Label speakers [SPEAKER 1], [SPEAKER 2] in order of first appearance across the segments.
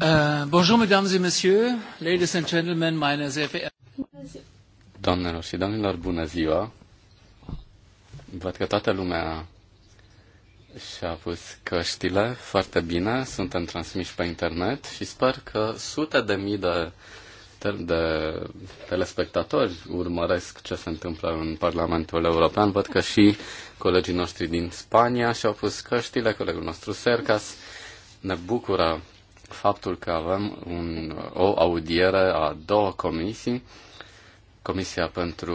[SPEAKER 1] Uh, bonjour, mesdames et messieurs, ladies and gentlemen, meine sehr verehrten... Doamnelor și domnilor, bună ziua! Văd că toată lumea și-a pus căștile foarte bine, suntem transmiși pe internet și sper că sute de mii de, de telespectatori urmăresc ce se întâmplă în Parlamentul European. Văd că și colegii noștri din Spania și-au pus căștile, colegul nostru Sercas. Ne bucură faptul că avem un, o audiere a două comisii, Comisia pentru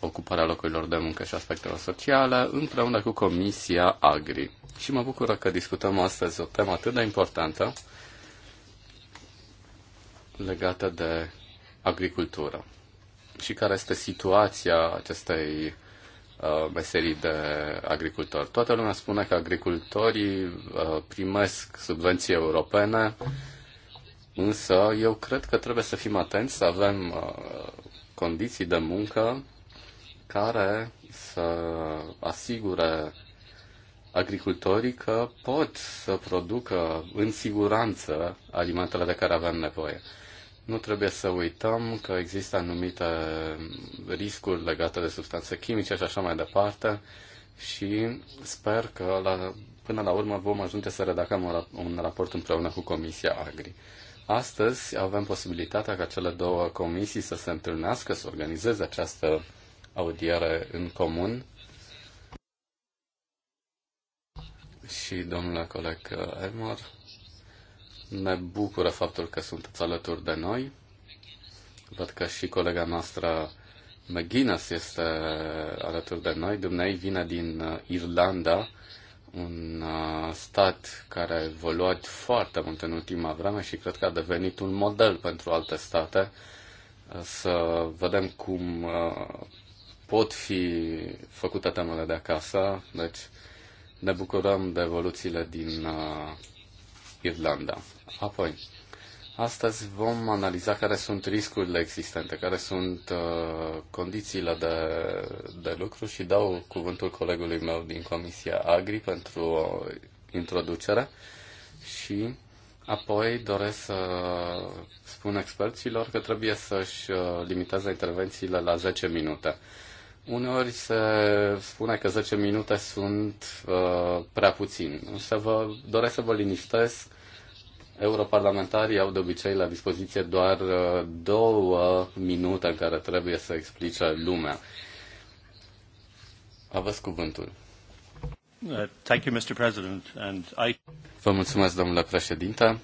[SPEAKER 1] Ocuparea Locurilor de Muncă și Aspectele Sociale, împreună cu Comisia Agri. Și mă bucur că discutăm astăzi o temă atât de importantă legată de agricultură și care este situația acestei Uh, meserii de agricultor. Toată lumea spune că agricultorii uh, primesc subvenții europene, însă eu cred că trebuie să fim atenți, să avem uh, condiții de muncă care să asigure agricultorii că pot să producă în siguranță alimentele de care avem nevoie. Nu trebuie să uităm că există anumite riscuri legate de substanțe chimice și așa mai departe și sper că la, până la urmă vom ajunge să redacăm un, un raport împreună cu Comisia Agri. Astăzi avem posibilitatea ca cele două comisii să se întâlnească, să organizeze această audiere în comun. Și domnule coleg Elmar, ne bucură faptul că sunteți alături de noi. Văd că și colega noastră McGuinness este alături de noi. Dumnezeu vine din uh, Irlanda, un uh, stat care a evoluat foarte mult în ultima vreme și cred că a devenit un model pentru alte state. Uh, să vedem cum pot fi făcute temele de acasă. Deci ne bucurăm de evoluțiile din Irlanda. Apoi, astăzi vom analiza care sunt riscurile existente, care sunt uh, condițiile de, de lucru și dau cuvântul colegului meu din Comisia Agri pentru o introducere și apoi doresc să spun experților că trebuie să-și uh, limiteze intervențiile la 10 minute. Uneori se spune că 10 minute sunt uh, prea puțin. Să vă doresc să vă liniștesc Europarlamentarii au de obicei la dispoziție doar uh, două minute în care trebuie să explice lumea. Aveți cuvântul.
[SPEAKER 2] Uh, thank you, Mr. President, and I...
[SPEAKER 1] Vă mulțumesc, domnule președinte.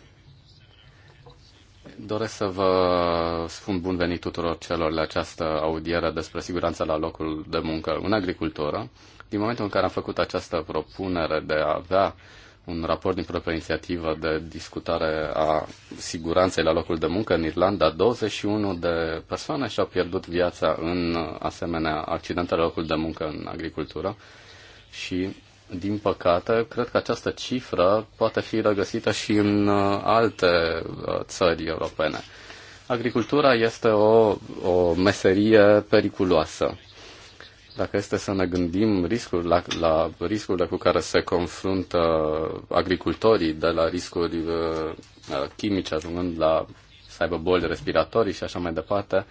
[SPEAKER 1] Doresc să vă spun bun venit tuturor celor la această audiere despre siguranța la locul de muncă în agricultură. Din momentul în care am făcut această propunere de a avea un raport din propria inițiativă de discutare a siguranței la locul de muncă în Irlanda. 21 de persoane și-au pierdut viața în asemenea accidente la locul de muncă în agricultură și, din păcate, cred că această cifră poate fi regăsită și în uh, alte uh, țări europene. Agricultura este o, o meserie periculoasă dacă este să ne gândim riscuri, la, la riscurile cu care se confruntă agricultorii, de la riscuri uh, uh, chimice, ajungând la să aibă boli respiratorii și așa mai departe,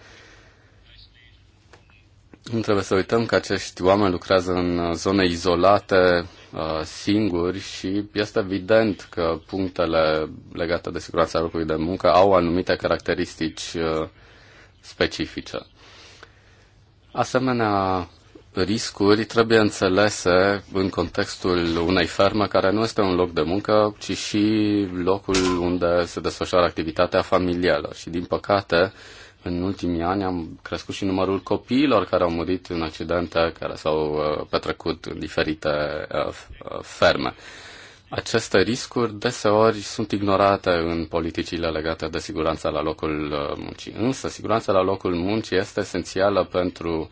[SPEAKER 1] nu trebuie să uităm că acești oameni lucrează în zone izolate, uh, singuri și este evident că punctele legate de siguranța locului de muncă au anumite caracteristici uh, specifice. Asemenea, riscuri trebuie înțelese în contextul unei ferme care nu este un loc de muncă, ci și locul unde se desfășoară activitatea familială. Și, din păcate, în ultimii ani am crescut și numărul copiilor care au murit în accidente care s-au uh, petrecut în diferite uh, uh, ferme. Aceste riscuri deseori sunt ignorate în politicile legate de siguranța la locul muncii. Însă, siguranța la locul muncii este esențială pentru uh,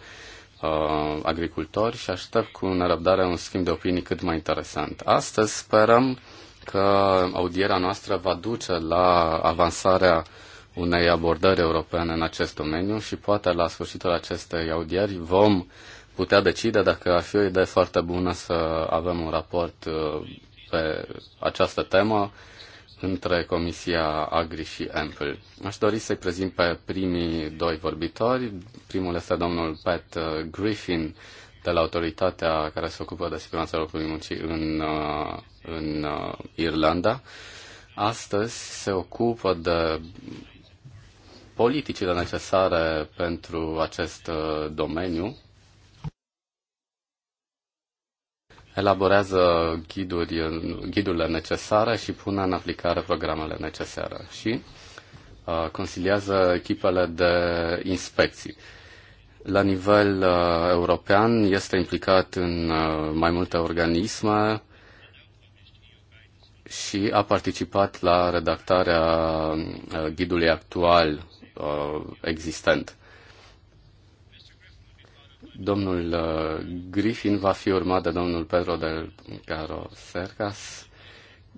[SPEAKER 1] uh, agricultori și aștept cu nerăbdare un schimb de opinii cât mai interesant. Astăzi sperăm că audierea noastră va duce la avansarea unei abordări europene în acest domeniu și poate la sfârșitul acestei audieri vom putea decide dacă ar fi o idee foarte bună să avem un raport uh, pe această temă între Comisia Agri și Ample. Aș dori să-i prezint pe primii doi vorbitori. Primul este domnul Pat uh, Griffin de la autoritatea care se ocupă de siguranța locului muncii în, uh, în uh, Irlanda. Astăzi se ocupă de politicile necesare pentru acest domeniu elaborează ghiduri, ghidurile necesare și pune în aplicare programele necesare și uh, consiliază echipele de inspecții. La nivel uh, european este implicat în uh, mai multe organisme și a participat la redactarea uh, ghidului actual uh, existent. Uh, Domnul uh, Griffin va fi urmat de domnul Pedro del Caro Cercas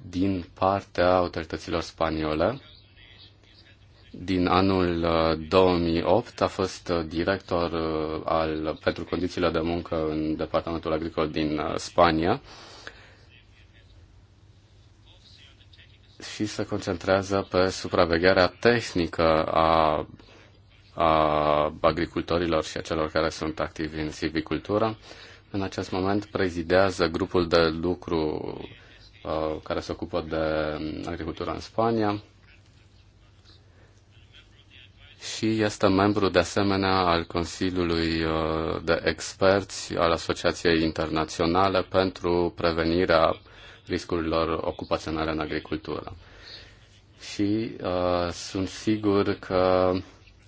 [SPEAKER 1] din partea autorităților spaniole. Din anul 2008 uh, a fost uh, director al, pentru condițiile de muncă în Departamentul Agricol din Spania și se concentrează pe supravegherea tehnică a a agricultorilor și a celor care sunt activi în silvicultură. În acest moment prezidează grupul de lucru uh, care se ocupă de agricultura în Spania și este membru de asemenea al Consiliului uh, de Experți al Asociației Internaționale pentru prevenirea riscurilor ocupaționale în agricultură. Și uh, sunt sigur că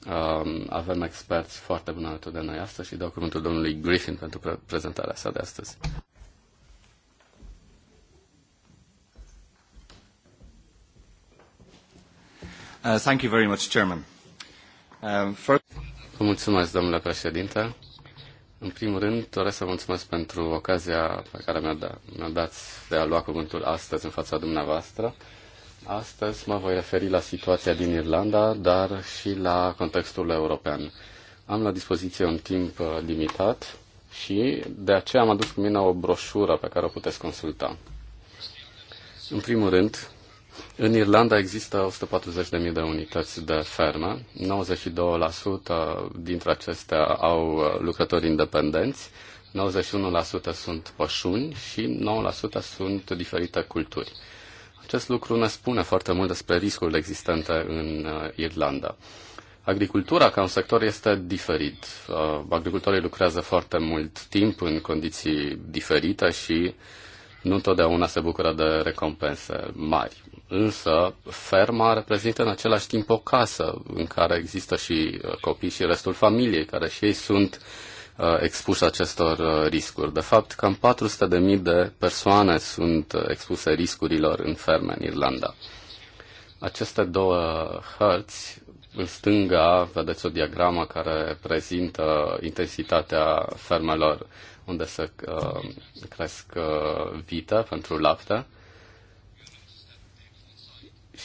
[SPEAKER 1] Uh, avem experți foarte buni alături de noi astăzi și dau cuvântul domnului Griffin pentru pre- prezentarea sa de astăzi.
[SPEAKER 2] Uh, thank you very much, Chairman. Um, first...
[SPEAKER 1] Vă mulțumesc, domnule președinte. În primul rând, doresc să vă mulțumesc pentru ocazia pe care mi-a dat, mi dat de a lua cuvântul astăzi în fața dumneavoastră. Uh, Astăzi mă voi referi la situația din Irlanda, dar și la contextul european. Am la dispoziție un timp uh, limitat și de aceea am adus cu mine o broșură pe care o puteți consulta. În primul rând, în Irlanda există 140.000 de unități de fermă, 92% dintre acestea au uh, lucrători independenți, 91% sunt pășuni și 9% sunt diferite culturi. Acest lucru ne spune foarte mult despre riscurile existente în uh, Irlanda. Agricultura ca un sector este diferit. Uh, agricultorii lucrează foarte mult timp în condiții diferite și nu întotdeauna se bucură de recompense mari. Însă, ferma reprezintă în același timp o casă în care există și uh, copii și restul familiei, care și ei sunt uh, Uh, expuși acestor uh, riscuri. De fapt, cam 400.000 de persoane sunt uh, expuse riscurilor în ferme în Irlanda. Aceste două hărți, în stânga vedeți o diagramă care prezintă intensitatea fermelor unde se uh, cresc uh, vite pentru lapte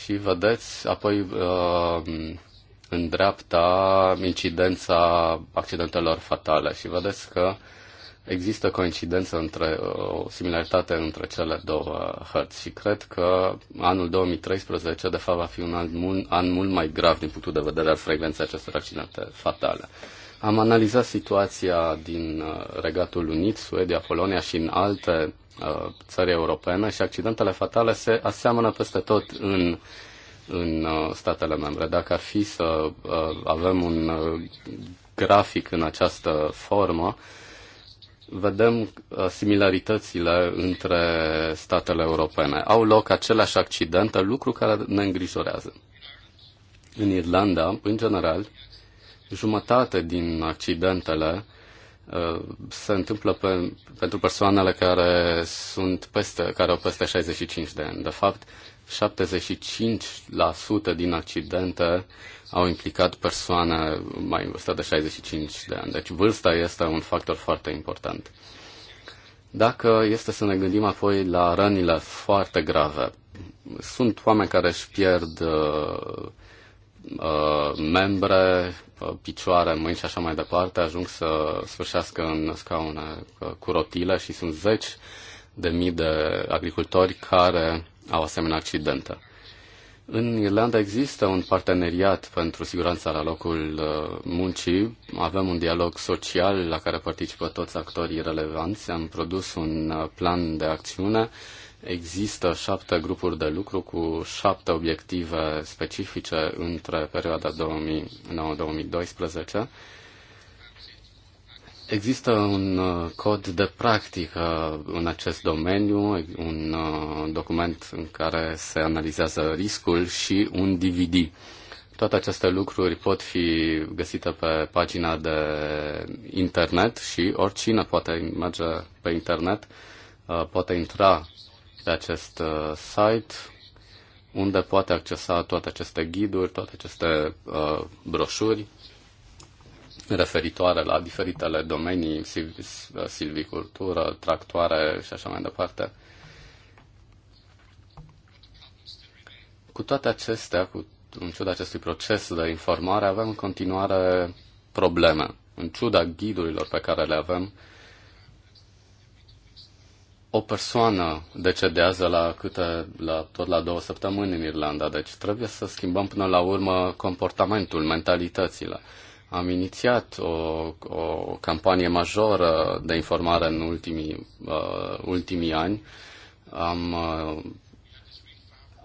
[SPEAKER 1] și vedeți apoi uh, în dreapta incidența accidentelor fatale și vedeți că există coincidență între, o similaritate între cele două hărți și cred că anul 2013 de fapt va fi un an, mult, an mult mai grav din punctul de vedere al frecvenței acestor accidente fatale. Am analizat situația din uh, Regatul Unit, Suedia, Polonia și în alte uh, țări europene și accidentele fatale se aseamănă peste tot în în uh, statele membre. Dacă ar fi să uh, avem un uh, grafic în această formă, vedem similaritățile între statele europene. Au loc aceleași accidente, lucru care ne îngrijorează. În Irlanda, în general, jumătate din accidentele se întâmplă pe, pentru persoanele care sunt peste, care au peste 65 de ani. De fapt, 75% din accidente au implicat persoane mai în vârstă de 65 de ani. Deci vârsta este un factor foarte important. Dacă este să ne gândim apoi la rănile foarte grave, sunt oameni care își pierd uh, uh, membre, uh, picioare, mâini și așa mai departe, ajung să sfârșească în scaune uh, cu rotile și sunt zeci de mii de agricultori care au asemenea accidentă. În Irlanda există un parteneriat pentru siguranța la locul uh, muncii. Avem un dialog social la care participă toți actorii relevanți. Am produs un uh, plan de acțiune. Există șapte grupuri de lucru cu șapte obiective specifice între perioada 2009-2012 Există un uh, cod de practică în acest domeniu, un uh, document în care se analizează riscul și un DVD. Toate aceste lucruri pot fi găsite pe pagina de internet și oricine poate merge pe internet, uh, poate intra pe acest site unde poate accesa toate aceste ghiduri, toate aceste broșuri referitoare la diferitele domenii, silvicultură, tractoare și așa mai departe. Cu toate acestea, cu, în ciuda acestui proces de informare, avem în continuare probleme. În ciuda ghidurilor pe care le avem, o persoană decedează la câte, la, tot la două săptămâni în Irlanda, deci trebuie să schimbăm până la urmă comportamentul, mentalitățile. Am inițiat o, o campanie majoră de informare în ultimii, uh, ultimii ani. Am, uh,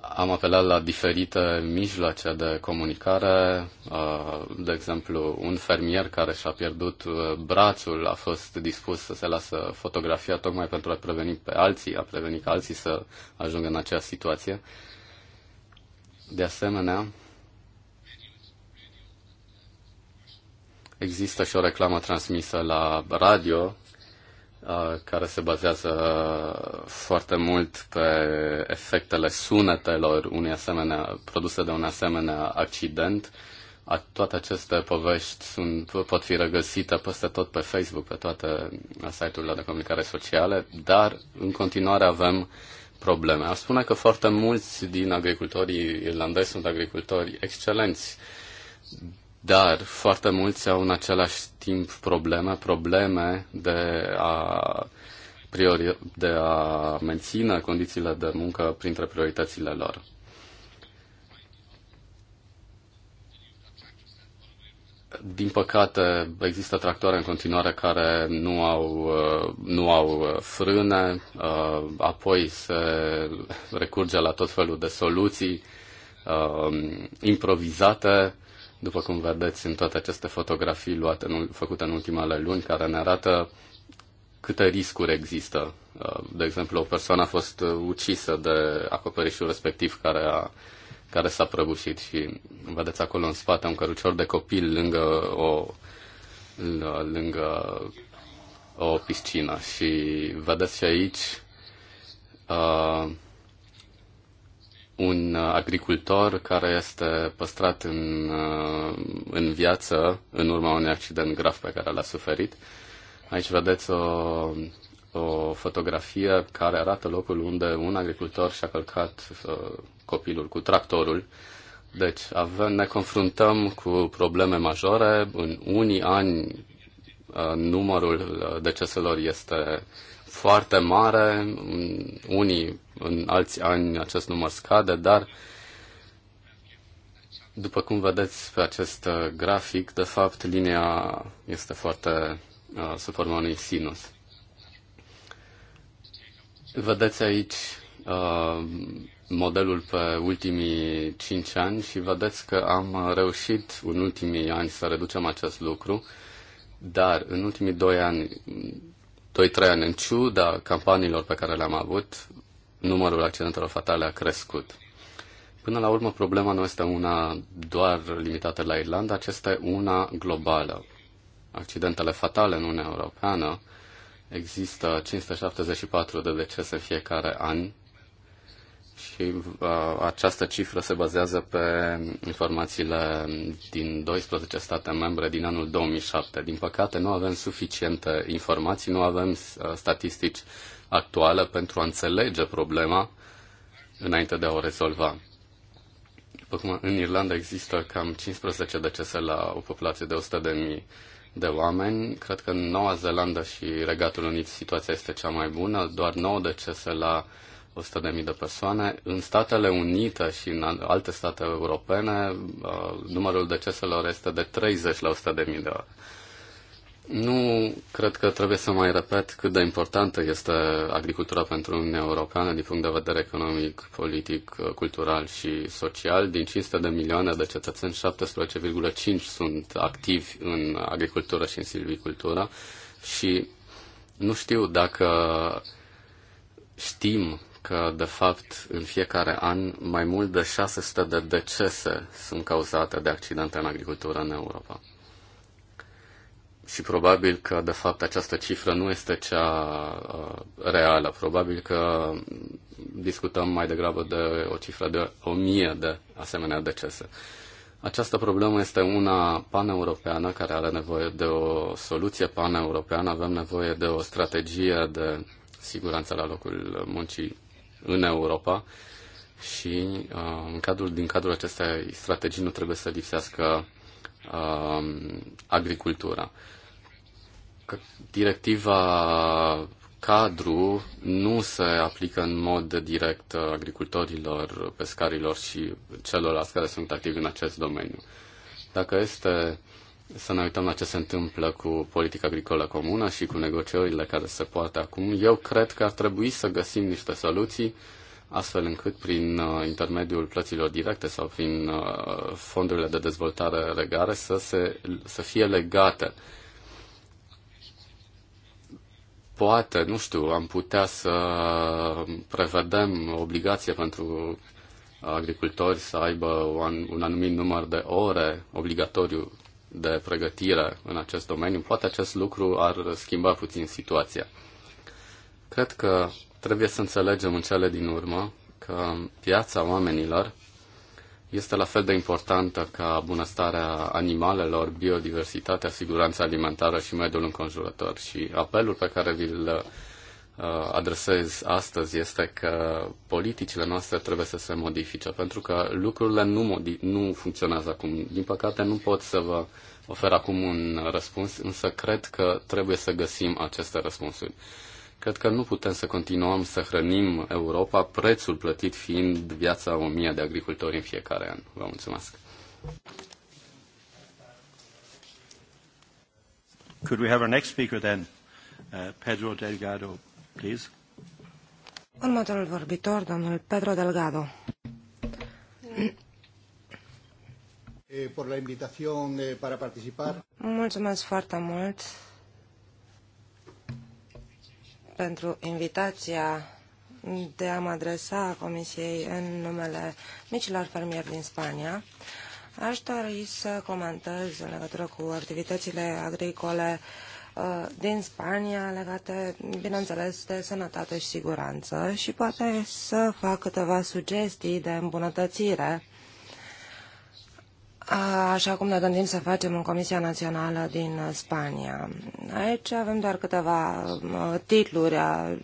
[SPEAKER 1] am apelat la diferite mijloace de comunicare. Uh, de exemplu, un fermier care și-a pierdut uh, brațul a fost dispus să se lasă fotografia tocmai pentru a preveni pe alții, a preveni ca alții să ajungă în acea situație. De asemenea, Există și o reclamă transmisă la radio uh, care se bazează foarte mult pe efectele sunetelor unui asemenea, produse de un asemenea accident. Toate aceste povești sunt, pot fi regăsite peste tot pe Facebook, pe toate site-urile de comunicare sociale, dar în continuare avem probleme. Aș spune că foarte mulți din agricultorii irlandezi sunt agricultori excelenți dar foarte mulți au în același timp probleme, probleme de a, priori, de a menține condițiile de muncă printre prioritățile lor. din păcate, există tractoare în continuare care nu au, nu au frâne, uh, apoi se recurge la tot felul de soluții uh, improvizate după cum vedeți în toate aceste fotografii luate în, făcute în ultimele luni, care ne arată câte riscuri există. Uh, de exemplu, o persoană a fost ucisă de acoperișul respectiv care, a, care s-a prăbușit și vedeți acolo în spate un cărucior de copil lângă o, lângă o piscină. Și vedeți și aici uh, un uh, agricultor care este păstrat în, uh, în viață în urma unui accident grav pe care l-a suferit. Aici vedeți o, o fotografie care arată locul unde un agricultor și-a călcat uh, copilul cu tractorul. Deci avem, ne confruntăm cu probleme majore. În unii ani numărul deceselor este foarte mare, unii în alți ani acest număr scade, dar după cum vedeți pe acest uh, grafic, de fapt linia este foarte uh, sub forma unui sinus. Vedeți aici uh, modelul pe ultimii 5 ani și vedeți că am reușit în ultimii ani să reducem acest lucru, dar în ultimii 2 ani 2-3 ani în ciuda campaniilor pe care le-am avut, numărul accidentelor fatale a crescut. Până la urmă, problema nu este una doar limitată la Irlanda, ci este una globală. Accidentele fatale în Uniunea Europeană există 574 de decese în fiecare an și uh, această cifră se bazează pe informațiile din 12 state membre din anul 2007. Din păcate, nu avem suficiente informații, nu avem uh, statistici actuale pentru a înțelege problema înainte de a o rezolva. După cum în Irlanda există cam 15 decese la o populație de 100.000 de, de oameni. Cred că în Noua Zeelandă și Regatul Unit situația este cea mai bună, doar 9 decese la 100.000 de persoane. În Statele Unite și în alte state europene, uh, numărul deceselor este de 30 la 100.000 de ori. Nu cred că trebuie să mai repet cât de importantă este agricultura pentru Uniunea Europeană din punct de vedere economic, politic, uh, cultural și social. Din 500 de milioane de cetățeni, 17,5 sunt activi în agricultură și în silvicultură și nu știu dacă știm că, de fapt, în fiecare an mai mult de 600 de decese sunt cauzate de accidente în agricultură în Europa. Și probabil că, de fapt, această cifră nu este cea uh, reală. Probabil că discutăm mai degrabă de o cifră de 1000 de asemenea decese. Această problemă este una paneuropeană care are nevoie de o soluție paneuropeană. Avem nevoie de o strategie de siguranță la locul muncii în Europa și uh, în cadrul, din cadrul acestei strategii nu trebuie să lipsească uh, agricultura. Directiva cadru nu se aplică în mod direct agricultorilor, pescarilor și celorlalți care sunt activi în acest domeniu. Dacă este să ne uităm la ce se întâmplă cu politica agricolă comună și cu negocierile care se poate acum. Eu cred că ar trebui să găsim niște soluții astfel încât prin uh, intermediul plăților directe sau prin uh, fondurile de dezvoltare regare să, se, să fie legate. Poate, nu știu, am putea să prevedem obligație pentru agricultori să aibă un, un anumit număr de ore obligatoriu de pregătire în acest domeniu, poate acest lucru ar schimba puțin situația. Cred că trebuie să înțelegem în cele din urmă că piața oamenilor este la fel de importantă ca bunăstarea animalelor, biodiversitatea, siguranța alimentară și mediul înconjurător. Și apelul pe care vi-l Uh, adresez astăzi este că politicile noastre trebuie să se modifice, pentru că lucrurile nu, modi- nu funcționează acum. Din păcate, nu pot să vă ofer acum un răspuns, însă cred că trebuie să găsim aceste răspunsuri. Cred că nu putem să continuăm să hrănim Europa, prețul plătit fiind viața o mie de agricultori în fiecare an. Vă mulțumesc.
[SPEAKER 2] Could we have our next speaker then, uh, Pedro Delgado? please. Următorul vorbitor, domnul Pedro Delgado. Eh, por la invitación eh, para participar. Mulțumesc foarte mult pentru invitația de a mă adresa Comisiei în numele micilor fermieri din Spania. Aș dori să comentez în legătură cu activitățile agricole uh, Uh, din Spania legate, bineînțeles, de sănătate și siguranță și poate să fac câteva sugestii de îmbunătățire Așa cum ne gândim să facem în Comisia Națională din Spania. Aici avem doar câteva uh, titluri a mm,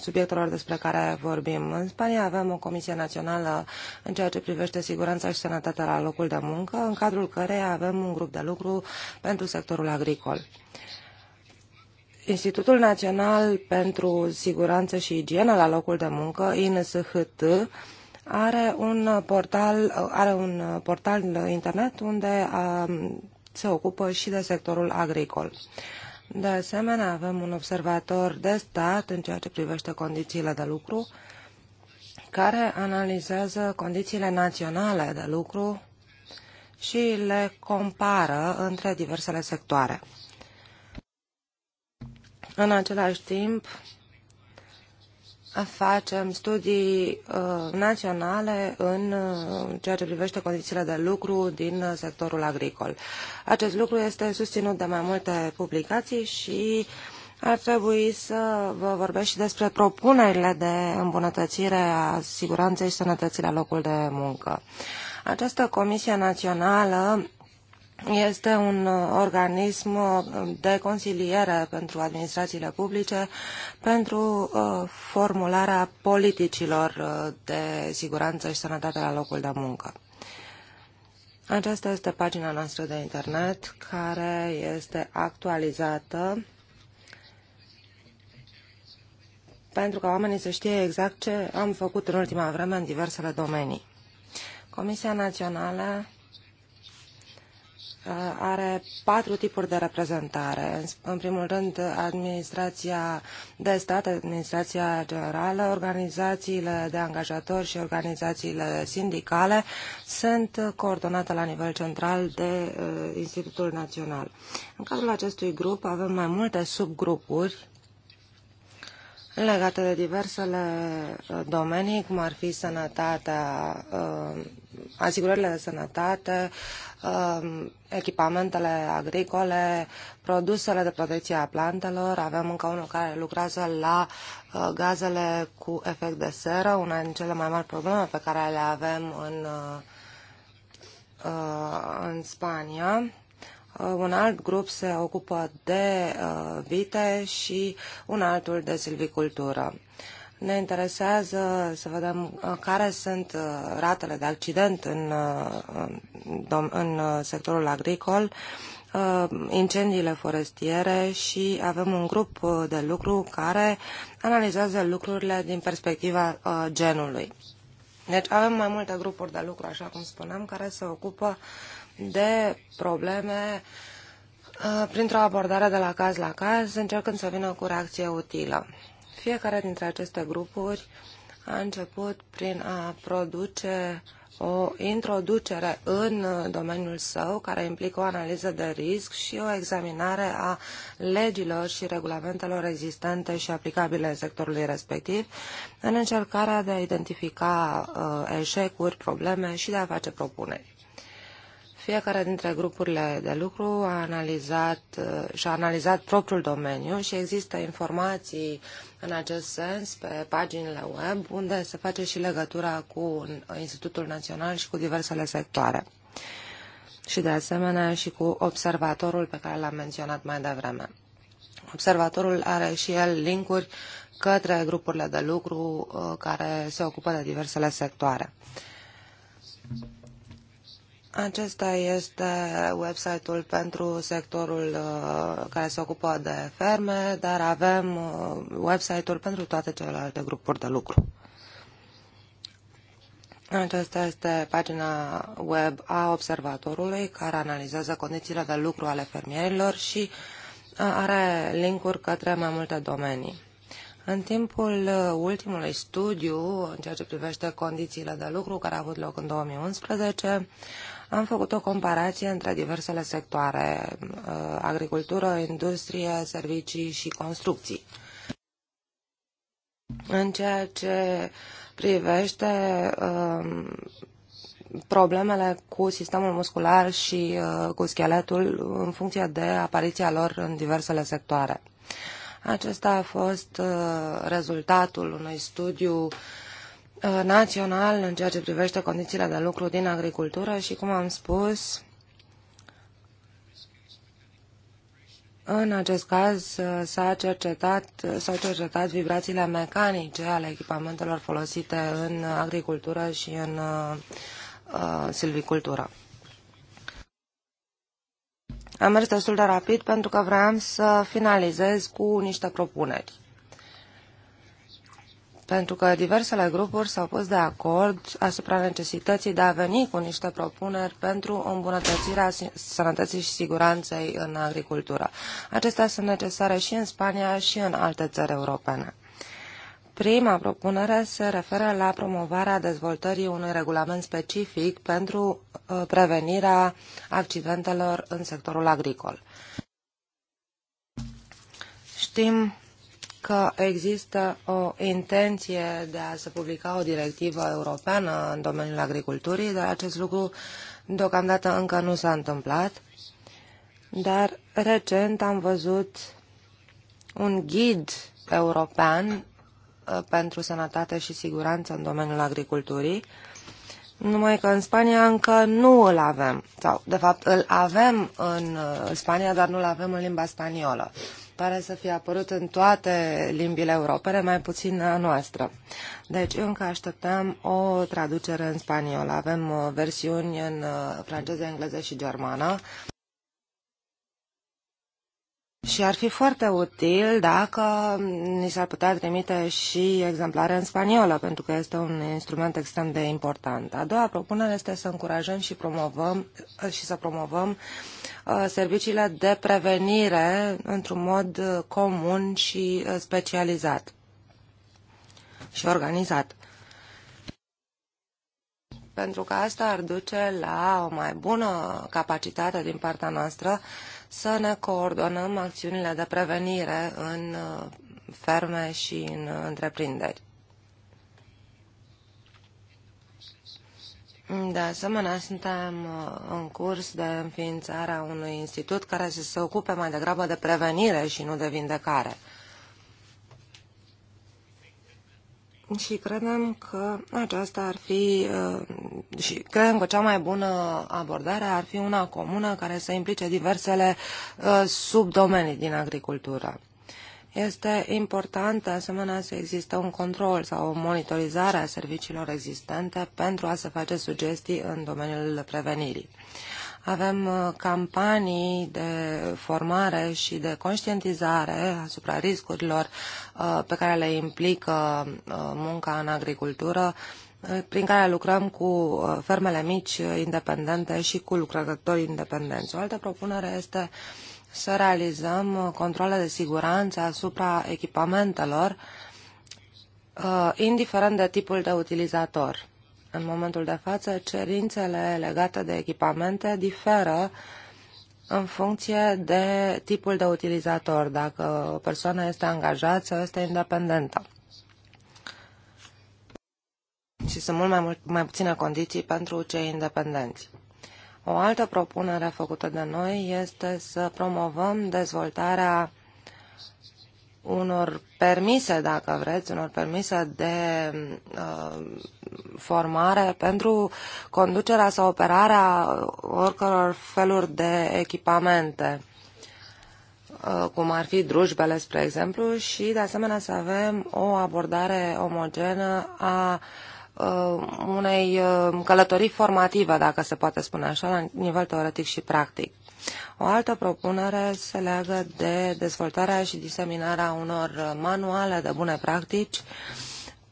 [SPEAKER 2] subiectelor despre care vorbim. În Spania avem o Comisie Națională în ceea ce privește siguranța și sănătatea la locul de muncă, în cadrul căreia avem un grup de lucru pentru sectorul agricol. Institutul Național pentru Siguranță și Igienă la locul de muncă, INSHT, are un portal, are un portal internet unde um, se ocupă și de sectorul agricol. De asemenea, avem un observator de stat în ceea ce privește condițiile de lucru, care analizează condițiile naționale de lucru și le compară între diversele sectoare. În același timp, facem studii uh, naționale în uh, ceea ce privește condițiile de lucru din uh, sectorul agricol. Acest lucru este susținut de mai multe publicații și ar trebui să vă vorbesc și despre propunerile de îmbunătățire a siguranței și sănătății la locul de muncă. Această Comisie Națională este un uh, organism uh, de consiliere pentru administrațiile publice pentru uh, formularea politicilor de siguranță și sănătate la locul de muncă. Aceasta este pagina noastră de internet care este actualizată pentru ca oamenii să știe exact ce am făcut în ultima vreme în diversele domenii. Comisia Națională Uh, are patru tipuri de reprezentare. În primul rând, administrația de stat, administrația generală, organizațiile de angajatori și organizațiile sindicale sunt coordonate la nivel central de uh, Institutul Național. În cadrul acestui grup avem mai multe subgrupuri legate de diversele uh, domenii, cum ar fi sănătatea, uh, asigurările de sănătate, uh, echipamentele agricole, produsele de protecție a plantelor. Avem încă unul care lucrează la gazele cu efect de seră, una din cele mai mari probleme pe care le avem în, în Spania Uh, un alt grup se ocupă de uh, vite și un altul de silvicultură. Ne interesează să vedem uh, care sunt ratele de accident în, în sectorul agricol, incendiile forestiere și avem un grup de lucru care analizează lucrurile din perspectiva genului. Deci avem mai multe grupuri de lucru, așa cum spuneam, care se ocupă uh, de probleme printr-o abordare de la caz la caz, încercând să vină cu reacție utilă. Fiecare dintre aceste grupuri a început prin a produce o introducere în domeniul său, care implică o analiză de risc și o examinare a legilor și regulamentelor existente și aplicabile în sectorului respectiv, în încercarea de a identifica uh, eșecuri, probleme și de a face propuneri. Fiecare dintre grupurile de lucru a analizat, uh, și-a analizat propriul domeniu și există informații în acest sens pe paginile web, unde se face și legătura cu uh, Institutul Național și cu diversele sectoare. Și de asemenea și cu observatorul pe care l-am menționat mai devreme. Observatorul are și el linkuri către grupurile de lucru uh, care se ocupă de diversele sectoare. Acesta este website-ul pentru sectorul uh, care se ocupă de ferme, dar avem uh, website-ul pentru toate celelalte grupuri de lucru. Aceasta este pagina web a observatorului care analizează condițiile de lucru ale fermierilor și uh, are linkuri către mai multe domenii. În timpul ultimului studiu, în ceea ce privește condițiile de lucru care a avut loc în 2011, am făcut o comparație între diversele sectoare, uh, agricultură, industrie, servicii și construcții. În ceea ce privește um, problemele cu sistemul muscular și uh, cu scheletul în funcție de apariția lor în diversele sectoare. Acesta a fost uh, rezultatul unui studiu uh, Uh, național în ceea ce privește condițiile de lucru din agricultură și, cum am spus, în acest caz uh, uh, s-au cercetat, cercetat vibrațiile mecanice ale echipamentelor folosite în agricultură și în uh, silvicultură. Am mers destul de rapid pentru că vreau să finalizez cu niște propuneri pentru că diversele grupuri s-au pus de acord asupra necesității de a veni cu niște propuneri pentru îmbunătățirea sănătății și siguranței în agricultură. Acestea sunt necesare și în Spania și în alte țări europene. Prima propunere se referă la promovarea dezvoltării unui regulament specific pentru uh, prevenirea accidentelor în sectorul agricol. Știm că există o intenție de a se publica o directivă europeană în domeniul agriculturii, dar acest lucru deocamdată încă nu s-a întâmplat. Dar recent am văzut un ghid european uh, pentru sănătate și siguranță în domeniul agriculturii, numai că în Spania încă nu îl avem, sau de fapt îl avem în uh, Spania, dar nu îl avem în limba spaniolă pare să fie apărut în toate limbile europene, mai puțin a noastră. Deci încă așteptăm o traducere în spaniolă. Avem uh, versiuni în uh, franceză, engleză și germană. Și ar fi foarte util dacă ni s-ar putea trimite și exemplare în spaniolă, pentru că este un instrument extrem de important. A doua propunere este să încurajăm și promovăm și să promovăm uh, Uh, serviciile de prevenire într-un mod uh, comun și uh, specializat și organizat. Pentru că asta ar duce la o mai bună capacitate din partea noastră să ne coordonăm acțiunile de prevenire în ferme și în întreprinderi. De asemenea, suntem uh, în curs de înființarea unui institut care să se ocupe mai degrabă de prevenire și nu de vindecare. Și credem că aceasta ar fi, uh, și credem că cea mai bună abordare ar fi una comună care să implice diversele uh, subdomenii din agricultură. Este important, asemenea, să există un control sau o monitorizare a serviciilor existente pentru a se face sugestii în domeniul prevenirii. Avem uh, campanii de formare și de conștientizare asupra riscurilor uh, pe care le implică uh, munca în agricultură, prin care lucrăm cu fermele mici independente și cu lucrătorii independenți. O altă propunere este uh, să realizăm uh, controle de siguranță asupra echipamentelor, uh, indiferent de tipul de utilizator. În momentul de față, cerințele legate de echipamente diferă în funcție de tipul de utilizator, dacă o persoană este angajată sau este independentă. Și sunt mult mai, mult, mai puține condiții pentru cei independenți. O altă propunere făcută de noi este să promovăm dezvoltarea unor permise, dacă vreți, unor permise de uh, formare pentru conducerea sau operarea oricăror feluri de echipamente, uh, cum ar fi drujbele, spre exemplu, și de asemenea să avem o abordare omogenă a uh, Uh, unei uh, călătorii formative, dacă se poate spune așa, la nivel teoretic și practic. O altă propunere se leagă de dezvoltarea și diseminarea unor manuale de bune practici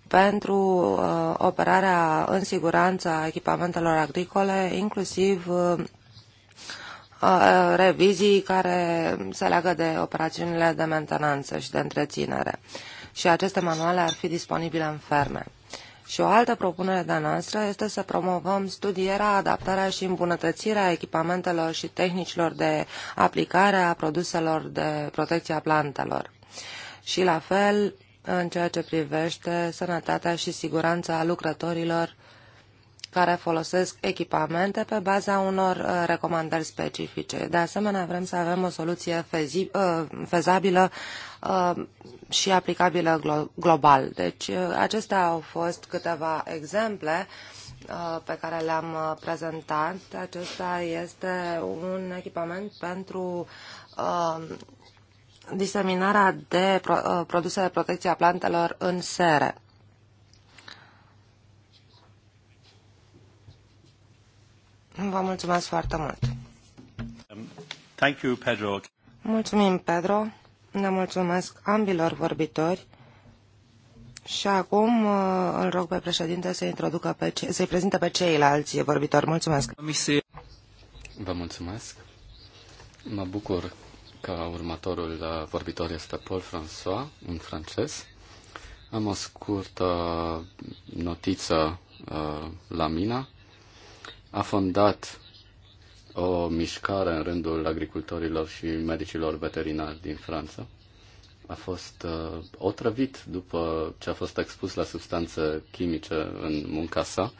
[SPEAKER 2] pentru uh, operarea în siguranță a echipamentelor agricole, inclusiv uh, uh, revizii care se leagă de operațiunile de mentenanță și de întreținere. Și aceste manuale ar fi disponibile în ferme. Și o altă propunere de-a noastră este să promovăm studierea, adaptarea și îmbunătățirea echipamentelor și tehnicilor de aplicare a produselor de protecție a plantelor. Și la fel, în ceea ce privește sănătatea și siguranța lucrătorilor care folosesc echipamente pe baza unor uh, recomandări specifice. De asemenea, vrem să avem o soluție uh, fezabilă uh, și aplicabilă global. Deci, acestea au fost câteva exemple pe care le-am prezentat. Acesta este un echipament pentru diseminarea de produse de protecție a plantelor în sere. Vă mulțumesc foarte mult.
[SPEAKER 3] Thank you, Pedro.
[SPEAKER 2] Mulțumim, Pedro. Ne mulțumesc ambilor vorbitori. Și acum uh, îl rog pe președinte să introducă pe ce... să-i prezinte pe ceilalți vorbitori. Mulțumesc.
[SPEAKER 1] Vă mulțumesc. Mă bucur că următorul uh, vorbitor este Paul François, un francez. Am o scurtă uh, notiță la mine a fondat o mișcare în rândul agricultorilor și medicilor veterinari din Franța. A fost uh, otrăvit după ce a fost expus la substanțe chimice în munca sa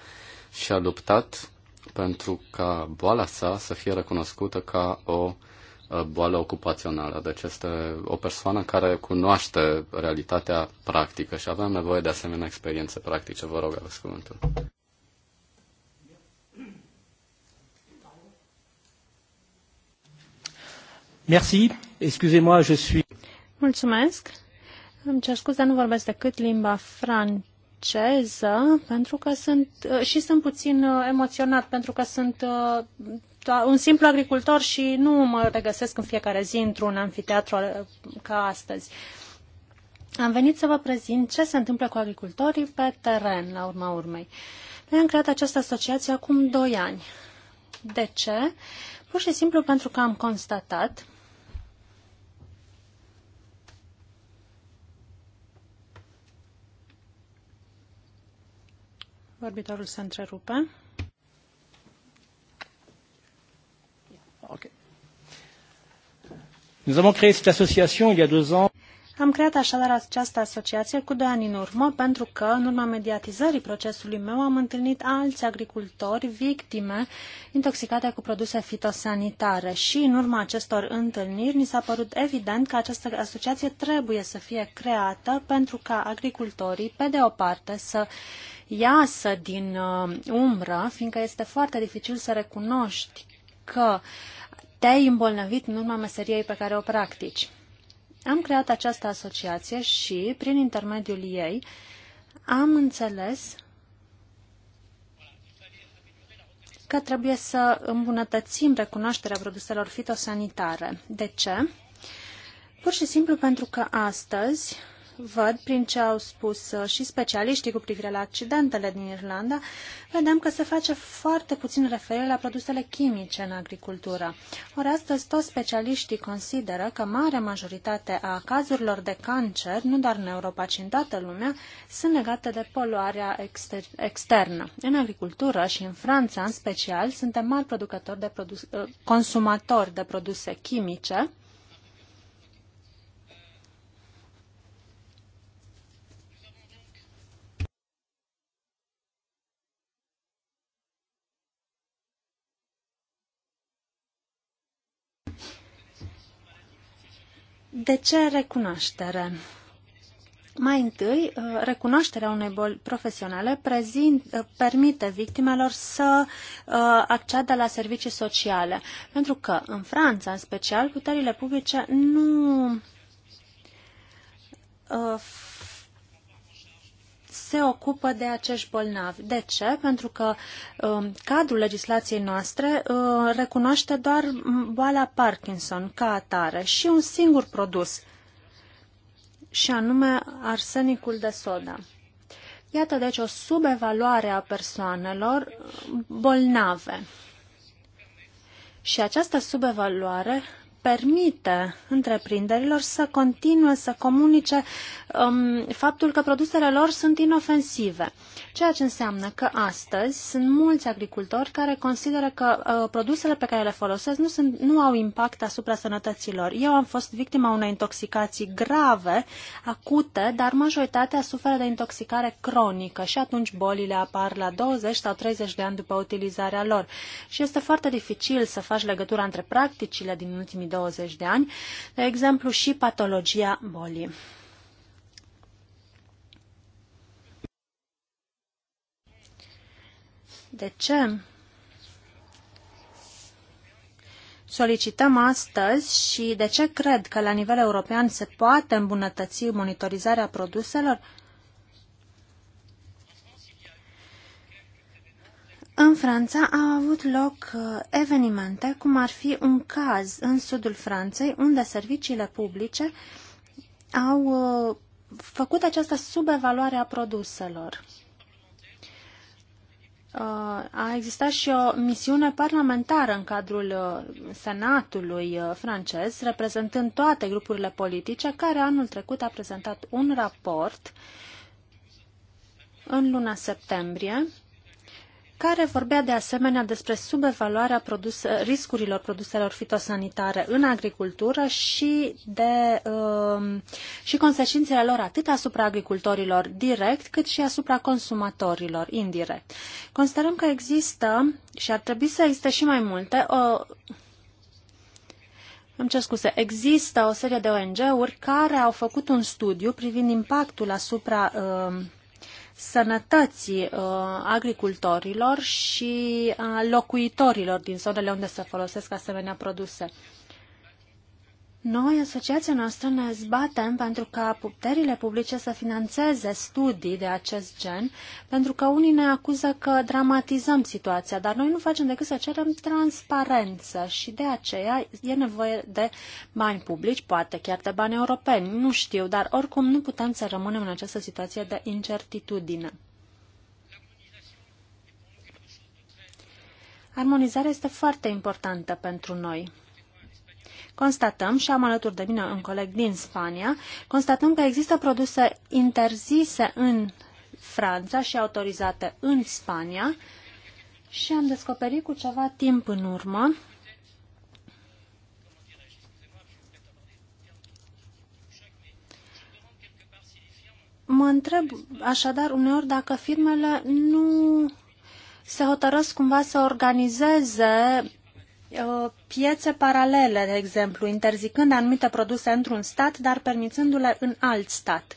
[SPEAKER 1] și a luptat pentru ca boala sa să fie recunoscută ca o uh, boală ocupațională. Deci este o persoană care cunoaște realitatea practică și avem nevoie de asemenea experiențe practice. Vă rog, aveți cuvântul.
[SPEAKER 3] Mulțumesc. Îmi cer scuze, nu vorbesc decât limba franceză, pentru că sunt uh, și sunt puțin uh, emoționat, pentru că sunt uh, da, un simplu agricultor și nu mă regăsesc în fiecare zi într-un anfiteatru ca astăzi. Am venit să vă prezint ce se întâmplă cu agricultorii pe teren, la urma urmei. Noi am creat această asociație acum doi ani. De ce? Pur și simplu pentru că am constatat Vorbitorul se întrerupe.
[SPEAKER 1] Ok. Nous avons créé cette association il y a deux ans.
[SPEAKER 3] Am creat așadar această asociație cu doi ani în urmă, pentru că, în urma mediatizării procesului meu, am întâlnit alți agricultori victime intoxicate cu produse fitosanitare și, în urma acestor întâlniri, ni s-a părut evident că această asociație trebuie să fie creată pentru ca agricultorii, pe de o parte, să iasă din uh, umbră, fiindcă este foarte dificil să recunoști că te-ai îmbolnăvit în urma meseriei pe care o practici. Am creat această asociație și, prin intermediul ei, am înțeles că trebuie să îmbunătățim recunoașterea produselor fitosanitare. De ce? Pur și simplu pentru că astăzi văd prin ce au spus uh, și specialiștii cu privire la accidentele din Irlanda, vedem că se face foarte puțin referire la produsele chimice în agricultură. Ori astăzi toți specialiștii consideră că mare majoritate a cazurilor de cancer, nu doar în Europa, ci în toată lumea, sunt legate de poluarea exter externă. În agricultură și în Franța, în special, suntem mari producători de produs, uh, consumatori de produse chimice, De ce recunoaștere? Mai întâi, uh, recunoașterea unei boli profesionale prezint, uh, permite victimelor să uh, acceadă la servicii sociale, pentru că în Franța, în special, puterile publice nu se ocupă de acești bolnavi. De ce? Pentru că uh, cadrul legislației noastre uh, recunoaște doar mm, boala Parkinson ca atare și un singur produs, și anume arsenicul de sodă. Iată deci o subevaluare a persoanelor um, bolnave. Și această subevaluare permite întreprinderilor să continue să comunice um, faptul că produsele lor sunt inofensive. Ceea ce înseamnă că astăzi sunt mulți agricultori care consideră că uh, produsele pe care le folosesc nu, sunt, nu au impact asupra sănătății lor. Eu am fost victima unei intoxicații grave, acute, dar majoritatea suferă de intoxicare cronică și atunci bolile apar la 20 sau 30 de ani după utilizarea lor. Și este foarte dificil să faci legătura între practicile din ultimii 20 de ani, de exemplu și patologia bolii. De ce? Solicităm astăzi și de ce cred că la nivel european se poate îmbunătăți monitorizarea produselor? În Franța au avut loc uh, evenimente, cum ar fi un caz în sudul Franței, unde serviciile publice au uh, făcut această subevaluare a produselor. Uh, a existat și o misiune parlamentară în cadrul Senatului francez, reprezentând toate grupurile politice, care anul trecut a prezentat un raport în luna septembrie care vorbea de asemenea despre subevaluarea produse, riscurilor produselor fitosanitare în agricultură și, de, um, și consecințele lor atât asupra agricultorilor direct, cât și asupra consumatorilor indirect. Considerăm că există și ar trebui să existe și mai multe o, îmi cer scuze, există o serie de ONG-uri care au făcut un studiu privind impactul asupra uh, sănătății uh, agricultorilor și a locuitorilor din zonele unde se folosesc asemenea produse. Noi, asociația noastră, ne zbatem pentru ca puterile publice să financeze studii de acest gen, pentru că unii ne acuză că dramatizăm situația, dar noi nu facem decât să cerem transparență și de aceea e nevoie de bani publici, poate chiar de bani europeni, nu știu, dar oricum nu putem să rămânem în această situație de incertitudine. Armonizarea este foarte importantă pentru noi constatăm, și am alături de mine un coleg din Spania, constatăm că există produse interzise în Franța și autorizate în Spania și am descoperit cu ceva timp în urmă Mă întreb așadar uneori dacă firmele nu se hotărăsc cumva să organizeze Uh, piețe paralele, de exemplu, interzicând anumite produse într-un stat, dar permițându-le în alt stat.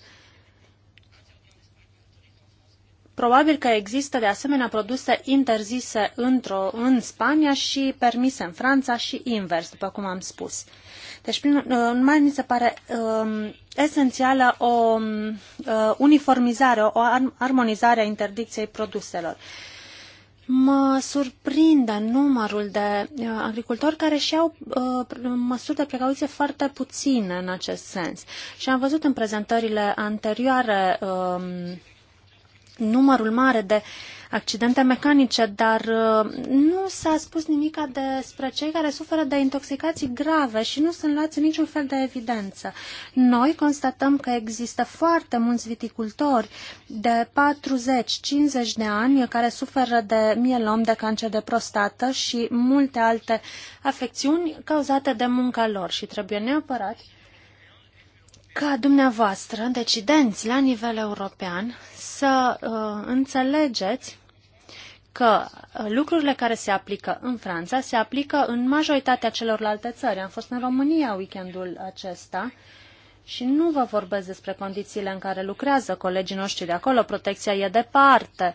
[SPEAKER 3] Probabil că există de asemenea produse interzise într-o, în Spania și permise în Franța și invers, după cum am spus. Deci, prin urmare, uh, mi se pare um, esențială o um, uh, uniformizare, o armonizare a interdicției produselor. Uh, Mă surprinde numărul de uh, agricultori care și au uh, măsuri de precauție foarte puține în acest sens. Și am văzut în prezentările anterioare uh, numărul mare de accidente mecanice, dar uh, nu s-a spus nimic despre cei care suferă de intoxicații grave și nu sunt luați niciun fel de evidență. Noi constatăm că există foarte mulți viticultori de 40-50 de ani care suferă de mielom, de cancer de prostată și multe alte afecțiuni cauzate de munca lor și trebuie neapărat ca dumneavoastră, decidenți la nivel european, să uh, înțelegeți că uh, lucrurile care se aplică în Franța se aplică în majoritatea celorlalte țări. Am fost în România weekendul acesta și nu vă vorbesc despre condițiile în care lucrează colegii noștri de acolo. Protecția e departe.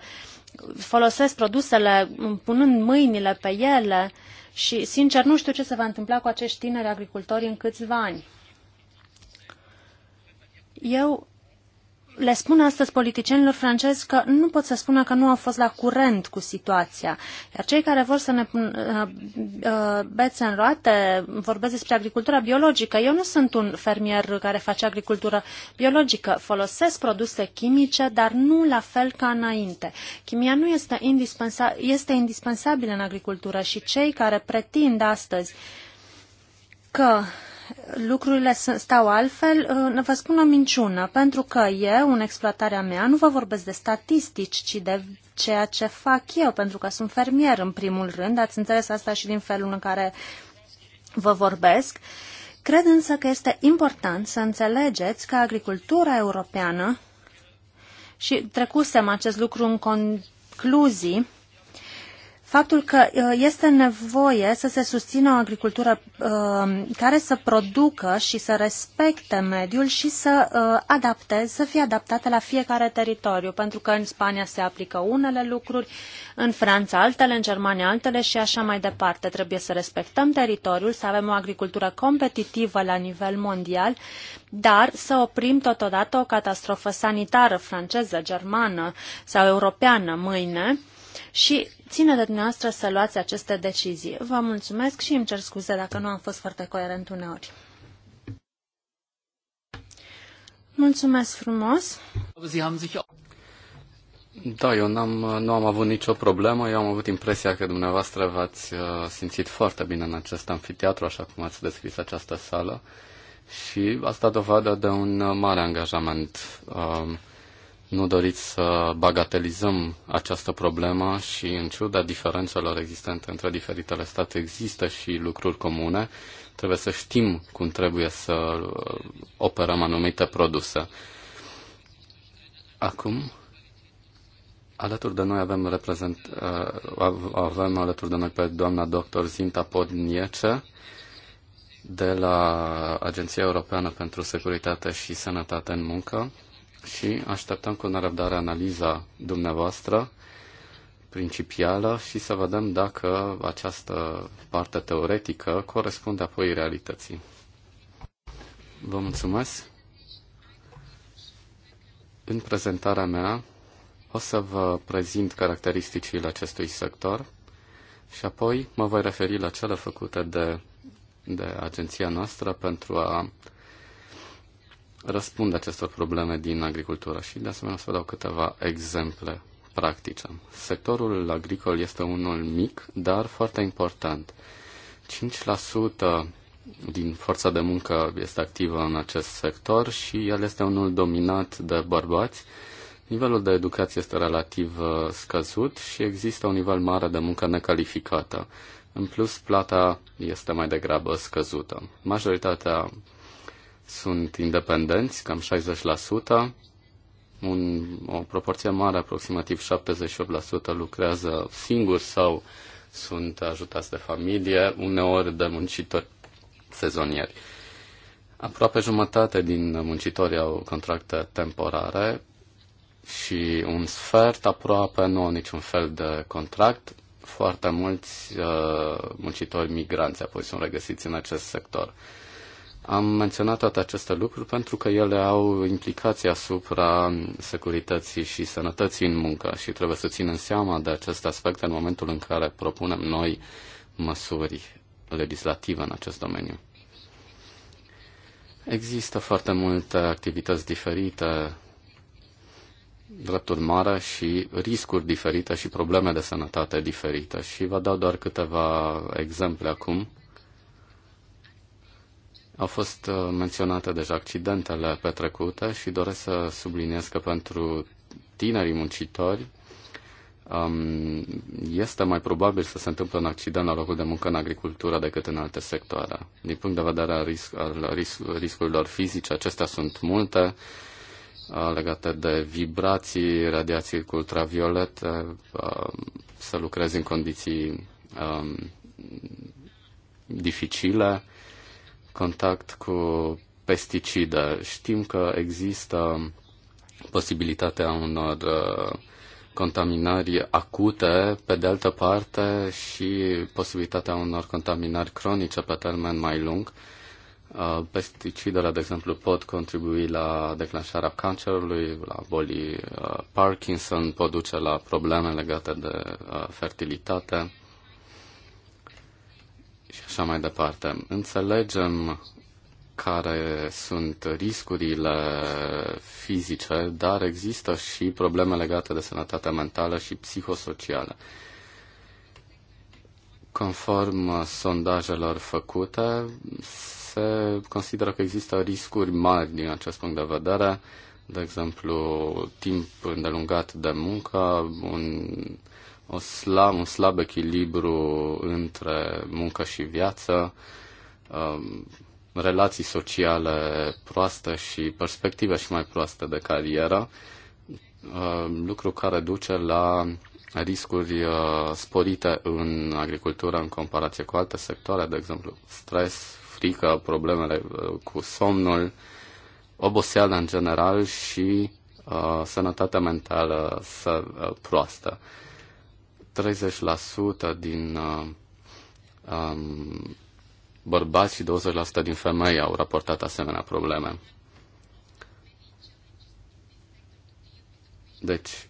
[SPEAKER 3] Folosesc produsele punând mâinile pe ele și, sincer, nu știu ce se va întâmpla cu acești tineri agricultori în câțiva ani. Eu le spun astăzi politicienilor francezi că nu pot să spună că nu au fost la curent cu situația. Iar cei care vor să ne pun uh, uh, bețe în roate vorbesc despre agricultura biologică. Eu nu sunt un fermier care face agricultură biologică. Folosesc produse chimice, dar nu la fel ca înainte. Chimia nu este, indispensa- este indispensabilă în agricultură și cei care pretind astăzi că uh, lucrurile stau altfel, uh, vă spun o minciună, pentru că eu, în exploatarea mea, nu vă vorbesc de statistici, ci de ceea ce fac eu, pentru că sunt fermier în primul rând, ați înțeles asta și din felul în care vă vorbesc. Cred însă că este important să înțelegeți că agricultura europeană, și trecusem acest lucru în concluzii, faptul că uh, este nevoie să se susțină o agricultură uh, care să producă și să respecte mediul și să uh, adapteze, să fie adaptată la fiecare teritoriu, pentru că în Spania se aplică unele lucruri, în Franța altele, în Germania altele și așa mai departe. Trebuie să respectăm teritoriul, să avem o agricultură competitivă la nivel mondial, dar să oprim totodată o catastrofă sanitară franceză, germană sau europeană mâine, și ține de dumneavoastră să luați aceste decizii. Vă mulțumesc și îmi cer scuze dacă nu am fost foarte coerent uneori. Mulțumesc frumos!
[SPEAKER 1] Da, eu n-am, nu am avut nicio problemă. Eu am avut impresia că dumneavoastră v-ați uh, simțit foarte bine în acest amfiteatru, așa cum ați descris această sală. Și asta dovadă de un mare angajament. Um, nu doriți să bagatelizăm această problemă și, în ciuda diferențelor existente între diferitele state, există și lucruri comune. Trebuie să știm cum trebuie să uh, operăm anumite produse. Acum, alături de noi avem, reprezent, uh, avem alături de noi pe doamna doctor Zinta Podniece de la Agenția Europeană pentru Securitate și Sănătate în Muncă și așteptăm cu nerăbdare analiza dumneavoastră principială și să vedem dacă această parte teoretică corespunde apoi realității. Vă mulțumesc! În prezentarea mea o să vă prezint caracteristicile acestui sector și apoi mă voi referi la cele făcute de, de agenția noastră pentru a răspund acestor probleme din agricultură și de asemenea să vă dau câteva exemple practice. Sectorul agricol este unul mic, dar foarte important. 5% din forța de muncă este activă în acest sector și el este unul dominat de bărbați. Nivelul de educație este relativ uh, scăzut și există un nivel mare de muncă necalificată. În plus, plata este mai degrabă scăzută. Majoritatea sunt independenți, cam 60%, un, o proporție mare, aproximativ 78%, lucrează singuri sau sunt ajutați de familie, uneori de muncitori sezonieri. Aproape jumătate din muncitori au contracte temporare și un sfert aproape nu au niciun fel de contract. Foarte mulți uh, muncitori migranți apoi sunt regăsiți în acest sector. Am menționat toate aceste lucruri pentru că ele au implicații asupra securității și sănătății în muncă și trebuie să ținem seama de acest aspect în momentul în care propunem noi măsuri legislative în acest domeniu. Există foarte multe activități diferite, drepturi mare și riscuri diferite și probleme de sănătate diferite. Și vă dau doar câteva exemple acum au fost uh, menționate deja accidentele petrecute și doresc să subliniez că pentru tinerii muncitori um, este mai probabil să se întâmple un accident la locul de muncă în agricultură decât în alte sectoare. Din punct de vedere al, risc, al risc, riscurilor fizice, acestea sunt multe uh, legate de vibrații, radiații ultraviolete, uh, să lucrezi în condiții um, dificile contact cu pesticide. Știm că există posibilitatea unor uh, contaminări acute, pe de altă parte și posibilitatea unor contaminări cronice pe termen mai lung. Uh, pesticidele, de exemplu, pot contribui la declanșarea cancerului, la bolii uh, Parkinson, pot duce la probleme legate de fertilitate și așa mai departe. Înțelegem care sunt riscurile fizice, dar există și probleme legate de sănătatea mentală și psihosocială. Conform sondajelor făcute, se consideră că există riscuri mari din acest punct de vedere, de exemplu, timp îndelungat de muncă, un o sla- un slab echilibru între muncă și viață, um, relații sociale proaste și perspective și mai proaste de carieră, um, lucru care duce la riscuri uh, sporite în agricultură în comparație cu alte sectoare, de exemplu stres, frică, problemele uh, cu somnul, oboseală în general și uh, sănătatea mentală uh, proastă. Uh, 30% din uh, um, bărbați și 20% din femei au raportat asemenea probleme. Deci,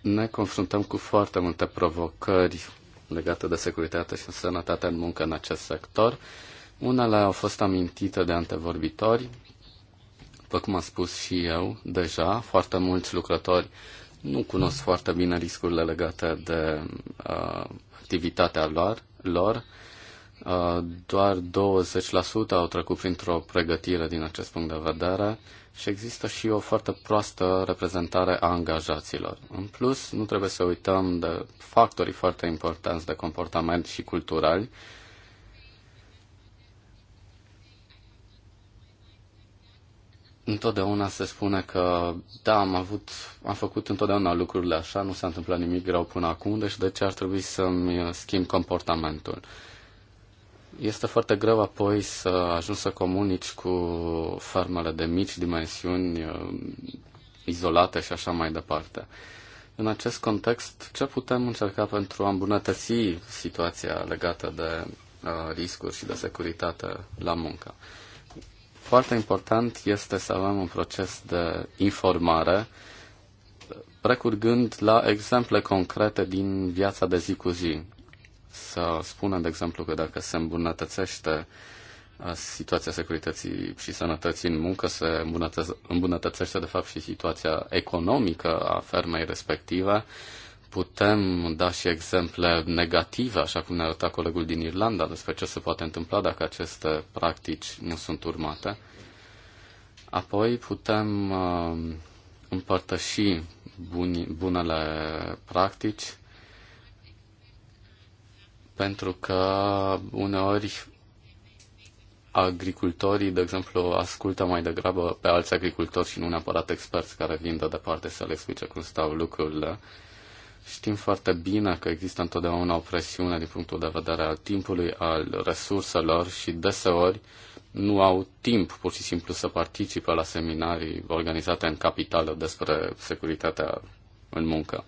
[SPEAKER 1] ne confruntăm cu foarte multe provocări legate de securitate și sănătate în muncă în acest sector. Unele au fost amintite de antevorbitori, după cum am spus și eu, deja foarte mulți lucrători uh, nu cunosc foarte bine riscurile legate de uh, activitatea lor, lor. Uh, doar 20% au trecut printr-o pregătire din acest punct de vedere și există și o foarte proastă reprezentare a angajaților. În plus, nu trebuie să uităm de factorii foarte importanți de comportament și culturali, uh, Întotdeauna se spune că, da, am, avut, am făcut întotdeauna lucrurile așa, nu s-a întâmplat nimic greu până acum, deci de ce ar trebui să-mi uh, schimb comportamentul? Este foarte greu apoi să ajungi să comunici cu fermele de mici dimensiuni, uh, izolate și așa mai departe. În acest context, ce putem încerca pentru a îmbunătăți situația legată de uh, riscuri și de securitate la muncă? Foarte important este să avem un proces de informare, precurgând la exemple concrete din viața de zi cu zi. Să spunem, de exemplu, că dacă se îmbunătățește uh, situația securității și sănătății în muncă, se îmbunătățește, de fapt, și situația economică a fermei respective, Putem da și exemple negative, așa cum ne arăta colegul din Irlanda, despre ce se poate întâmpla dacă aceste practici nu sunt urmate. Apoi putem uh, împărtăși buni, bunele practici, pentru că uneori agricultorii, de exemplu, ascultă mai degrabă pe alți agricultori și nu neapărat experți care vin de departe să le explice cum stau lucrurile. Uh, Știm foarte bine că există întotdeauna o presiune din punctul de vedere al timpului, al resurselor și deseori nu au timp pur și simplu să participe la seminarii organizate în capitală despre securitatea în muncă.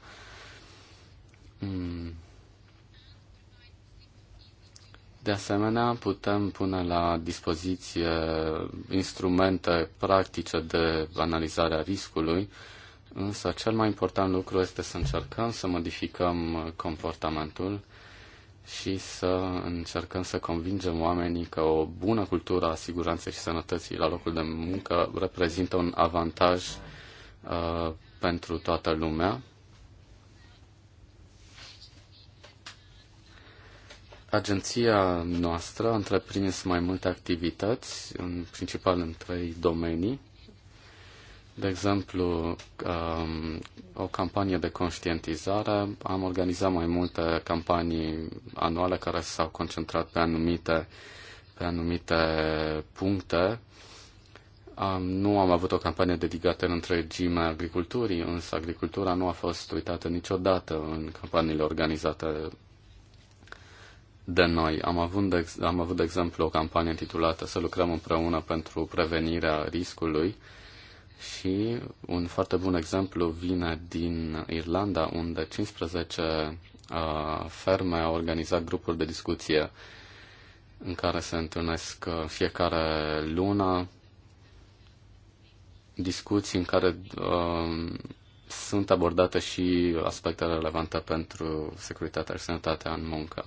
[SPEAKER 1] Hmm. De asemenea, putem pune la dispoziție instrumente practice de analizare a riscului, Însă cel mai important lucru este să încercăm să modificăm uh, comportamentul și să încercăm să convingem oamenii că o bună cultură a siguranței și sănătății la locul de muncă reprezintă un avantaj uh, pentru toată lumea. Agenția noastră a întreprins mai multe activități, în principal în trei domenii de exemplu, um, o campanie de conștientizare. Am organizat mai multe campanii anuale care s-au concentrat pe anumite, pe anumite puncte. Nu am avut o campanie dedicată în întregime agriculturii, însă agricultura nu a fost uitată niciodată în campaniile organizate de noi. Am avut, de, am avut, de exemplu, o campanie intitulată Să lucrăm împreună pentru prevenirea riscului, și un foarte bun exemplu vine din Irlanda, unde 15 uh, ferme au organizat grupuri de discuție în care se întâlnesc uh, fiecare lună, discuții în care uh, sunt abordate și aspectele relevante pentru securitatea și sănătatea în muncă.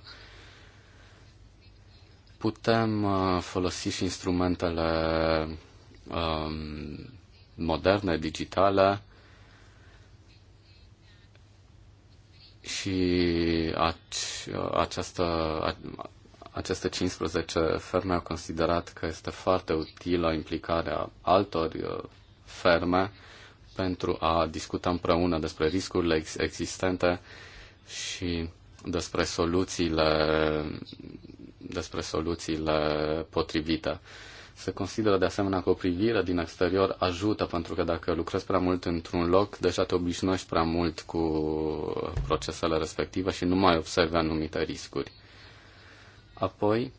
[SPEAKER 1] Putem uh, folosi și instrumentele um, modernă, digitală și această, aceste 15 ferme au considerat că este foarte utilă implicarea altor uh, ferme pentru a discuta împreună despre riscurile existente și despre soluțiile, despre soluțiile potrivite se consideră de asemenea că o privire din exterior ajută, pentru că dacă lucrezi prea mult într-un loc, deja te obișnuiești prea mult cu procesele respective și nu mai observi anumite riscuri. Apoi,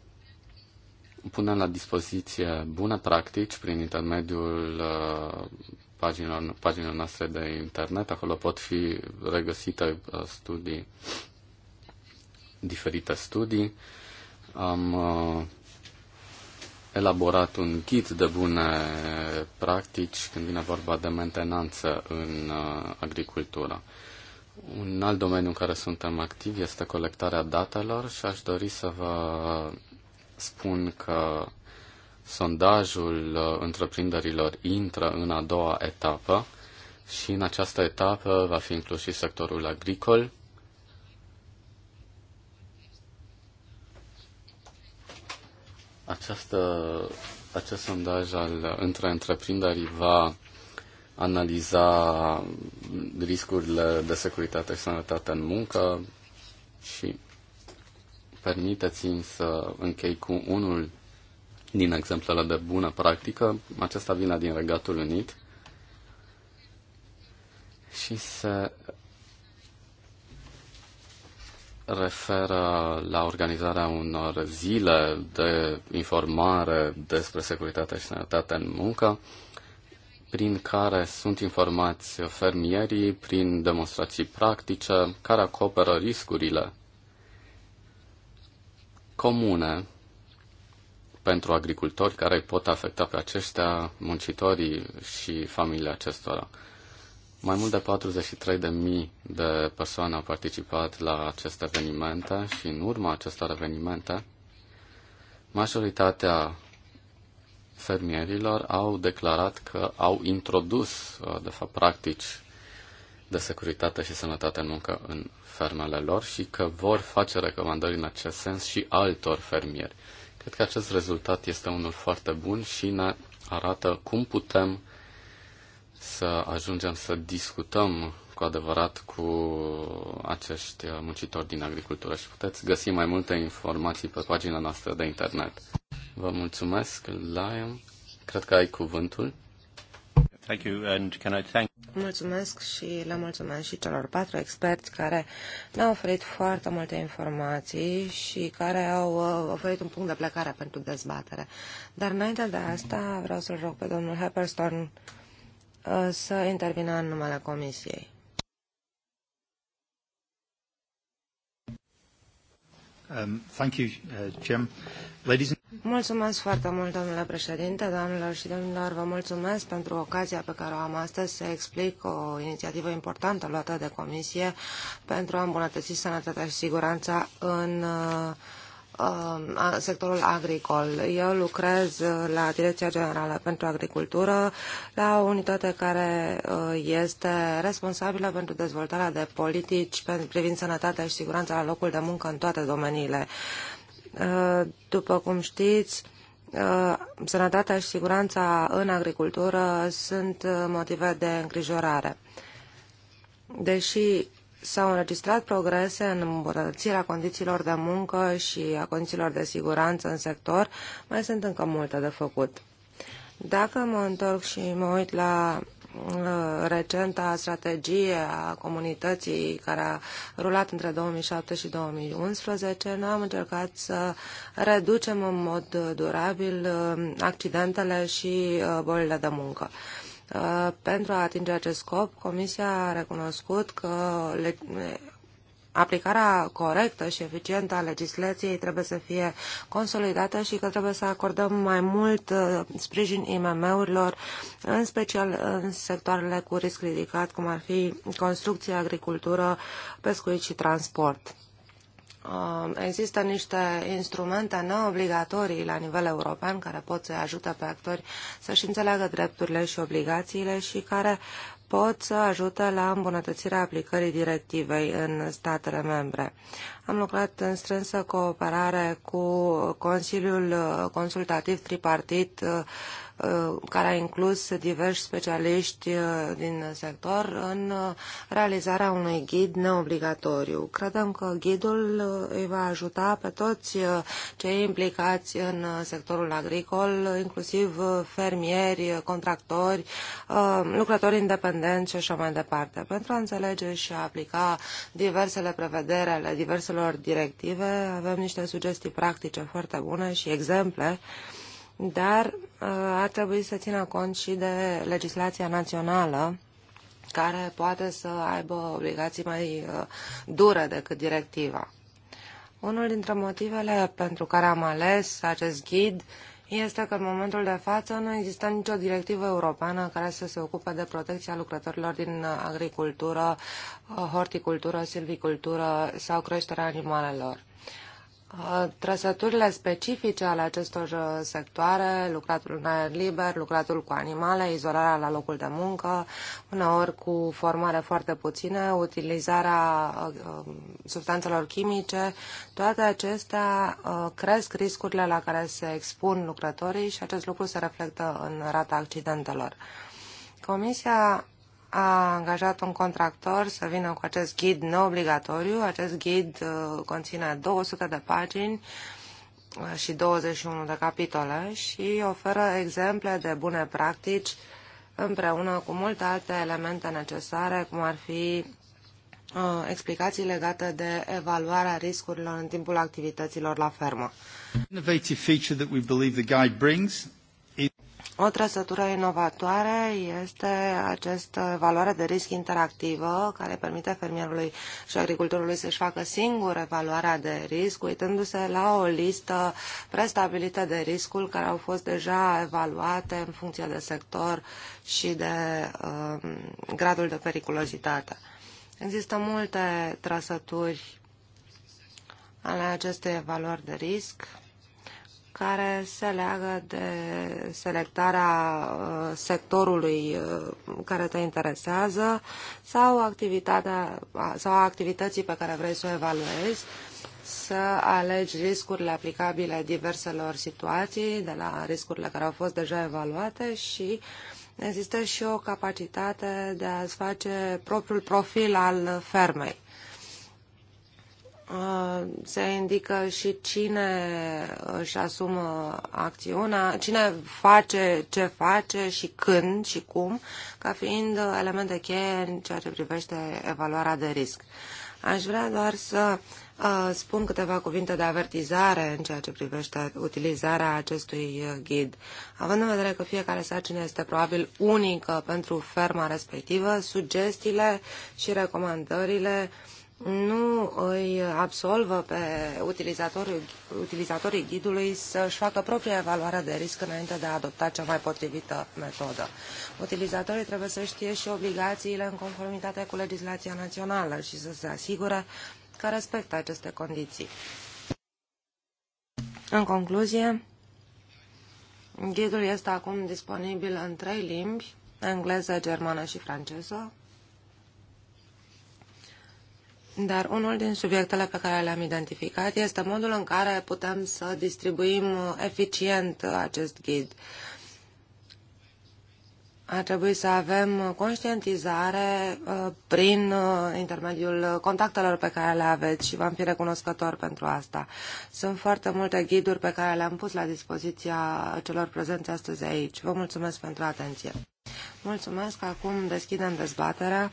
[SPEAKER 1] punem la dispoziție bune practici prin intermediul uh, paginilor, paginilor noastre de internet. Acolo pot fi regăsite uh, studii, diferite studii. Am uh, elaborat un ghid de bune practici când vine vorba de mentenanță în uh, agricultură. Un alt domeniu în care suntem activi este colectarea datelor și aș dori să vă spun că sondajul uh, întreprinderilor intră în a doua etapă și în această etapă va fi inclus și sectorul agricol Această, acest sondaj al, între întreprinderi va analiza riscurile de securitate și sănătate în muncă și permiteți-mi să închei cu unul din exemplele de bună practică. Acesta vine din Regatul Unit și se referă la organizarea unor zile de informare despre securitatea și sănătate în muncă, prin care sunt informați fermierii prin demonstrații practice care acoperă riscurile comune pentru agricultori care pot afecta pe aceștia, muncitorii și familia acestora. Mai mult de 43.000 de persoane au participat la aceste evenimente și în urma acestor evenimente, majoritatea fermierilor au declarat că au introdus, uh, de fapt, practici de securitate și sănătate în muncă în fermele lor și că vor face recomandări în acest sens și altor fermieri. Cred că acest rezultat este unul foarte bun și ne arată cum putem să ajungem să discutăm cu adevărat cu acești muncitori din agricultură și puteți găsi mai multe informații pe pagina noastră de internet. Vă mulțumesc, Liam. Cred că ai cuvântul. Thank you and can I thank...
[SPEAKER 2] Mulțumesc și le mulțumesc și celor patru experți care ne-au oferit foarte multe informații și care au uh, oferit un punct de plecare pentru dezbatere. Dar înainte de asta vreau să-l rog pe domnul Hepperstone Uh, să intervină în numele Comisiei.
[SPEAKER 3] Um, thank you, uh, Jim. Ladies and...
[SPEAKER 2] Mulțumesc foarte mult, domnule președinte, doamnelor și domnilor. Vă mulțumesc pentru ocazia pe care o am astăzi să explic o inițiativă importantă luată de Comisie pentru a îmbunătăți sănătatea și siguranța în uh, Um, sectorul agricol. Eu lucrez uh, la Direcția Generală pentru Agricultură, la o unitate care uh, este responsabilă pentru dezvoltarea de politici privind sănătatea și siguranța la locul de muncă în toate domeniile. Uh, după cum știți, sănătatea și siguranța în agricultură sunt motive de îngrijorare. Deși s-au înregistrat progrese în îmbunătățirea condițiilor de muncă și a condițiilor de siguranță în sector, mai sunt încă multe de făcut. Dacă mă întorc și mă uit la uh, recenta strategie a comunității care a rulat între 2007 și 2011, noi am încercat să reducem în mod durabil uh, accidentele și uh, bolile de muncă. Uh, pentru a atinge acest scop, Comisia a recunoscut că aplicarea corectă și eficientă a legislației trebuie să fie consolidată și că trebuie să acordăm mai mult uh, sprijin IMM-urilor, în special în sectoarele cu risc ridicat, cum ar fi construcție, agricultură, pescuit și transport. Um, există niște instrumente neobligatorii la nivel european care pot să ajute pe actori să-și înțeleagă drepturile și obligațiile și care pot să ajute la îmbunătățirea aplicării directivei în statele membre. Am lucrat în strânsă cooperare cu Consiliul Consultativ Tripartit uh, Uh, care a inclus diversi specialiști uh, din sector în uh, realizarea unui ghid neobligatoriu. Credem că ghidul îi va ajuta pe toți cei implicați în sectorul agricol, inclusiv fermieri, contractori, lucrători independenți și așa mai departe, pentru a înțelege și a aplica diversele prevedere ale diverselor directive. Avem niște sugestii practice foarte bune și exemple uh, dar uh, ar trebui să țină cont și de legislația națională care poate să aibă obligații mai uh, dure decât directiva. Unul dintre motivele pentru care am ales acest ghid este că în momentul de față nu există nicio directivă europeană care să se ocupe de protecția lucrătorilor din agricultură, uh, horticultură, silvicultură sau creșterea animalelor. Trăsăturile specifice ale acestor uh, sectoare, lucratul în aer liber, lucratul cu animale, izolarea la locul de muncă, uneori cu formare foarte puține, utilizarea uh, um, substanțelor chimice, toate acestea uh, cresc riscurile la care se expun lucrătorii și acest lucru se reflectă în rata accidentelor. Comisia a angajat un contractor să vină cu acest ghid neobligatoriu. Acest ghid uh, conține 200 de pagini uh, și 21 de capitole și oferă exemple de bune practici împreună cu multe alte elemente necesare, cum ar fi uh, explicații legate de evaluarea riscurilor în timpul activităților la fermă.
[SPEAKER 3] Innovative feature that we believe the guide brings
[SPEAKER 2] o trăsătură inovatoare este această valoare de risc interactivă care permite fermierului și agricultorului să-și facă singur evaluarea de risc, uitându-se la o listă prestabilită de riscul care au fost deja evaluate în funcție de sector și de uh, gradul de periculozitate. Există multe trăsături ale acestei evaluări de risc care se leagă de selectarea uh, sectorului uh, care te interesează sau, activitatea, uh, sau activității pe care vrei să o evaluezi, să alegi riscurile aplicabile diverselor situații, de la riscurile care au fost deja evaluate și există și o capacitate de a-ți face propriul profil al fermei. Uh, se indică și cine își asumă acțiunea, cine face ce face și când și cum, ca fiind elemente cheie în ceea ce privește evaluarea de risc. Aș vrea doar să uh, spun câteva cuvinte de avertizare în ceea ce privește utilizarea acestui ghid. Având în vedere că fiecare sarcină este probabil unică pentru ferma respectivă, sugestiile și recomandările uh, nu îi absolvă pe utilizatorii, utilizatorii ghidului să-și facă propria evaluare de risc înainte de a adopta cea mai potrivită metodă. Utilizatorii trebuie să știe și obligațiile în conformitate cu legislația națională și să se asigure că respectă aceste condiții. În concluzie, ghidul este acum disponibil în trei limbi, engleză, germană și franceză, dar unul din subiectele pe care le-am identificat este modul în care putem să distribuim uh, eficient uh, acest ghid. Ar trebui să avem uh, conștientizare prin intermediul contactelor pe care le aveți și v-am fi recunoscător pentru asta. Sunt foarte multe ghiduri pe care le-am pus la dispoziția celor prezenți astăzi aici. Vă mulțumesc pentru atenție. Mulțumesc. Acum deschidem dezbaterea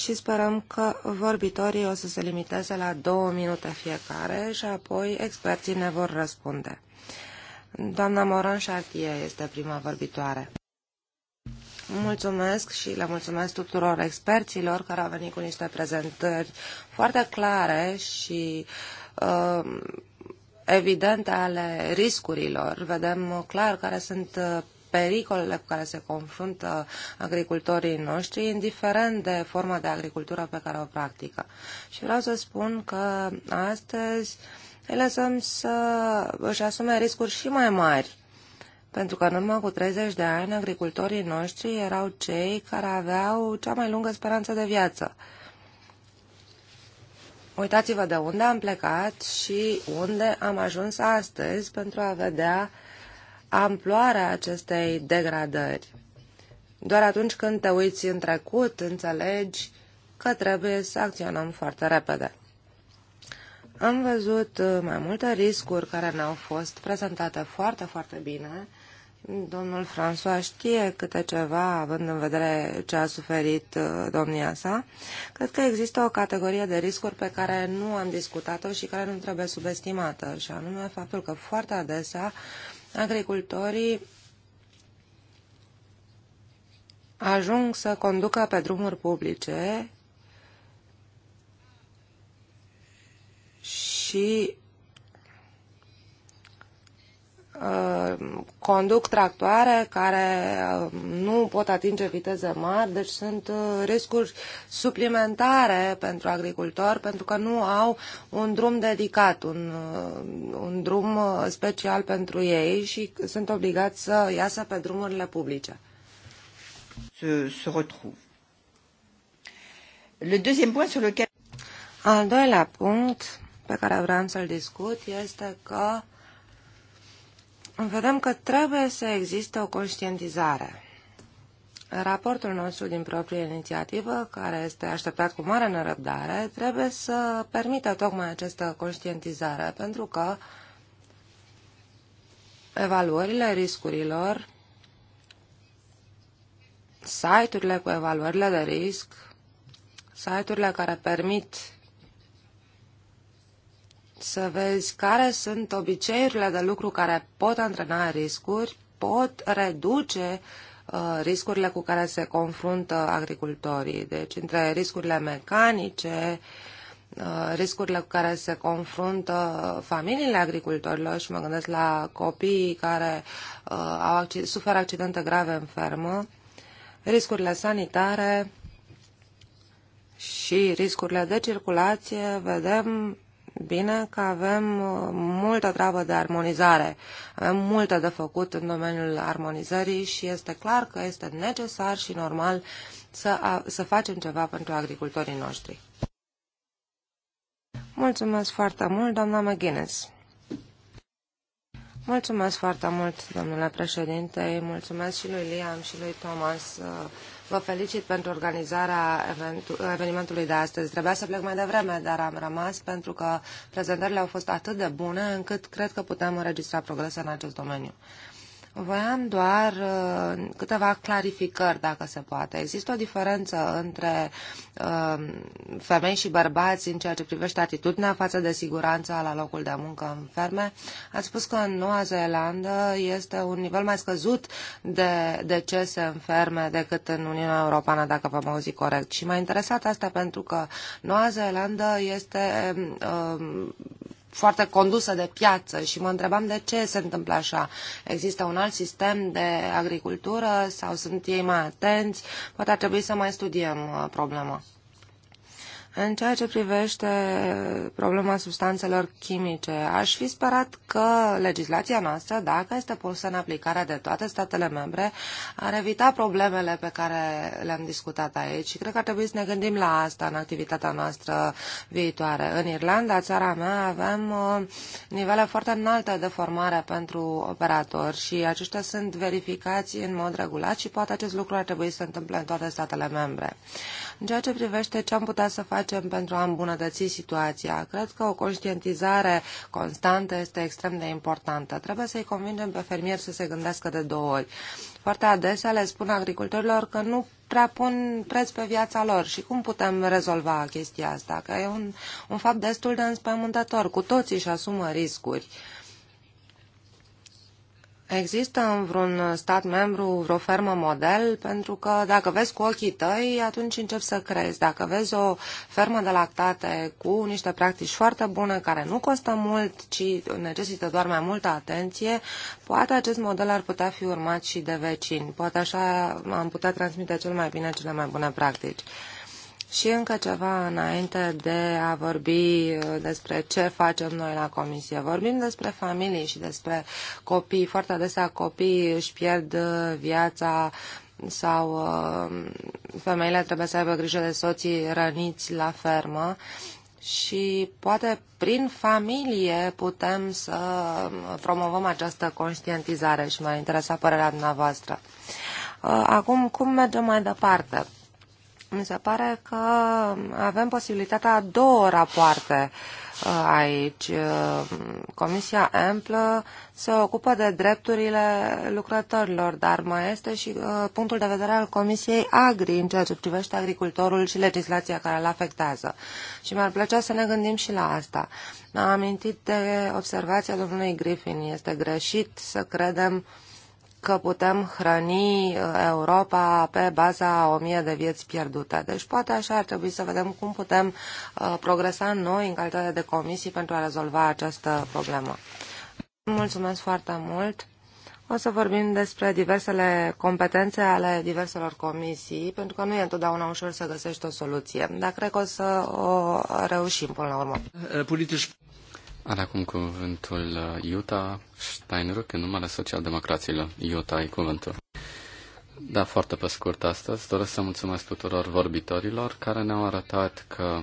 [SPEAKER 2] și sperăm că vorbitorii o să se limiteze la două minute fiecare și apoi experții ne vor răspunde. Doamna Moran Chartier este prima vorbitoare. Mulțumesc și le mulțumesc tuturor experților care au venit cu niște prezentări foarte clare și uh, evidente ale riscurilor. Vedem clar care sunt uh, pericolele cu care se confruntă agricultorii noștri, indiferent de forma de agricultură pe care o practică. Și vreau să spun că astăzi îi lăsăm să își asume riscuri și mai mari pentru că în urmă cu 30 de ani agricultorii noștri erau cei care aveau cea mai lungă speranță de viață. Uitați-vă de unde am plecat și unde am ajuns astăzi pentru a vedea uh, amploarea acestei degradări. Doar atunci când te uiți în trecut, înțelegi că trebuie să acționăm foarte repede. Am văzut uh, mai multe riscuri care ne-au fost prezentate foarte, foarte bine. Domnul François știe câte ceva, având în vedere ce a suferit uh, domnia sa. Cred că există o categorie de riscuri pe care nu am discutat-o și care nu trebuie subestimată, și anume faptul că foarte adesea agricultorii ajung să conducă pe drumuri publice și Uh, conduc tractoare care uh, nu pot atinge viteze mari, deci sunt uh, riscuri suplimentare pentru agricultori pentru că nu au un drum dedicat, un, un drum special pentru ei și sunt obligați să iasă pe drumurile publice. Se, se retrouve. Le deuxième point sur lequel... Al doilea punct pe care vreau să-l discut este că uh, vedem că trebuie să existe o conștientizare. Raportul nostru din proprie inițiativă, care este așteptat cu mare nerăbdare, trebuie să permită tocmai această conștientizare, pentru că evaluările riscurilor, site-urile cu evaluările de risc, site-urile care permit să vezi care sunt obiceiurile de lucru care pot antrena riscuri, pot reduce uh, riscurile cu care se confruntă agricultorii. Deci, între riscurile mecanice, uh, riscurile cu care se confruntă familiile agricultorilor și mă gândesc la copiii care uh, au, suferă accidente grave în fermă, riscurile sanitare și riscurile de circulație, vedem bine că avem uh, multă treabă de armonizare. Avem multe de făcut în domeniul armonizării și este clar că este necesar și normal să, să facem ceva pentru agricultorii noștri. Mulțumesc foarte mult, doamna McGuinness. Mulțumesc foarte mult, domnule președinte. Mulțumesc și lui Liam și lui Thomas uh, Vă felicit pentru organizarea evenimentului de astăzi. Trebuia să plec mai devreme, dar am rămas pentru că prezentările au fost atât de bune încât cred că putem înregistra progrese în acest domeniu. Voiam doar uh, câteva clarificări, dacă se poate. Există o diferență între uh, femei și bărbați în ceea ce privește atitudinea față de siguranța la locul de muncă în ferme. Ați spus că în Noua Zeelandă este un nivel mai scăzut de decese în ferme decât în Uniunea Europeană, dacă v-am auzit corect. Și m-a interesat asta pentru că Noua Zeelandă este um, foarte condusă de piață și mă întrebam de ce se întâmplă așa. Există un alt sistem de agricultură sau sunt ei mai atenți? Poate ar trebui să mai studiem uh, problema. În ceea ce privește problema substanțelor chimice, aș fi sperat că legislația noastră, dacă este pusă în aplicare de toate statele membre, ar evita problemele pe care le-am discutat aici și cred că ar trebui să ne gândim la asta în activitatea noastră viitoare. În Irlanda, țara mea, avem uh, nivele foarte înalte de formare pentru operatori și aceștia sunt verificați în mod regulat și poate acest lucru ar trebui să se întâmple în toate statele membre. În ceea ce privește ce am putea să facem pentru a îmbunătăți situația, cred că o conștientizare constantă este extrem de importantă. Trebuie să-i convingem pe fermieri să se gândească de două ori. Foarte adesea le spun agricultorilor că nu prea pun preț pe viața lor și cum putem rezolva chestia asta, că e un, un fapt destul de înspăimântător. Cu toții și asumă riscuri. Uh, Există în vreun stat membru vreo fermă model? Pentru că dacă vezi cu ochii tăi, atunci începi să crezi. Dacă vezi o fermă de lactate cu niște practici foarte bune, care nu costă mult, ci necesită doar mai multă atenție, poate acest model ar putea fi urmat și de vecini. Poate așa am putea transmite cel mai bine cele mai bune practici. Și încă ceva înainte de a vorbi uh, despre ce facem noi la comisie. Vorbim despre familii și despre copii. Foarte adesea copiii își pierd uh, viața sau uh, femeile trebuie să aibă grijă de soții răniți la fermă și poate prin familie putem să promovăm această conștientizare și m a interesa părerea dumneavoastră. Acum, cum mergem mai departe? Mi se pare că avem posibilitatea a două rapoarte uh, aici. Uh, Comisia Amplă se ocupă de drepturile lucrătorilor, dar mai este și uh, punctul de vedere al Comisiei Agri în ceea ce privește agricultorul și legislația care îl afectează. Și mi-ar plăcea să ne gândim și la asta. am amintit de observația domnului Griffin. Este greșit să credem că putem hrăni uh, Europa pe baza o mie de vieți pierdute. Deci poate așa ar trebui să vedem cum putem uh, progresa noi în calitate de comisii pentru a rezolva această problemă. Mulțumesc foarte mult! O să vorbim despre diversele competențe ale diverselor comisii, pentru că nu e întotdeauna ușor să găsești o soluție, dar cred că o să o reușim până la urmă. Uh, politici.
[SPEAKER 1] Are acum cuvântul uh, Iuta Steinruck în numele socialdemocraților. Iuta, ai cuvântul. Da, foarte pe scurt astăzi. Doresc să mulțumesc tuturor vorbitorilor care ne-au arătat că,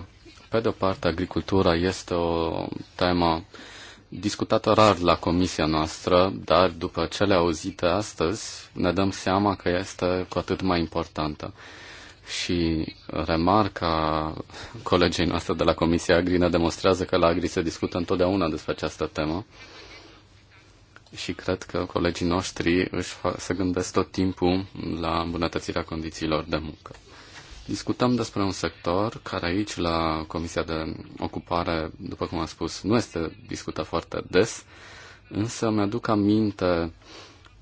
[SPEAKER 1] pe de-o parte, agricultura este o temă discutată rar la comisia noastră, dar după cele auzite astăzi ne dăm seama că este cu atât mai importantă și remarca colegii noastre de la Comisia Agri ne demonstrează că la Agri se discută întotdeauna despre această temă și cred că colegii noștri își se gândesc tot timpul la îmbunătățirea condițiilor de muncă. Discutăm despre un sector care aici, la Comisia de Ocupare, după cum am spus, nu este discutat foarte des, însă mi-aduc aminte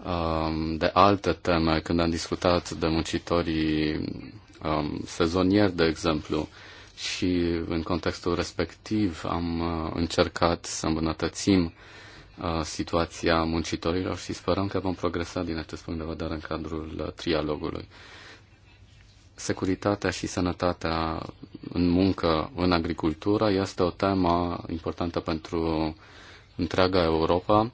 [SPEAKER 1] um, de alte teme când am discutat de muncitorii um, sezonier, de exemplu, și în contextul respectiv am uh, încercat să îmbunătățim uh, situația muncitorilor și sperăm că vom progresa din acest punct de vedere în cadrul uh, trialogului. Securitatea și sănătatea în muncă, în agricultură, este o temă importantă pentru întreaga Europa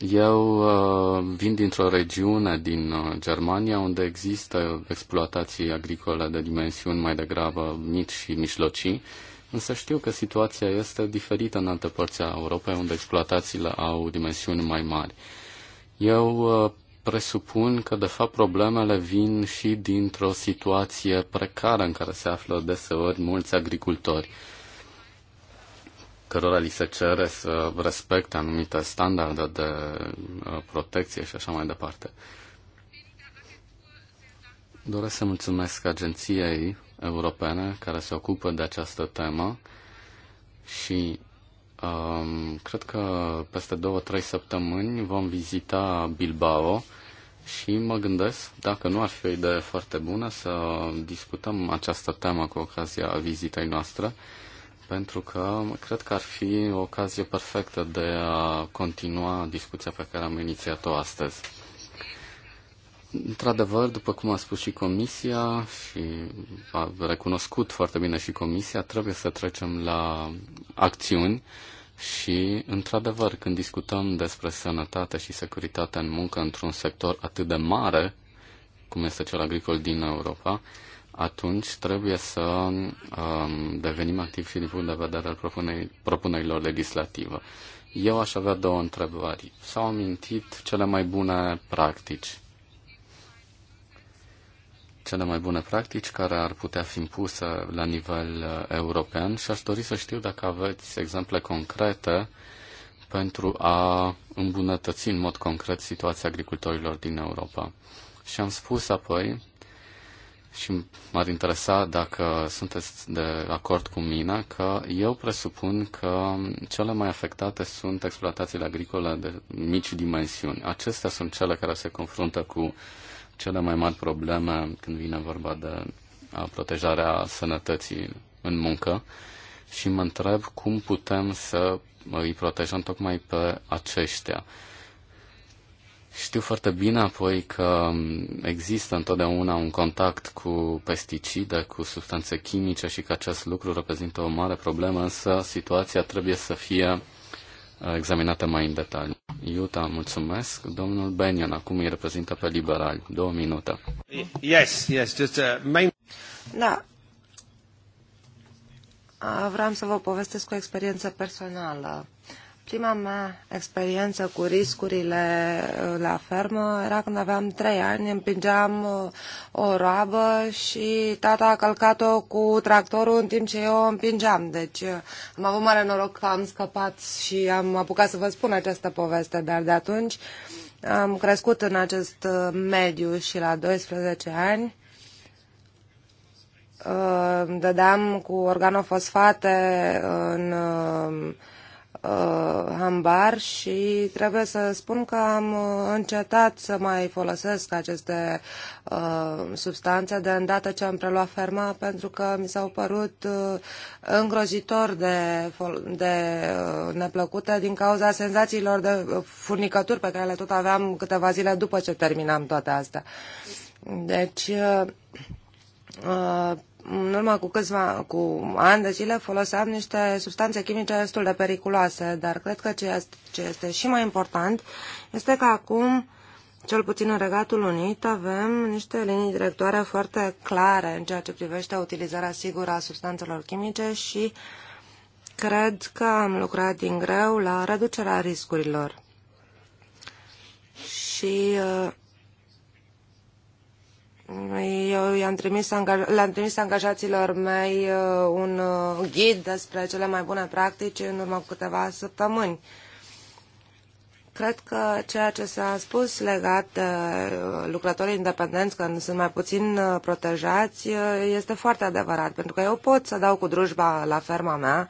[SPEAKER 1] eu uh, vin dintr-o regiune din uh, Germania unde există exploatații agricole de dimensiuni mai degrabă mici și mijlocii, însă știu că situația este diferită în alte părți a Europei unde exploatațiile au dimensiuni mai mari. Eu uh, presupun că, de fapt, problemele vin și dintr-o situație precară în care se află deseori mulți agricultori cărora li se cere să respecte anumite standarde de uh, protecție și așa mai departe. Doresc să mulțumesc agenției europene care se ocupă de această temă și um, cred că peste două, trei săptămâni vom vizita Bilbao și mă gândesc dacă nu ar fi o idee foarte bună să discutăm această temă cu ocazia vizitei noastre pentru că cred că ar fi o ocazie perfectă de a continua discuția pe care am inițiat-o astăzi. Într-adevăr, după cum a spus și Comisia și a recunoscut foarte bine și Comisia, trebuie să trecem la acțiuni și, într-adevăr, când discutăm despre sănătate și securitate în muncă într-un sector atât de mare cum este cel agricol din Europa, atunci trebuie să um, devenim activi și din punct de vedere al propunerilor legislative. Eu aș avea două întrebări. S-au amintit cele mai bune practici. Cele mai bune practici care ar putea fi impuse la nivel uh, european și aș dori să știu dacă aveți exemple concrete pentru a îmbunătăți în mod concret situația agricultorilor din Europa. Și am spus apoi și m-ar interesa dacă sunteți de acord cu mine că eu presupun că cele mai afectate sunt exploatațiile agricole de mici dimensiuni. Acestea sunt cele care se confruntă cu cele mai mari probleme când vine vorba de protejarea sănătății în muncă și mă întreb cum putem să îi protejăm tocmai pe aceștia știu foarte bine apoi că există întotdeauna un contact cu pesticide, cu substanțe chimice și că acest lucru reprezintă o mare problemă, însă situația trebuie să fie uh, examinată mai în detaliu. Iuta, mulțumesc. Domnul Benion, acum îi reprezintă pe liberali. Două minute.
[SPEAKER 2] Yes, yes, just a uh, main... Da. Vreau să vă povestesc o experiență personală Prima mea experiență cu riscurile uh, la fermă era când aveam trei ani, împingeam uh, o roabă și tata a călcat-o cu tractorul în timp ce eu o împingeam. Deci uh, am avut mare noroc că am scăpat și am apucat să vă spun această poveste, dar de atunci am crescut în acest mediu și la 12 ani dădeam cu organofosfate în uh, hambar și trebuie să spun că am uh, încetat să mai folosesc aceste uh, substanțe de îndată ce am preluat ferma pentru că mi s-au părut uh, îngrozitor de, de uh, neplăcute din cauza senzațiilor de uh, furnicături pe care le tot aveam câteva zile după ce terminam toate astea. Deci, uh, uh în urmă cu câțiva, cu ani de zile foloseam niște substanțe chimice destul de periculoase, dar cred că ce este, ce este și mai important este că acum, cel puțin în Regatul Unit, avem niște linii directoare foarte clare în ceea ce privește utilizarea sigură a substanțelor chimice și cred că am lucrat din greu la reducerea riscurilor. Și uh, eu i-am trimis, le-am trimis angajaților mei uh, uh, un ghid despre cele mai bune practici în urmă cu câteva săptămâni. Cred că ceea ce s-a spus legat de uh, lucrătorii independenți, că sunt mai puțin protejați, este foarte adevărat, pentru că eu pot să dau cu drujba la ferma mea,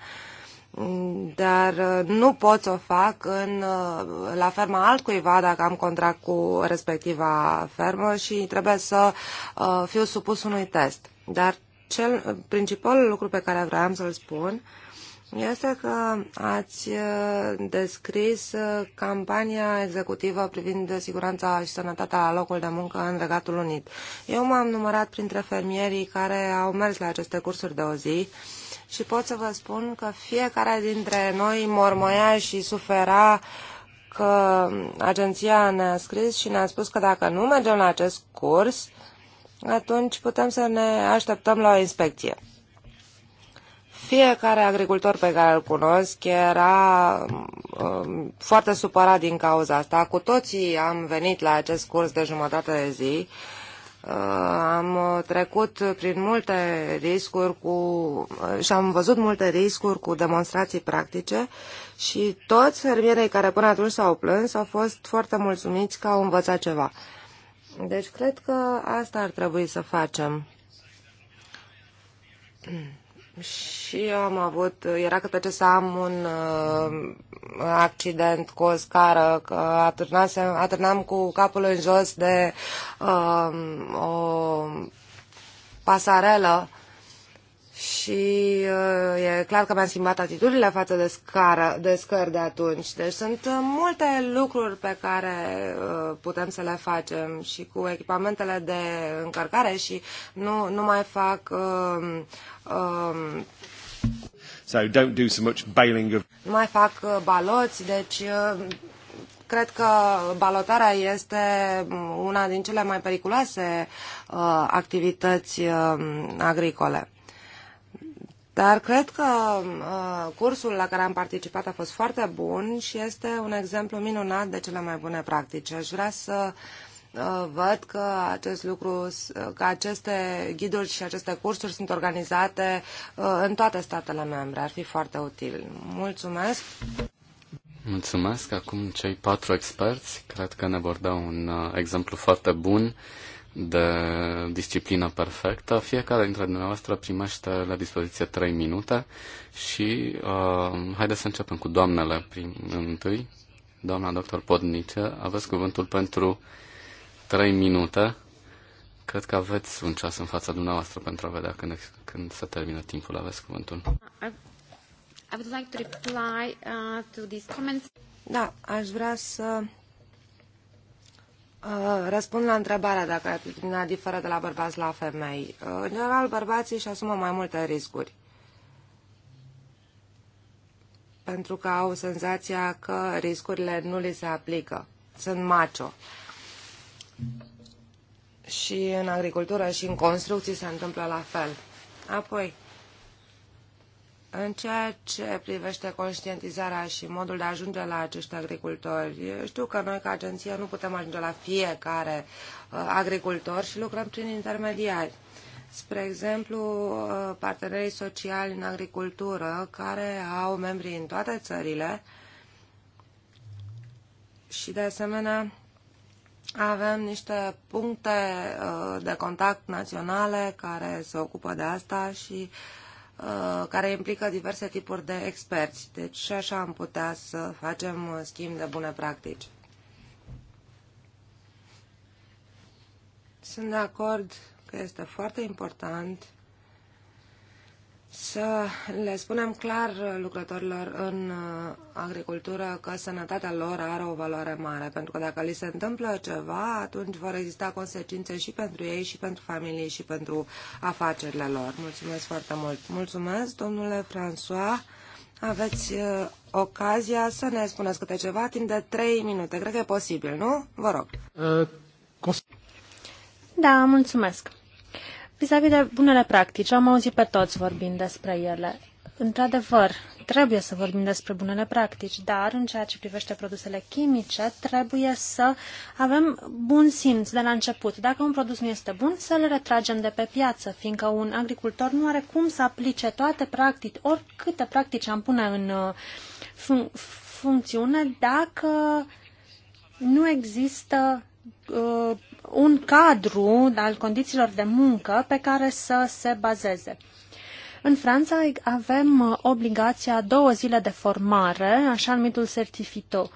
[SPEAKER 2] dar uh, nu pot să o fac în, uh, la ferma altcuiva dacă am contract cu respectiva fermă și trebuie să uh, fiu supus unui test. Dar cel principalul lucru pe care vreau să-l spun este că ați descris campania executivă privind siguranța și sănătatea la locul de muncă în Regatul Unit. Eu m-am numărat printre fermierii care au mers la aceste cursuri de o zi uh, și pot să vă spun că fiecare dintre noi mormoia și sufera că agenția ne-a scris și ne-a spus că dacă nu mergem la acest curs, atunci putem să ne așteptăm la o inspecție. Fiecare agricultor pe care îl cunosc era um, foarte supărat din cauza asta. Cu toții am venit la acest curs de jumătate de zi. Uh, Uh, am trecut prin multe riscuri cu, uh, și am văzut multe riscuri cu demonstrații practice și toți fermierii care până atunci s-au plâns au fost foarte mulțumiți că au învățat ceva. Deci cred că asta ar trebui să facem. Și eu am avut, era că ce să am un uh, accident cu o scară, că atârnam cu capul în jos de uh, o pasarelă și uh, e clar că mi-am schimbat atitudinile față de, scară, de scări de atunci. Deci sunt uh, multe lucruri pe care uh, putem să le facem și cu echipamentele de încărcare și nu, nu mai fac... Um, um,
[SPEAKER 3] so don't do so much bailing of...
[SPEAKER 2] Nu mai fac baloți, deci cred că balotarea este um, una din cele mai periculoase uh, activități uh, agricole. Dar cred că uh, cursul la care am participat a fost foarte bun și este un exemplu minunat de cele mai bune practici. Aș vrea să uh, văd că acest lucru, că aceste ghiduri și aceste cursuri sunt organizate uh, în toate statele membre. Ar fi foarte util. Mulțumesc!
[SPEAKER 1] Mulțumesc! Acum cei patru experți cred că ne vor da un uh, exemplu foarte bun de disciplină perfectă. Fiecare dintre dumneavoastră primește la dispoziție 3 minute și uh, haideți să începem cu doamnele prim, întâi. Doamna doctor Podnice, aveți cuvântul pentru 3 minute. Cred că aveți un ceas în fața dumneavoastră pentru a vedea când, când se termină timpul. Aveți cuvântul.
[SPEAKER 2] I would like to reply uh, to these comments. Da, aș vrea să Uh, răspund la întrebarea dacă atitudinea diferă de la bărbați la femei. Uh, în general, bărbații își asumă mai multe riscuri. Pentru că au senzația că riscurile nu li se aplică. Sunt macho. Și în agricultură și în construcții se întâmplă la fel. Apoi, în ceea ce privește conștientizarea și modul de a ajunge la acești agricultori, știu că noi ca agenție nu putem ajunge la fiecare uh, agricultor și lucrăm prin intermediari. Spre exemplu, uh, partenerii sociali în agricultură, care au membri în toate țările și, de asemenea, avem niște puncte uh, de contact naționale care se ocupă de asta și uh, Uh, care implică diverse tipuri de experți. Deci și așa am putea să facem schimb de bune practici. Sunt de acord că este foarte important să le spunem clar lucrătorilor în uh, agricultură că sănătatea lor are o valoare mare, pentru că dacă li se întâmplă ceva, atunci vor exista consecințe și pentru ei, și pentru familie, și pentru afacerile lor. Mulțumesc foarte mult! Mulțumesc, domnule François! Aveți uh, ocazia să ne spuneți câte ceva timp de 3 minute. Cred că e posibil, nu? Vă rog!
[SPEAKER 3] Uh, da, mulțumesc! Vis-a-vis de bunele practici, am auzit pe toți vorbind despre ele. Într-adevăr, trebuie să vorbim despre bunele practici, dar în ceea ce privește produsele chimice, trebuie să avem bun simț de la început. Dacă un produs nu este bun, să-l retragem de pe piață, fiindcă un agricultor nu are cum să aplice toate practici, oricâte practici am pune în uh, fun- funcțiune, dacă nu există Uh, un cadru al condițiilor de muncă pe care să se bazeze. În Franța avem uh, obligația două zile de formare, așa numitul certificat.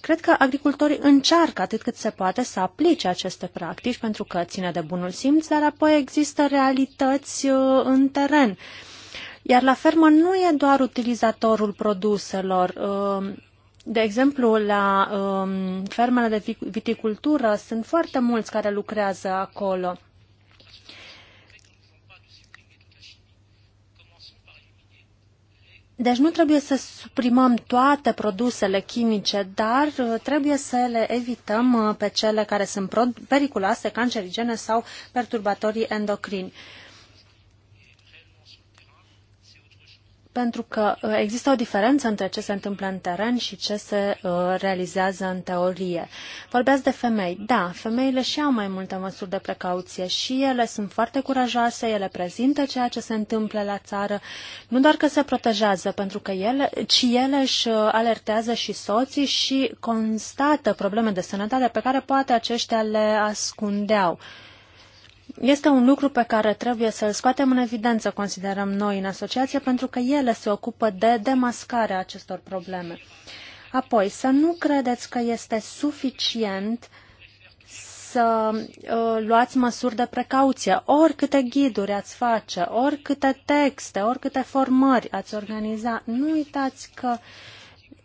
[SPEAKER 3] Cred că agricultorii încearcă atât cât se poate să aplice aceste practici pentru că ține de bunul simț, dar apoi există realități uh, în teren. Iar la fermă nu e doar utilizatorul produselor, de exemplu, la um, fermele de viticultură sunt foarte mulți care lucrează acolo. Deci nu trebuie să suprimăm toate produsele chimice, dar uh, trebuie să le evităm uh, pe cele care sunt periculoase, cancerigene sau perturbatorii endocrini. pentru că uh, există o diferență între ce se întâmplă în teren și ce se uh, realizează în teorie. Vorbeați de femei. Da, femeile și au mai multe măsuri de precauție și ele sunt foarte curajoase, ele prezintă ceea ce se întâmplă la țară, nu doar că se protejează, pentru că ele, ci ele își uh, alertează și soții și constată probleme de sănătate pe care poate aceștia le ascundeau. Este un lucru pe care trebuie să-l scoatem în evidență, considerăm noi, în asociație, pentru că ele se ocupă de demascarea acestor probleme. Apoi, să nu credeți că este suficient să uh, luați măsuri de precauție, oricâte ghiduri ați face, oricâte texte, oricâte formări ați organiza. Nu uitați că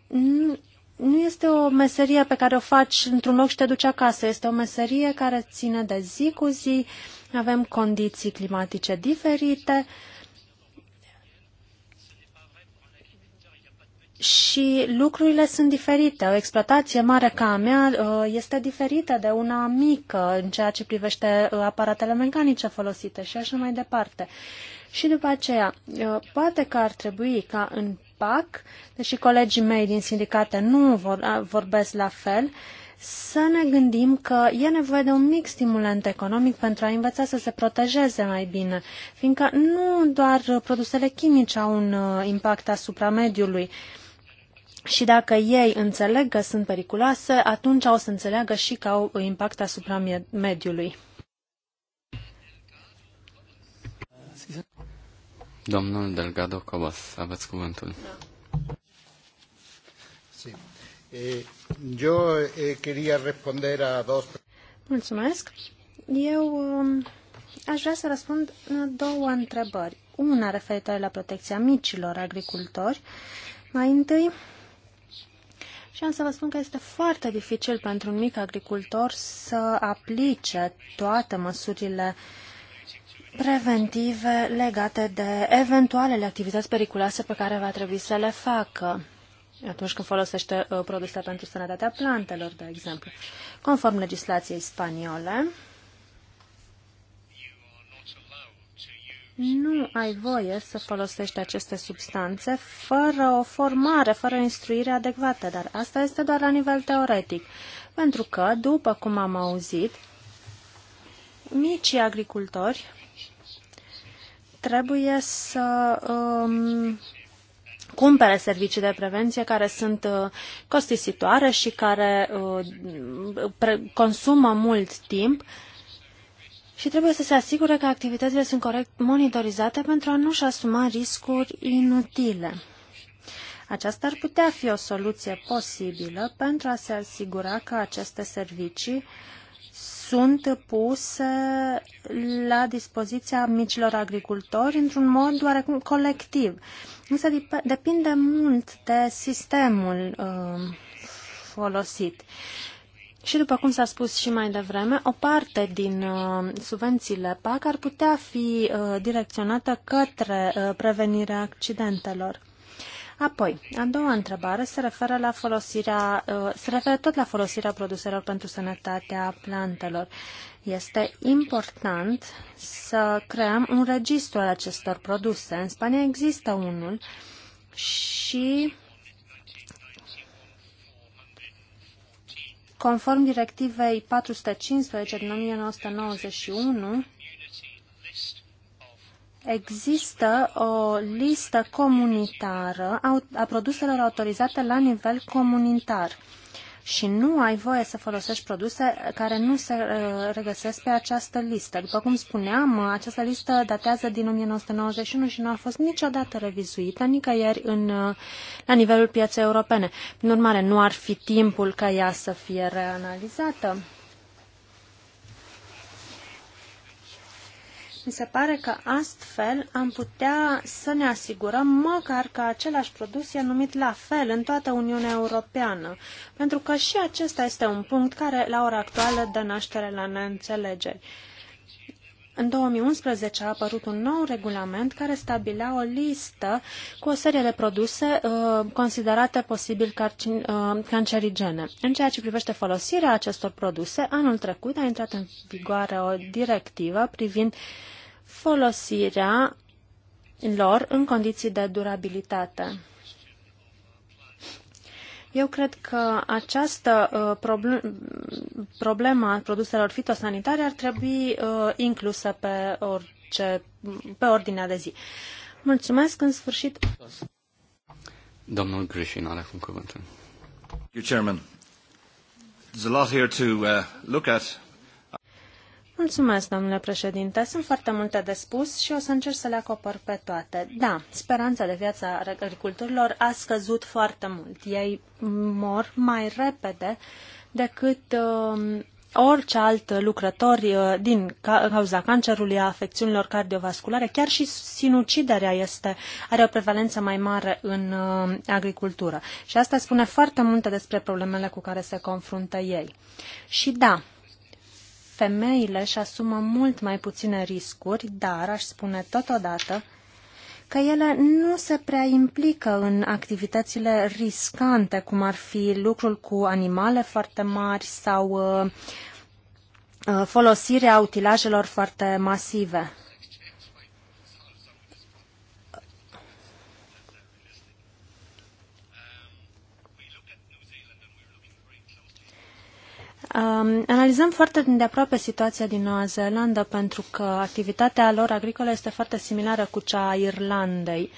[SPEAKER 3] nu, nu este o meserie pe care o faci într-un loc și te duci acasă. Este o meserie care ține de zi cu zi, uh, avem condiții climatice diferite și lucrurile sunt diferite. O exploatație mare ca a mea uh, este diferită de una mică în ceea ce privește uh, aparatele mecanice folosite și așa mai departe. Și după aceea, uh, poate că ar trebui ca în PAC, deși colegii mei din sindicate nu vorbesc la fel, uh, să ne gândim că e nevoie de un mic stimulant economic pentru a învăța să se protejeze mai bine, fiindcă nu doar produsele chimice au un uh, impact asupra mediului, și dacă ei înțeleg că sunt periculoase, atunci o să înțeleagă și că au impact asupra mediului.
[SPEAKER 1] Domnul Delgado Cobos, aveți cuvântul. Da. Eu eh, eh, queria responder a
[SPEAKER 3] Mulțumesc. Eu um, aș vrea să răspund la două întrebări. Una referitoare la protecția micilor agricultori. Mai întâi, și am să vă spun că este foarte dificil pentru un mic agricultor să aplice toate măsurile preventive legate de eventualele activități periculoase pe care va trebui să le facă atunci când folosește uh, produse pentru sănătatea plantelor, de exemplu. Conform legislației spaniole, nu ai voie să folosești aceste substanțe fără o formare, fără o instruire adecvată, dar asta este doar la nivel teoretic. Pentru că, după cum am auzit, micii agricultori trebuie să um, cumpere servicii de prevenție care sunt uh, costisitoare și care uh, consumă mult timp și trebuie să se asigure că activitățile sunt corect monitorizate pentru a nu-și asuma riscuri inutile. Aceasta ar putea fi o soluție posibilă pentru a se asigura că aceste servicii uh, sunt puse la dispoziția micilor agricultori într-un mod oarecum colectiv. Însă depinde mult de sistemul uh, folosit. Și după cum s-a spus și mai devreme, o parte din uh, subvențiile PAC ar putea fi uh, direcționată către uh, prevenirea accidentelor. Apoi, a doua întrebare se referă, la folosirea, uh, se referă tot la folosirea produselor pentru sănătatea plantelor. Este important să creăm un registru al acestor produse. În Spania există unul și conform directivei 415 din 1991, există o listă comunitară a produselor autorizate la nivel comunitar și nu ai voie să folosești produse care nu se uh, regăsesc pe această listă. După cum spuneam, uh, această listă datează din 1991 și nu a fost niciodată revizuită nicăieri în, uh, la nivelul pieței europene. Prin urmare, nu ar fi timpul ca ea să fie reanalizată. Mi se pare că astfel am putea să ne asigurăm măcar că același produs e numit la fel în toată Uniunea Europeană, pentru că și acesta este un punct care la ora actuală dă naștere la neînțelegeri. În 2011 a apărut un nou regulament care stabilea o listă cu o serie de produse uh, considerate posibil carcin, uh, cancerigene. În ceea ce privește folosirea acestor produse, anul trecut a intrat în vigoare o directivă privind uh, folosirea lor în condiții de durabilitate. Eu cred că această uh, problemă a produselor fitosanitare ar trebui uh, inclusă pe, orice, pe ordinea de zi. Mulțumesc în sfârșit.
[SPEAKER 1] Domnul Grișin are acum cuvântul.
[SPEAKER 3] You, Chairman. There's a lot here to uh, look at. Mulțumesc, domnule președinte. Sunt foarte multe de spus și o să încerc să le acopăr pe toate. Da, speranța de viață a agricultorilor a scăzut foarte mult. Ei mor mai repede decât uh, orice alt lucrător uh, din cauza cancerului, a afecțiunilor cardiovasculare, chiar și sinuciderea este, are o prevalență mai mare în uh, agricultură. Și asta spune foarte multe despre problemele cu care se confruntă ei. Și da, femeile își asumă mult mai puține riscuri, dar aș spune totodată că ele nu se prea implică în activitățile riscante, cum ar fi lucrul cu animale foarte mari sau uh, uh, folosirea utilajelor foarte masive. Um, analizăm foarte de aproape situația din Noua Zeelandă pentru că activitatea lor agricolă este foarte similară cu cea a Irlandei.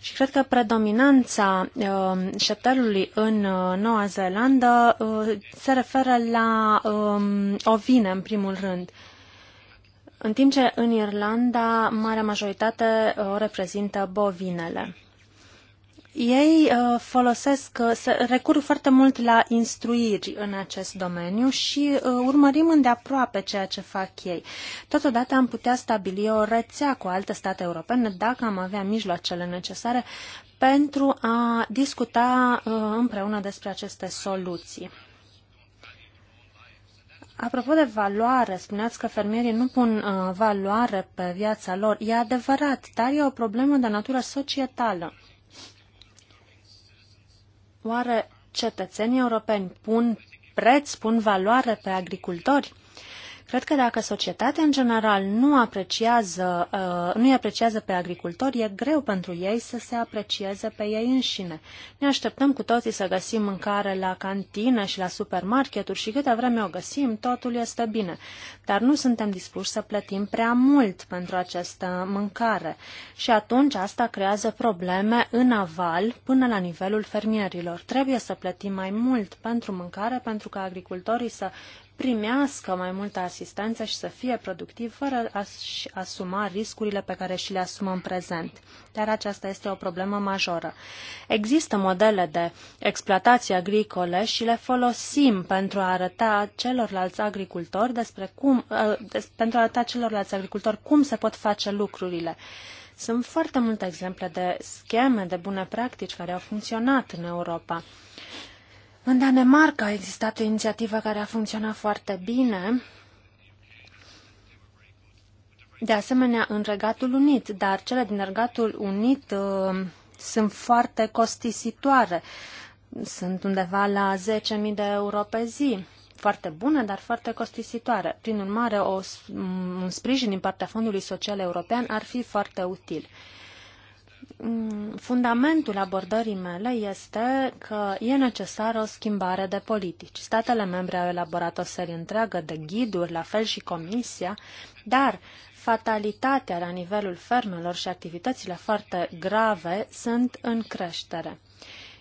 [SPEAKER 3] Și cred că predominanța uh, șeptelului în uh, Noua Zeelandă uh, se referă la um, ovine, în primul rând. În timp ce în Irlanda, marea majoritate o uh, reprezintă bovinele. Ei uh, folosesc, uh, recurg foarte mult la instruiri în acest domeniu și uh, urmărim îndeaproape ceea ce fac ei. Totodată am putea stabili o rețea cu alte state europene dacă am avea mijloacele necesare pentru a discuta împreună despre aceste soluții. Apropo de valoare, spuneați că fermierii nu pun uh, valoare pe viața lor. E adevărat, dar e o problemă de natură societală. Oare cetățenii europeni pun preț, pun valoare pe agricultori? Cred că dacă societatea în general nu apreciază, uh, nu apreciază pe agricultori, e greu pentru ei să se aprecieze pe ei înșine. Ne așteptăm cu toții să găsim mâncare la cantină și la supermarketuri și câte vreme o găsim, totul este bine. Dar nu suntem dispuși să plătim prea mult pentru această mâncare. Și atunci asta creează probleme în aval până la nivelul fermierilor. Trebuie să plătim mai mult pentru mâncare pentru ca agricultorii să primească mai multă asistență și să fie productiv fără a-și asuma riscurile pe care și le asumă în prezent. Dar aceasta este o problemă majoră. Există modele de exploatații agricole și le folosim pentru a arăta celorlalți agricultori despre cum, uh, pentru a arăta celorlalți agricultori cum se pot face lucrurile. Sunt foarte multe exemple de scheme de bune practici care au funcționat în Europa. În Danemarca a existat o inițiativă care a funcționat foarte bine, de asemenea în Regatul Unit, dar cele din Regatul Unit uh, sunt foarte costisitoare. Sunt undeva la 10.000 de euro pe zi. Foarte bune, dar foarte costisitoare. Prin urmare, o, un sprijin din partea Fondului Social European ar fi foarte util. Uh, Mm, fundamentul abordării mele este că e necesară o schimbare de politici. Statele membre au elaborat o serie întreagă de ghiduri, la fel și Comisia, dar fatalitatea la nivelul fermelor și activitățile foarte grave sunt în creștere.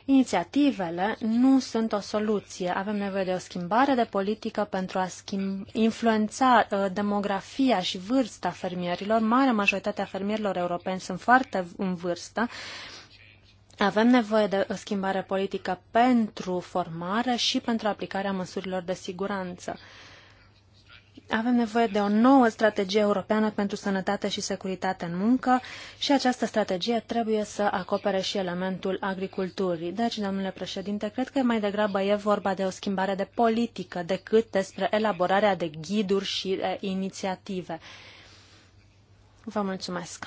[SPEAKER 3] Inițiativele nu sunt o soluție. Avem nevoie de o schimbare de politică pentru a schimb, influența uh, demografia și vârsta fermierilor. Marea majoritatea fermierilor europeni sunt foarte în vârstă. Avem nevoie de o schimbare politică pentru formare și pentru aplicarea măsurilor de siguranță. Avem nevoie de o nouă strategie europeană pentru sănătate și securitate în muncă și această strategie trebuie să acopere și elementul agriculturii. Deci, domnule președinte, cred că mai degrabă e vorba de o schimbare de politică decât despre elaborarea de ghiduri și de inițiative. Vă mulțumesc.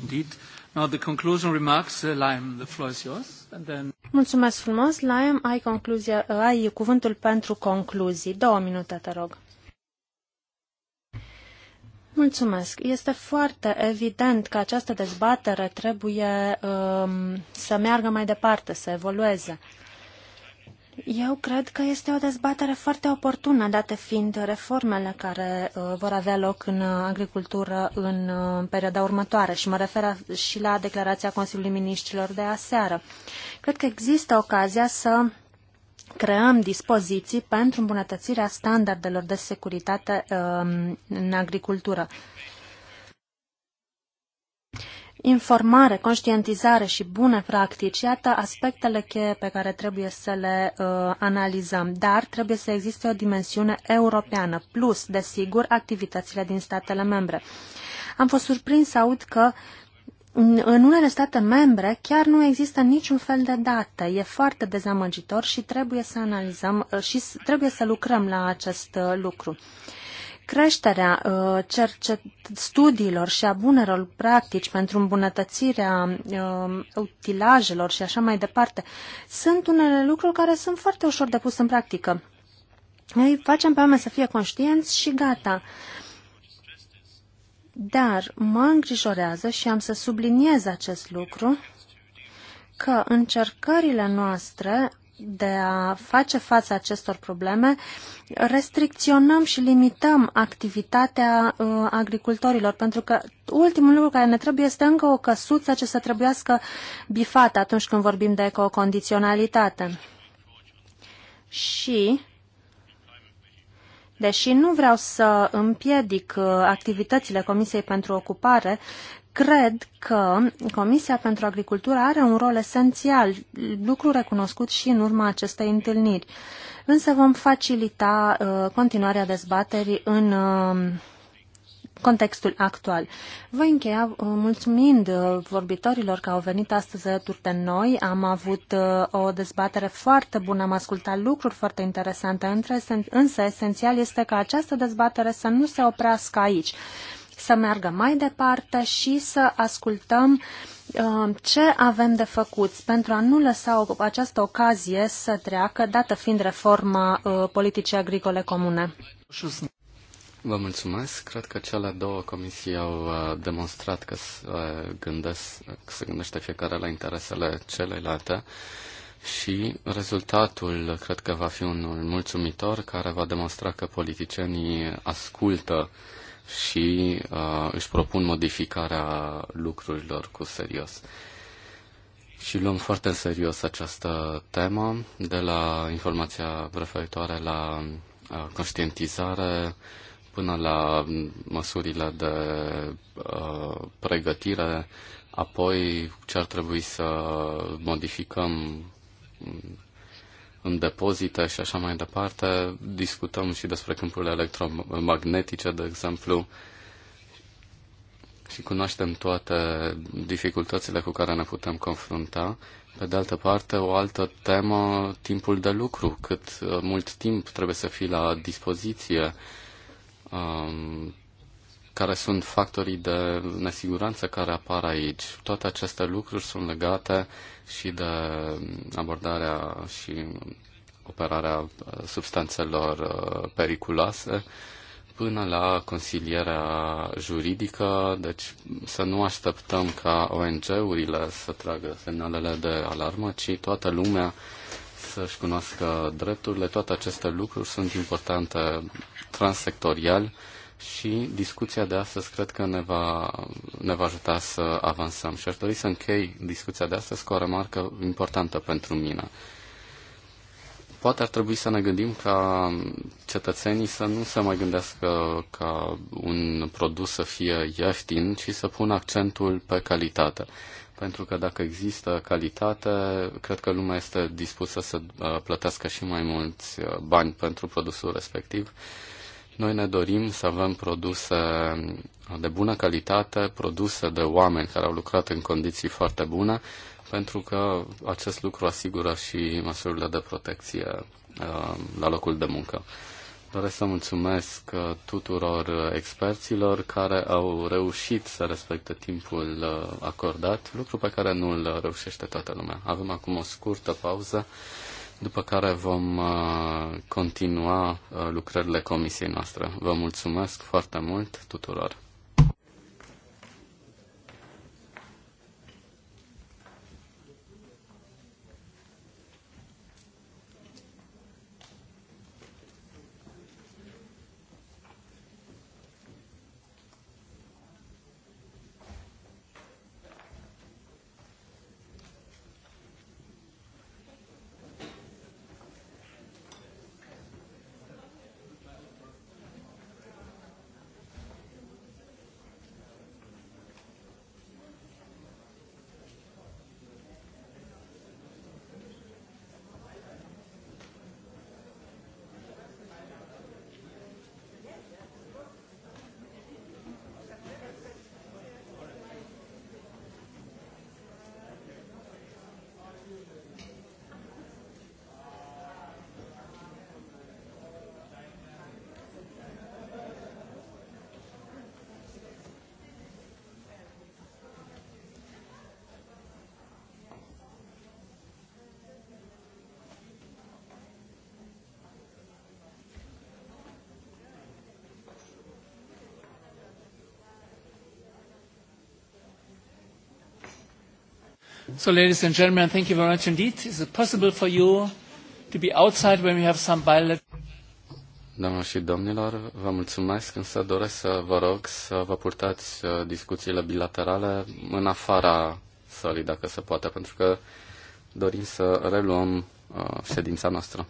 [SPEAKER 1] Indeed. Now the conclusion remarks, uh, Lime, the floor is yours. And then...
[SPEAKER 3] Mulțumesc frumos, Lime, ai, concluzia. ai cuvântul pentru concluzii. Două minute, te rog. Mulțumesc. Este foarte evident că această dezbatere trebuie um, să meargă mai departe, să evolueze. Eu cred că este o dezbatere foarte oportună, date fiind reformele care uh, vor avea loc în uh, agricultură în uh, perioada următoare și mă refer și la declarația Consiliului Ministrilor de aseară. Cred că există ocazia să creăm dispoziții pentru îmbunătățirea standardelor de securitate um, în agricultură. Informare, conștientizare și bune practici, iată aspectele cheie pe care trebuie să le uh, analizăm, dar trebuie să existe o dimensiune europeană, plus, desigur, activitățile din statele membre. Am fost surprins să aud că uh, în unele state membre chiar nu există niciun fel de dată. E foarte dezamăgitor și trebuie să analizăm uh, și trebuie să lucrăm la acest uh, lucru. Creșterea uh, cercet, studiilor și a bunelor practici pentru îmbunătățirea um, utilajelor și așa mai departe sunt unele lucruri care sunt foarte ușor de pus în practică. Noi facem pe oameni să fie conștienți și gata. Uh, dar mă îngrijorează și am să subliniez acest lucru că încercările noastre de a face față acestor probleme, restricționăm și limităm activitatea uh, agricultorilor, pentru că ultimul lucru care ne trebuie este încă o căsuță ce să trebuiască bifată atunci când vorbim de ecocondiționalitate. Și Deși nu vreau să împiedic uh, activitățile Comisiei pentru Ocupare, Cred că Comisia pentru Agricultură are un rol esențial, lucru recunoscut și în urma acestei întâlniri. Însă vom facilita uh, continuarea dezbaterii în uh, contextul actual. Voi încheia uh, mulțumind uh, vorbitorilor că au venit astăzi alături de noi. Am avut uh, o dezbatere foarte bună, am ascultat lucruri foarte interesante, însă esențial este că această dezbatere să nu se oprească aici, să meargă mai departe și să ascultăm ce avem de făcut pentru a nu lăsa această ocazie să treacă, dată fiind reforma politicii agricole comune. Vă
[SPEAKER 1] mulțumesc. Cred că cele două comisii au uh, demonstrat că se, uh, gândesc, că se gândește fiecare la interesele celelalte și rezultatul cred că va fi unul mulțumitor care va demonstra că politicienii ascultă și uh, își propun modificarea lucrurilor cu serios. Și luăm foarte în serios această temă, de la informația referitoare la uh, conștientizare, uh, până la măsurile de uh, pregătire, apoi ce ar trebui să modificăm în depozite și așa mai departe. Discutăm și despre câmpurile electromagnetice, de exemplu, și cunoaștem toate dificultățile cu care ne putem confrunta. Pe de altă parte, o altă temă, timpul de lucru, cât uh, mult timp trebuie să fii la dispoziție um, care sunt factorii de nesiguranță care apar aici. Toate aceste lucruri sunt legate și de abordarea și operarea uh, substanțelor uh, periculoase până la consilierea juridică, deci să nu așteptăm ca ONG-urile să tragă semnalele de alarmă, ci toată lumea să-și cunoască drepturile. Toate aceste lucruri sunt importante transsectorial și discuția de astăzi cred că ne va, ne va ajuta să avansăm. Și aș dori să închei discuția de astăzi cu o remarcă importantă pentru mine. Poate ar trebui să ne gândim ca cetățenii să nu se mai gândească ca un produs să fie ieftin, ci să pună accentul pe calitate pentru că dacă există calitate, cred că lumea este dispusă să uh, plătească și mai mulți uh, bani pentru produsul respectiv. Noi ne dorim să avem produse uh, de bună calitate, produse de oameni care au lucrat în condiții foarte bune, pentru că acest lucru asigură și măsurile de protecție la locul de muncă. Doresc să mulțumesc uh, tuturor uh, experților care au reușit să respecte timpul uh, acordat, lucru pe care nu îl reușește toată lumea. Avem acum o scurtă pauză, după care vom continua lucrările comisiei noastre. Vă mulțumesc foarte mult tuturor! So, ladies and gentlemen, thank you very much indeed. Is it possible for you to be outside when we have some bilateral... Doamnelor și domnilor, vă mulțumesc, însă doresc să vă rog să vă purtați uh, discuțiile bilaterale în afara sălii, dacă se poate, pentru că dorim să reluăm uh, ședința noastră.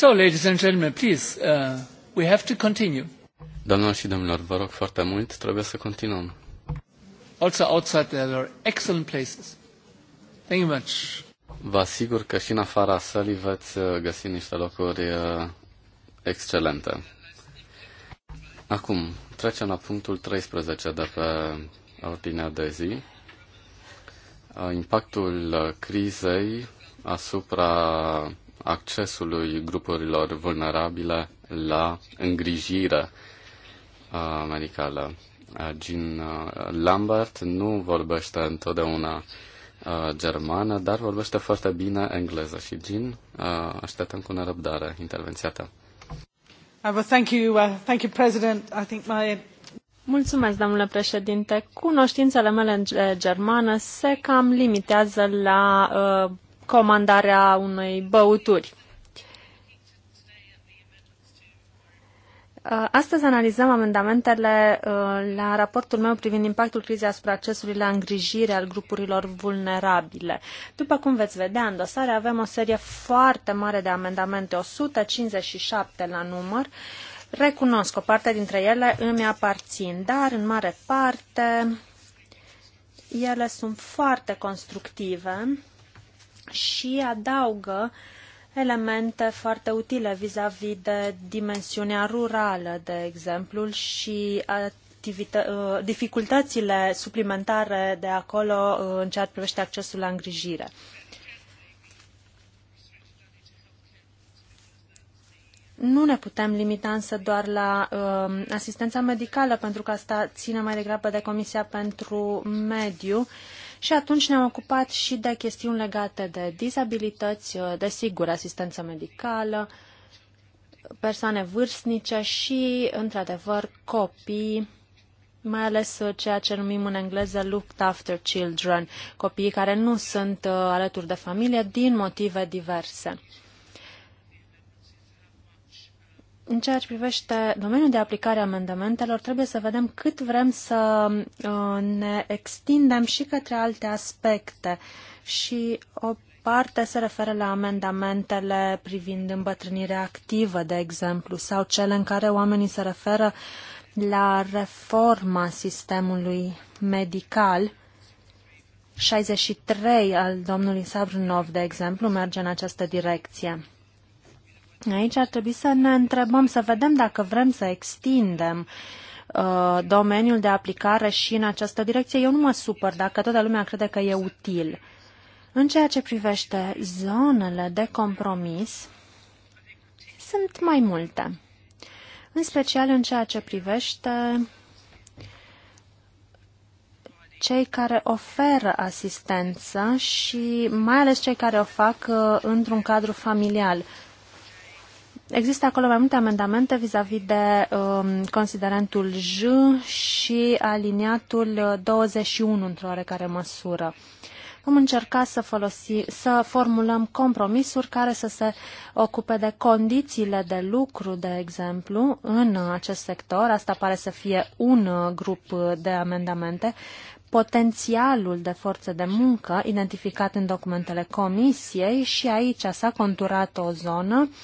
[SPEAKER 1] So, ladies and gentlemen, please, uh, we have to continue. Doamnelor și domnilor, vă rog foarte mult, trebuie să continuăm. Also outside there are excellent places.
[SPEAKER 3] Thank you much.
[SPEAKER 1] Vă asigur că și în afara sălii veți uh, găsi niște locuri uh, excelente. Acum, trecem la punctul 13 de pe ordinea de zi. Uh, impactul crizei asupra accesului grupurilor vulnerabile la îngrijire uh, medicală. Uh, Jean uh, Lambert nu vorbește întotdeauna germană, dar vorbește foarte bine engleză și Jean așteptăm cu nerăbdare intervenția ta.
[SPEAKER 3] Mulțumesc, domnule președinte. Cunoștințele mele în germană se cam limitează la uh, comandarea unei băuturi. Uh, astăzi analizăm amendamentele uh, la raportul meu privind impactul crizei asupra accesului la îngrijire al grupurilor vulnerabile. După cum veți vedea, în dosare avem o serie foarte mare de amendamente, 157 la număr. Recunosc o parte dintre ele îmi aparțin, dar în mare parte ele sunt foarte constructive și adaugă elemente foarte utile vis-a-vis de dimensiunea rurală, de exemplu, și uh, dificultățile suplimentare de acolo uh, în ceea ce privește accesul la îngrijire. Nu ne putem limita însă doar la uh, asistența medicală, pentru că asta ține mai degrabă de Comisia pentru Mediu și atunci ne-am ocupat și de chestiuni legate de dizabilități, uh, desigur, asistență medicală, persoane vârstnice și, într-adevăr, copii, mai ales uh, ceea ce numim în engleză looked after children, copiii care nu sunt uh, alături de familie din motive diverse. În ceea ce privește domeniul de aplicare a amendamentelor, trebuie să vedem cât vrem să uh, ne extindem și către alte aspecte. Și o parte se referă la amendamentele privind îmbătrânirea activă, de exemplu, sau cele în care oamenii se referă la reforma sistemului medical. 63 al domnului Sabrunov, de exemplu, merge în această direcție. Aici ar trebui să ne întrebăm, să vedem dacă vrem să extindem uh, domeniul de aplicare și în această direcție. Eu nu mă supăr dacă toată lumea crede că e util. În ceea ce privește zonele de compromis, sunt mai multe, în special în ceea ce privește cei care oferă asistență și mai ales cei care o fac uh, într-un cadru familial. Există acolo mai multe amendamente vis-a-vis -vis de um, considerentul J și aliniatul 21 într-o oarecare măsură. Vom încerca să, folosi, să formulăm compromisuri care să se ocupe de condițiile de lucru, de exemplu, în acest sector. Asta pare să fie un grup de amendamente. Potențialul de forță de muncă identificat în documentele comisiei și aici s-a conturat o zonă uh,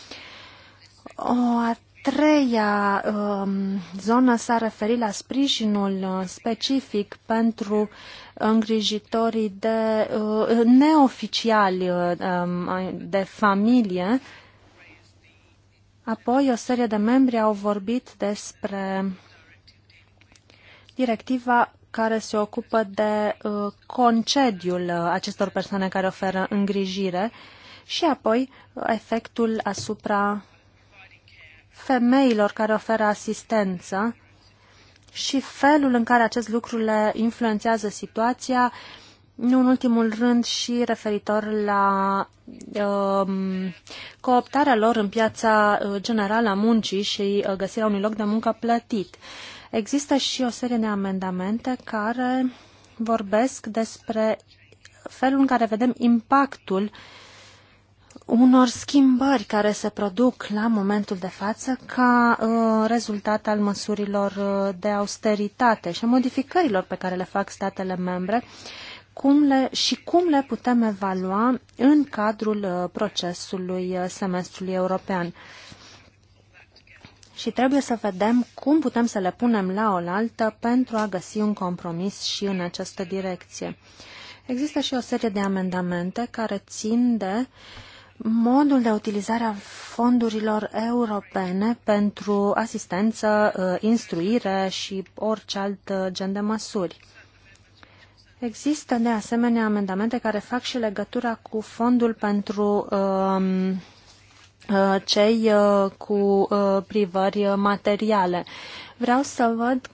[SPEAKER 3] o a treia um, zonă s-a referit la sprijinul uh, specific pentru îngrijitorii de uh, neoficiali uh, um, de familie. Apoi o serie de membri au vorbit despre directiva care se ocupă de uh, concediul uh, acestor persoane care oferă îngrijire și apoi efectul asupra femeilor care oferă asistență și felul în care acest lucru le influențează situația, nu în ultimul rând și referitor la um, cooptarea lor în piața uh, generală a muncii și uh, găsirea unui loc de muncă plătit. Există și o serie de amendamente care vorbesc despre felul în care vedem impactul uh, unor schimbări care se produc la momentul de față ca uh, rezultat al măsurilor uh, de austeritate și a modificărilor pe care le fac statele membre cum le, și cum le putem evalua în cadrul uh, procesului uh, semestrului european. Și trebuie să vedem cum putem să le punem la oaltă pentru a găsi un compromis și în această direcție. Există și o serie de amendamente care țin de uh, modul de utilizare a fondurilor europene pentru asistență, uh, instruire și orice alt uh, gen de măsuri. Există de asemenea amendamente care fac și legătura cu fondul pentru um, uh, cei cu privări materiale. Vreau să văd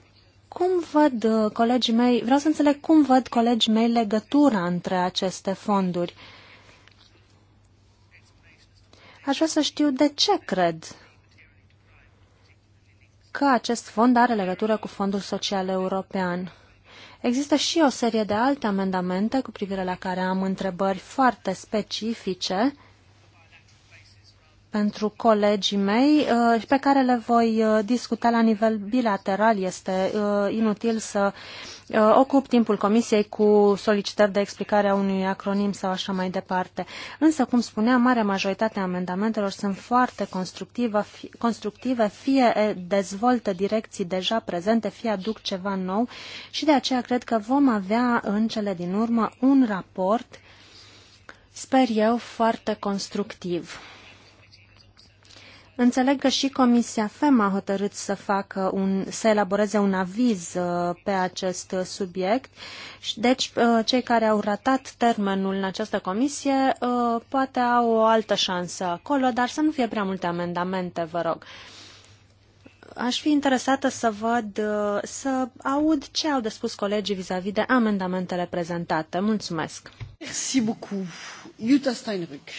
[SPEAKER 3] cum văd colegii mei, vreau să înțeleg cum văd colegii mei legătura între aceste fonduri. Aș vrea să știu de ce cred că acest fond are legătură cu Fondul Social European. Există și o serie de alte amendamente cu privire la care am întrebări foarte specifice pentru colegii mei uh, pe care le voi uh, discuta la nivel bilateral. Este uh, inutil să ocup timpul comisiei cu solicitări de explicare a unui acronim sau așa mai departe. Însă, cum spuneam, marea majoritate a amendamentelor sunt foarte constructive, fie dezvoltă direcții deja prezente, fie aduc ceva nou și de aceea cred că vom avea în cele din urmă un raport, sper eu, foarte constructiv. Înțeleg că și Comisia FEM a hotărât să, facă un, să elaboreze un aviz uh, pe acest uh, subiect. Deci, uh, cei care au ratat termenul în această comisie poate au o altă șansă acolo, dar să nu fie prea multe amendamente, vă rog. Aș fi interesată să văd, să aud ce au de spus colegii vis-a-vis -vis de amendamentele prezentate. Mulțumesc! Merci beaucoup. Jutta Steinrück.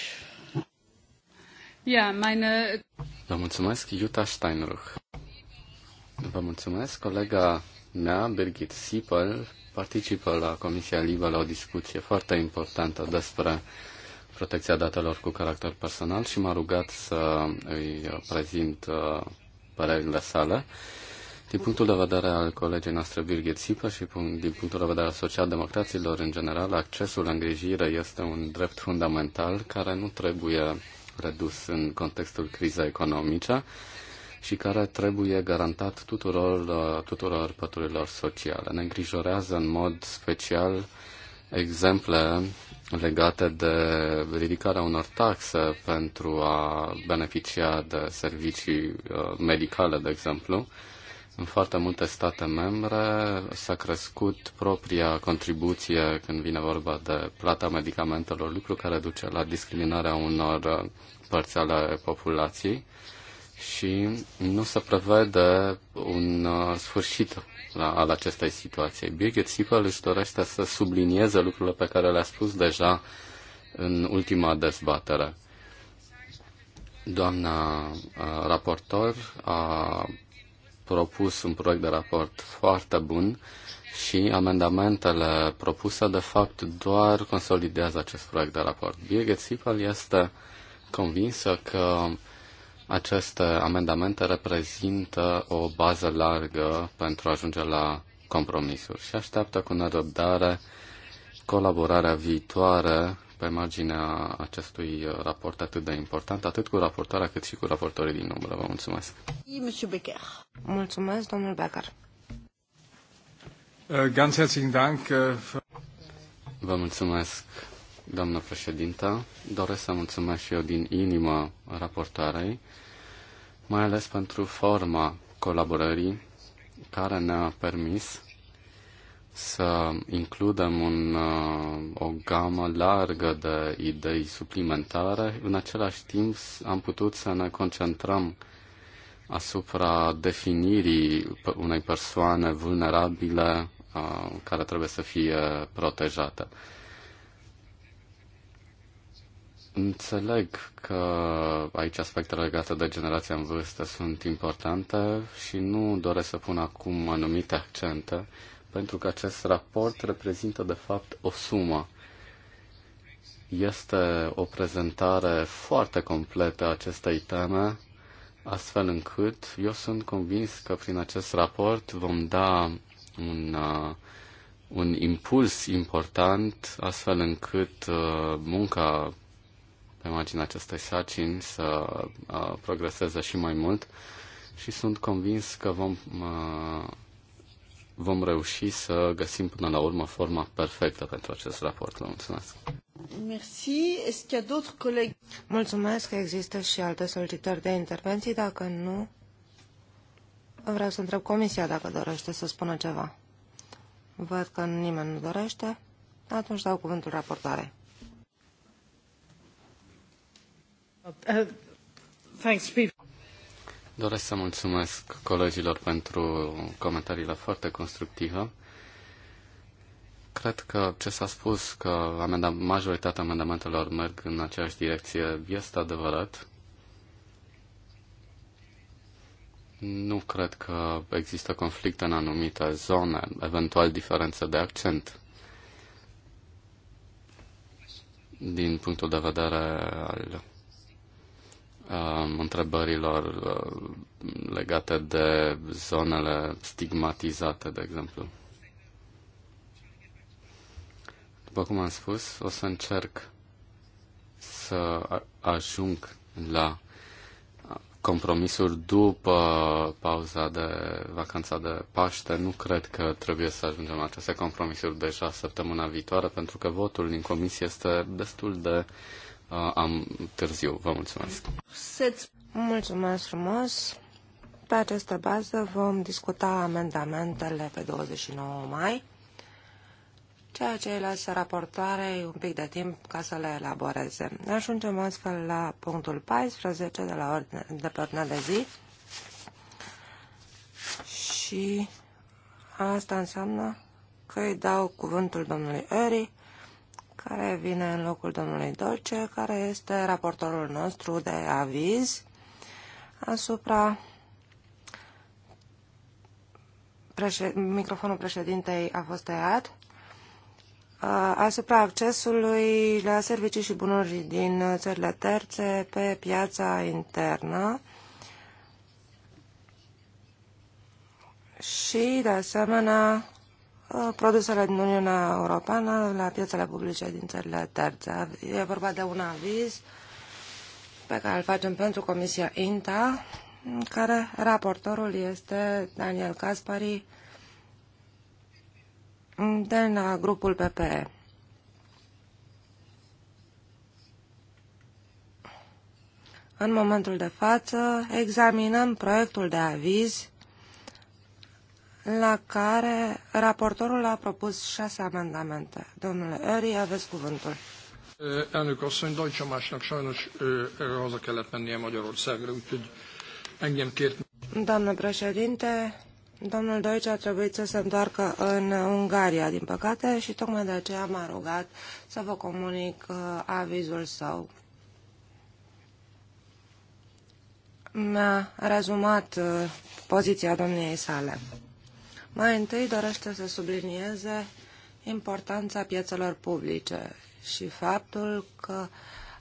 [SPEAKER 3] Ja, meine...
[SPEAKER 1] Vă mulțumesc, Jutta Steinruch. Vă mulțumesc, colega mea, Birgit Sipel, participă la Comisia Libă la o discuție foarte importantă despre protecția datelor cu caracter personal și m-a rugat să îi prezint uh, părerile sale. Din punctul de vedere al colegii noastre Birgit Sipă și din punctul de vedere al socialdemocraților în general, accesul la îngrijire este un drept fundamental care nu trebuie redus în contextul crizei economice și care trebuie garantat tuturor, uh, tuturor păturilor sociale. Ne îngrijorează în mod special exemple legate de ridicarea unor taxe pentru a beneficia de servicii uh, medicale, de exemplu, în foarte multe state membre s-a crescut propria contribuție când vine vorba de plata medicamentelor, lucru care duce la discriminarea unor părți ale populației și nu se prevede un uh, sfârșit la, al acestei situații. Birgit Sipel își dorește să sublinieze lucrurile pe care le-a spus deja în ultima dezbatere. Doamna uh, raportor a propus un proiect de raport foarte bun și amendamentele propuse, de fapt, doar consolidează acest proiect de raport. Birgit Sipel este convinsă că aceste amendamente reprezintă o bază largă pentru a ajunge la compromisuri și așteaptă cu nerăbdare uh, colaborarea viitoare pe marginea acestui uh, raport atât de important, atât cu raportarea cât și cu raportorii din umbră. Vă mulțumesc.
[SPEAKER 2] Mulțumesc, domnul Becker.
[SPEAKER 1] Uh, ganz herzlichen Dank. Uh, Vă mulțumesc, doamnă președintă. Doresc să mulțumesc și eu din inimă raportarei, mai ales pentru forma colaborării care ne-a permis să includem un, uh, o gamă largă de idei suplimentare. În același timp am putut să ne concentrăm asupra definirii unei persoane vulnerabile uh, care trebuie să fie protejată. Înțeleg că aici aspectele legate de generația în vârstă sunt importante și nu doresc să pun acum anumite accente, pentru că acest raport reprezintă, de fapt, o sumă. Este o prezentare foarte completă a acestei teme, astfel încât eu sunt convins că prin acest raport vom da un, uh, un impuls important, astfel încât uh, munca pe marginea acestei sacini să uh, progreseze și mai mult și sunt convins că vom vom reuși să găsim până la urmă forma perfectă pentru acest raport. Vă mulțumesc!
[SPEAKER 2] Mulțumesc că există și alte solicitări de intervenții. Dacă nu, vreau să întreb Comisia dacă dorește să spună ceva. Văd că nimeni nu dorește. Atunci dau cuvântul raportare. Uh, thanks,
[SPEAKER 1] Doresc să mulțumesc colegilor pentru comentariile foarte constructive. Cred că ce s-a spus că majoritatea amendamentelor merg în aceeași direcție este adevărat. Nu cred că există conflict în anumite zone, eventual diferență de accent. Din punctul de vedere al Um, întrebărilor uh, legate de zonele stigmatizate, de exemplu. După cum am spus, o să încerc să ajung la compromisuri după pauza de vacanța de Paște. Nu cred că trebuie să ajungem la aceste compromisuri deja săptămâna viitoare, pentru că votul din comisie este destul de uh, am târziu. Vă mulțumesc!
[SPEAKER 2] Mulțumesc frumos! Pe această bază vom discuta amendamentele pe 29 mai, ceea ce îi lasă raportoarei un pic de timp ca să le elaboreze. Ajungem astfel la punctul 14 de, la ordine, de pe ordinea de zi și asta înseamnă că îi dau cuvântul domnului Eri care vine în locul domnului Dolce, care este raportorul nostru de aviz asupra președ... microfonul președintei a fost tăiat asupra accesului la servicii și bunuri din țările terțe pe piața internă și, de asemenea, Uh, produsele din Uniunea Europeană la piețele publice din țările terțe. E vorba de un aviz pe care îl facem pentru Comisia INTA, în care raportorul este Daniel Caspari de la uh, grupul PPE. În momentul de față examinăm proiectul de aviz la care raportorul a propus șase amendamente. Domnule Öri, aveți cuvântul. Elnök asszony, Dajcsa Másnak sajnos haza kellett mennie Magyarországra, úgyhogy engem kért. Doamnă președinte, domnul Dajcsa a trebuit să se întoarcă în Ungaria, din păcate, și tocmai de aceea m-a rugat să vă comunic uh, avizul său. Mi-a rezumat uh, poziția domniei sale. Mai întâi dorește să sublinieze importanța piețelor publice și faptul că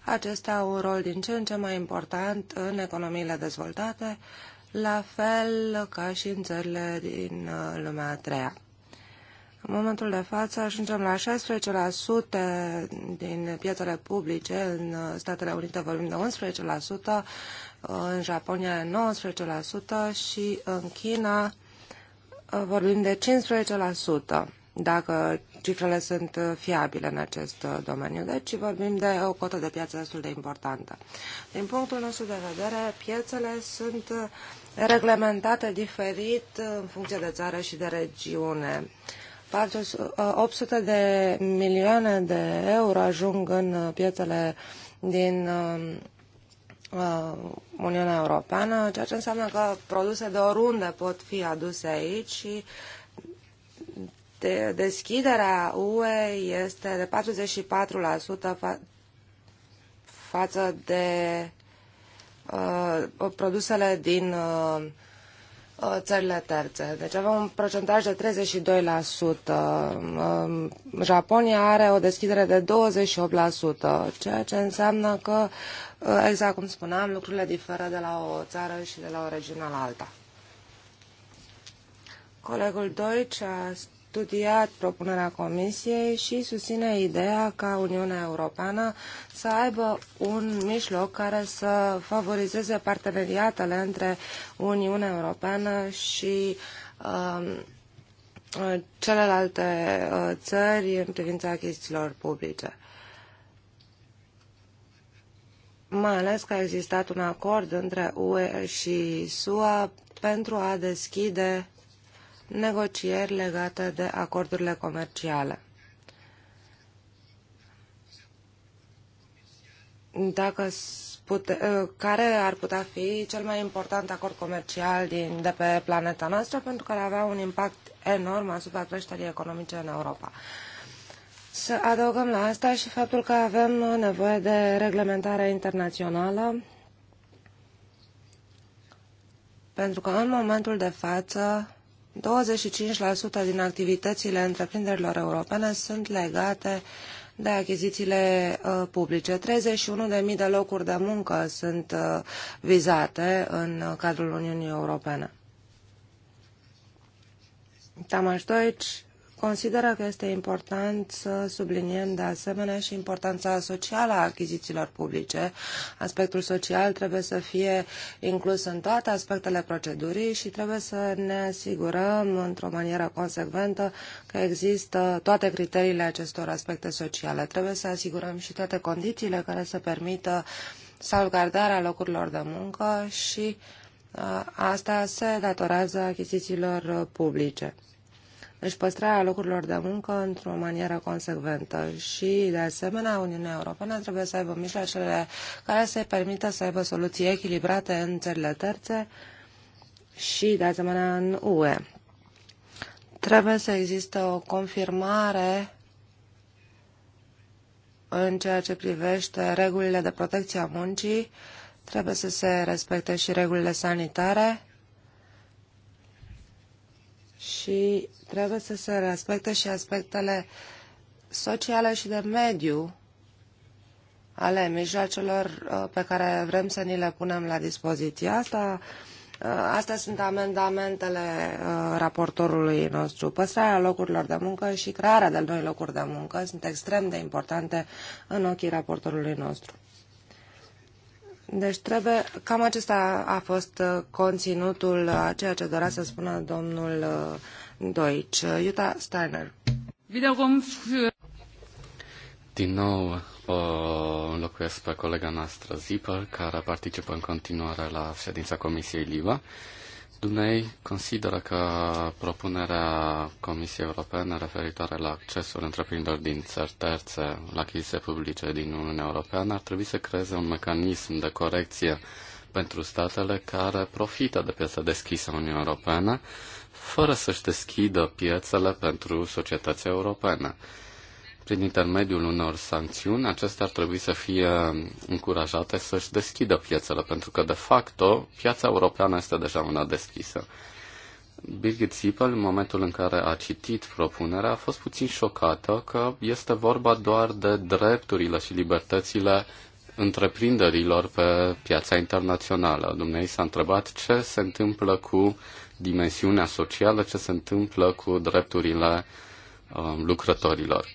[SPEAKER 2] acestea au un rol din ce în ce mai important în economiile dezvoltate, la fel ca și în țările din uh, lumea a treia. În momentul de față ajungem la 16% din piețele publice, în uh, Statele Unite vorbim de 11%, în Japonia 19% și în China vorbim de 15%, dacă cifrele sunt uh, fiabile în acest uh, domeniu. Deci vorbim de o cotă de piață destul de importantă. Din punctul nostru de vedere, piețele sunt uh, reglementate diferit în funcție de țară și de regiune. 800 de milioane de euro ajung în piețele din Uh, Uniunea Europeană, ceea ce înseamnă că produse de oriunde pot fi aduse aici și de deschiderea UE este de 44% fa față de uh, produsele din uh, Uh, țările terțe. Deci avem un procentaj de 32%. Um, Japonia are o deschidere de 28%, ceea ce înseamnă că, uh, exact cum spuneam, lucrurile diferă de la o țară și de la o regiune la alta. Colegul Deutsch a studiat propunerea Comisiei și susține ideea ca Uniunea Europeană să aibă un mijloc care să favorizeze parteneriatele între Uniunea Europeană și um, celelalte uh, țări în privința achizițiilor publice. Mai ales că a existat un acord între UE și SUA pentru a deschide negocieri legate de acordurile comerciale. Dacă pute, uh, care ar putea fi cel mai important acord comercial din, de pe planeta noastră pentru că avea un impact enorm asupra creșterii economice în Europa. Să adăugăm la asta și faptul că avem nevoie de reglementare internațională pentru că în momentul de față 25% din activitățile întreprinderilor europene sunt legate de achizițiile uh, publice. 31.000 de locuri de muncă sunt uh, vizate în uh, cadrul Uniunii Europene. Tamas Deutsch Consideră că este important să subliniem de asemenea și importanța socială a achizițiilor publice. Aspectul social trebuie să fie inclus în toate aspectele procedurii și trebuie să ne asigurăm într-o manieră consecventă că există toate criteriile acestor aspecte sociale. Trebuie să asigurăm și toate condițiile care să permită salvgardarea locurilor de muncă și Asta se datorează achizițiilor publice. Deci păstrarea locurilor de muncă într-o manieră consecventă și, de asemenea, Uniunea Europeană trebuie să aibă mijloacele care să-i permită să aibă soluții echilibrate în țările terțe și, de asemenea, în UE. Trebuie să există o confirmare în ceea ce privește regulile de protecție a muncii, trebuie să se respecte și regulile sanitare și trebuie să se respecte și aspectele sociale și de mediu ale mijloacelor uh, pe care vrem să ni le punem la dispoziție. Asta, uh, astea sunt amendamentele uh, raportorului nostru. Păstrarea locurilor de muncă și crearea de noi locuri de muncă sunt extrem de importante în ochii raportorului nostru. Deci trebuie, cam acesta a fost uh, conținutul uh, a ceea ce dorea să spună domnul uh, Deutsch. Jutta Steiner.
[SPEAKER 1] Din nou o înlocuiesc pe colega noastră Zipper, care participă în continuare la ședința Comisiei LIBA. Dumnei consideră că propunerea Comisiei Europene referitoare la accesul întreprinderilor din țări terțe la achiziții publice din Uniunea Europeană ar trebui să creeze un mecanism de corecție pentru statele care profită de piața deschisă a Uniunii Europene, fără să-și deschidă piețele pentru societăți europene prin intermediul unor sancțiuni, acestea ar trebui să fie încurajate să-și deschidă piețele, pentru că, de facto, piața europeană este deja una deschisă. Birgit Zippel, în momentul în care a citit propunerea, a fost puțin șocată că este vorba doar de drepturile și libertățile întreprinderilor pe piața internațională. Dumnezeu s-a întrebat ce se întâmplă cu dimensiunea socială, ce se întâmplă cu drepturile um, lucrătorilor.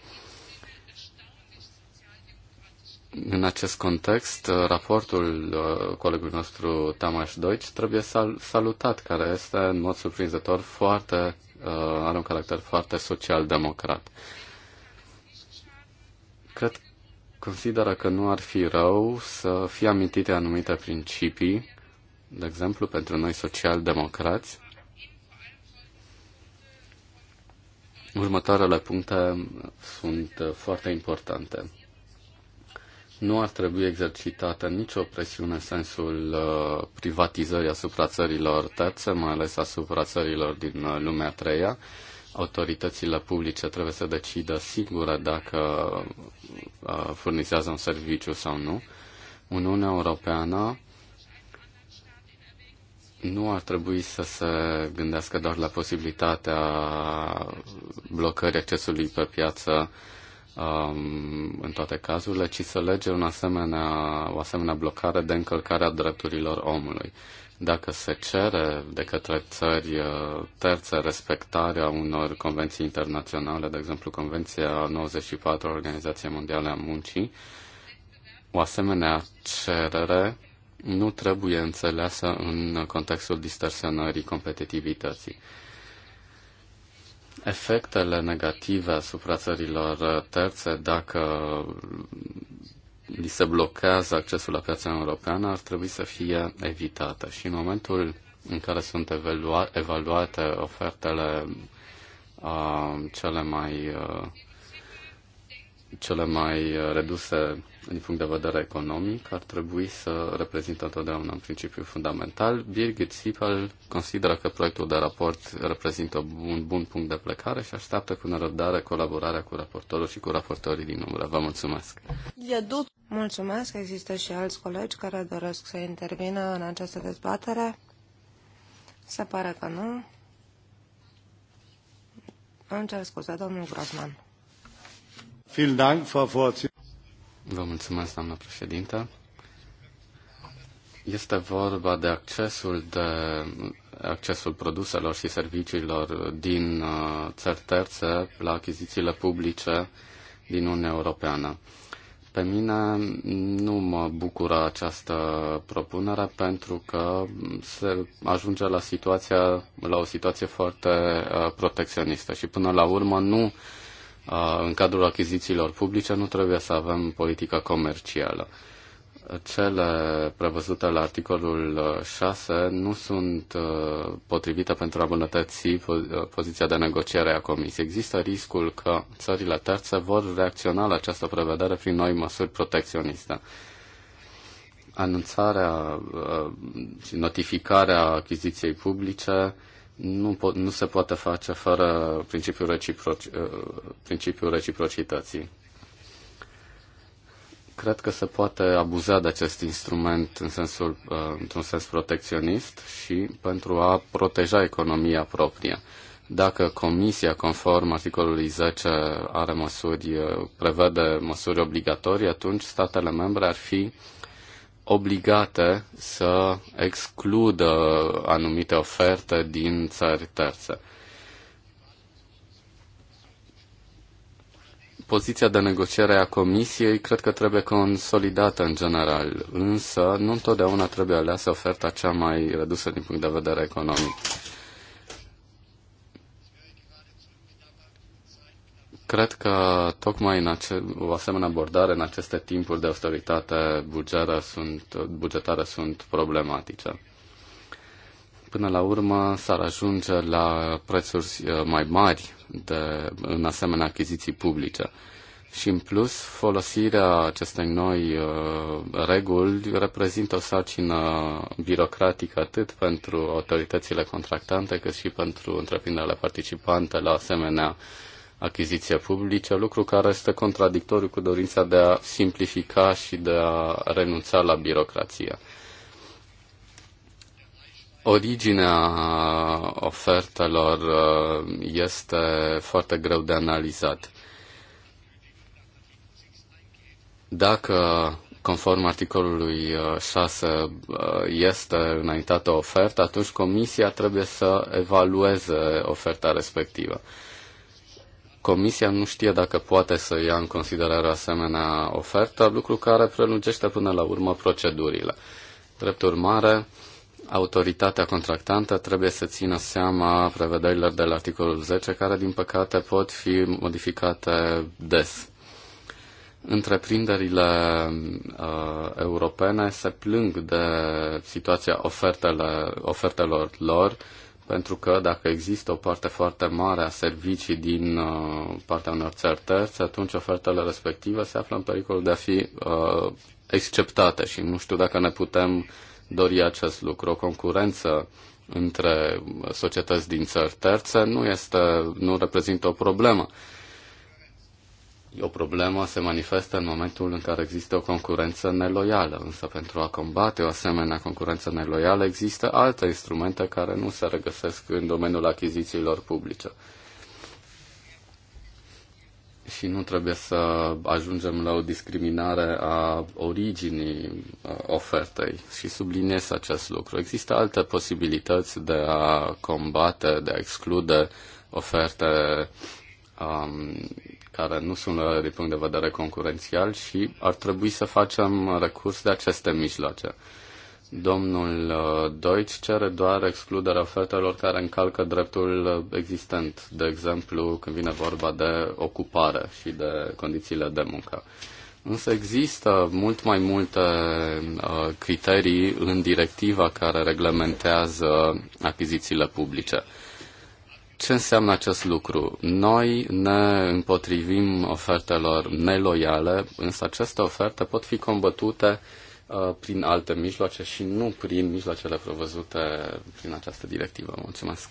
[SPEAKER 1] În acest context, uh, raportul uh, colegului nostru Tamas Deutsch trebuie salutat, care este, în mod surprinzător, foarte, uh, are un caracter foarte social-democrat. Cred, consideră că nu ar fi rău să fie amintite anumite principii, de exemplu, pentru noi social-democrați, Următoarele puncte sunt foarte importante nu ar trebui exercitată nicio presiune în sensul uh, privatizării asupra țărilor terțe, mai ales asupra țărilor din uh, lumea treia. Autoritățile publice trebuie să decidă singure dacă uh, furnizează un serviciu sau nu. Uniunea Europeană nu ar trebui să se gândească doar la posibilitatea blocării accesului pe piață Um, în toate cazurile, ci să lege un asemenea, o asemenea blocare de încălcare a drepturilor omului. Dacă se cere de către țări uh, terțe respectarea unor convenții internaționale, de exemplu Convenția 94 Organizației Mondiale a Muncii, o asemenea cerere nu trebuie înțeleasă în contextul distorsionării competitivității efectele negative asupra țărilor terțe dacă li se blochează accesul la piața europeană ar trebui să fie evitată. Și în momentul în care sunt evalua- evaluate ofertele uh, cele mai uh, cele mai reduse din punct de vedere economic, ar trebui să reprezintă întotdeauna un principiu fundamental. Birgit Sipel consideră că proiectul de raport reprezintă un bun punct de plecare și așteaptă cu nerăbdare colaborarea cu raportorul și cu raportorii din umbră. Vă mulțumesc!
[SPEAKER 2] Mulțumesc! Există și alți colegi care doresc să intervină în această dezbatere? Se pare că nu. Îmi cer scuze, domnul Grosman.
[SPEAKER 1] Vielen Dank, Frau Vorsitzende. Vă mulțumesc, doamnă președintă. Este vorba de accesul, de accesul produselor și serviciilor din uh, țări terțe la achizițiile publice din Uniunea Europeană. Pe mine nu mă bucură această propunere pentru că se ajunge la, situația, la o situație foarte uh, protecționistă și până la urmă nu în cadrul achizițiilor publice nu trebuie să avem politică comercială. Cele prevăzute la articolul 6 uh, nu sunt uh, potrivite pentru a bunătăți uh, poziția de negociere a Comisiei. Există riscul că țările terțe vor reacționa la această prevedere prin noi măsuri protecționiste anunțarea și notificarea achiziției publice nu, po- nu se poate face fără principiul, reciproc- uh, principiul reciprocității. Cred că se poate abuza de acest instrument în sensul, uh, într-un sens protecționist și pentru a proteja economia proprie. Dacă Comisia, conform articolului 10, are măsuri, uh, prevede măsuri obligatorii, atunci statele membre ar fi uh, obligate să excludă anumite oferte din țări terțe. Poziția de negociere a Comisiei cred că trebuie consolidată în general, însă nu întotdeauna trebuie aleasă oferta cea mai redusă din punct de vedere economic Cred că tocmai în ace- o asemenea abordare în aceste timpuri de austeritate bugetară sunt, bugetare sunt problematice. Până la urmă s-ar ajunge la prețuri eh, mai mari de, în asemenea achiziții publice. Și în plus, folosirea acestei noi uh, reguli reprezintă o sarcină birocratică atât pentru autoritățile contractante cât și pentru întreprinderile participante la asemenea uh, achiziție publice, lucru care este contradictoriu cu dorința de a simplifica și de a renunța la birocrație. Originea ofertelor uh, este foarte greu de analizat. Dacă conform articolului 6 uh, uh, este înaintată ofertă, atunci comisia trebuie să evalueze oferta respectivă. Comisia nu știe dacă poate să ia în considerare asemenea ofertă, lucru care prelungește până la urmă procedurile. Drept urmare, autoritatea contractantă trebuie să țină seama prevederilor de la articolul 10, care, din păcate, pot fi modificate des. Întreprinderile uh, europene se plâng de situația ofertele, ofertelor lor pentru că dacă există o parte foarte mare a servicii din uh, partea unor țări terțe, atunci ofertele respective se află în pericol de a fi uh, exceptate și nu știu dacă ne putem dori acest lucru. O concurență între societăți din țări terțe nu, este, nu reprezintă o problemă. Uh, o problemă se manifestă în momentul în care există o concurență neloială, însă pentru a combate o asemenea concurență neloială există alte instrumente care nu se regăsesc în domeniul achizițiilor publice. Și nu trebuie să ajungem la o discriminare a originii ofertei și subliniez acest lucru. Există alte posibilități de a combate, de a exclude oferte um, care nu sunt din punct de vedere concurențial și ar trebui să facem recurs de aceste mijloace. Domnul uh, Deutsch cere doar excluderea ofertelor care încalcă dreptul existent, de exemplu când vine vorba de ocupare și de condițiile de muncă. Însă există mult mai multe uh, criterii în directiva care reglementează achizițiile publice. Ce înseamnă acest lucru? Noi ne împotrivim ofertelor neloiale, însă aceste oferte pot fi combătute uh, prin alte mijloace și nu prin mijloacele prevăzute prin această directivă. Mulțumesc!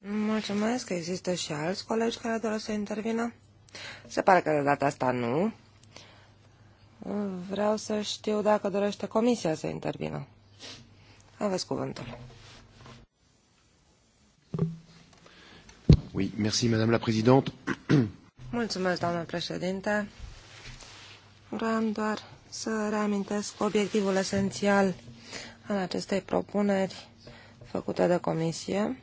[SPEAKER 2] Mulțumesc! Există și alți colegi care doresc să intervină? Se pare că de data asta nu. Vreau să știu dacă dorește comisia să intervină. Aveți cuvântul. Oui, merci, Madame la Présidente. Mulțumesc, doamnă președinte. Vreau doar să reamintesc obiectivul esențial al acestei propuneri făcute de comisie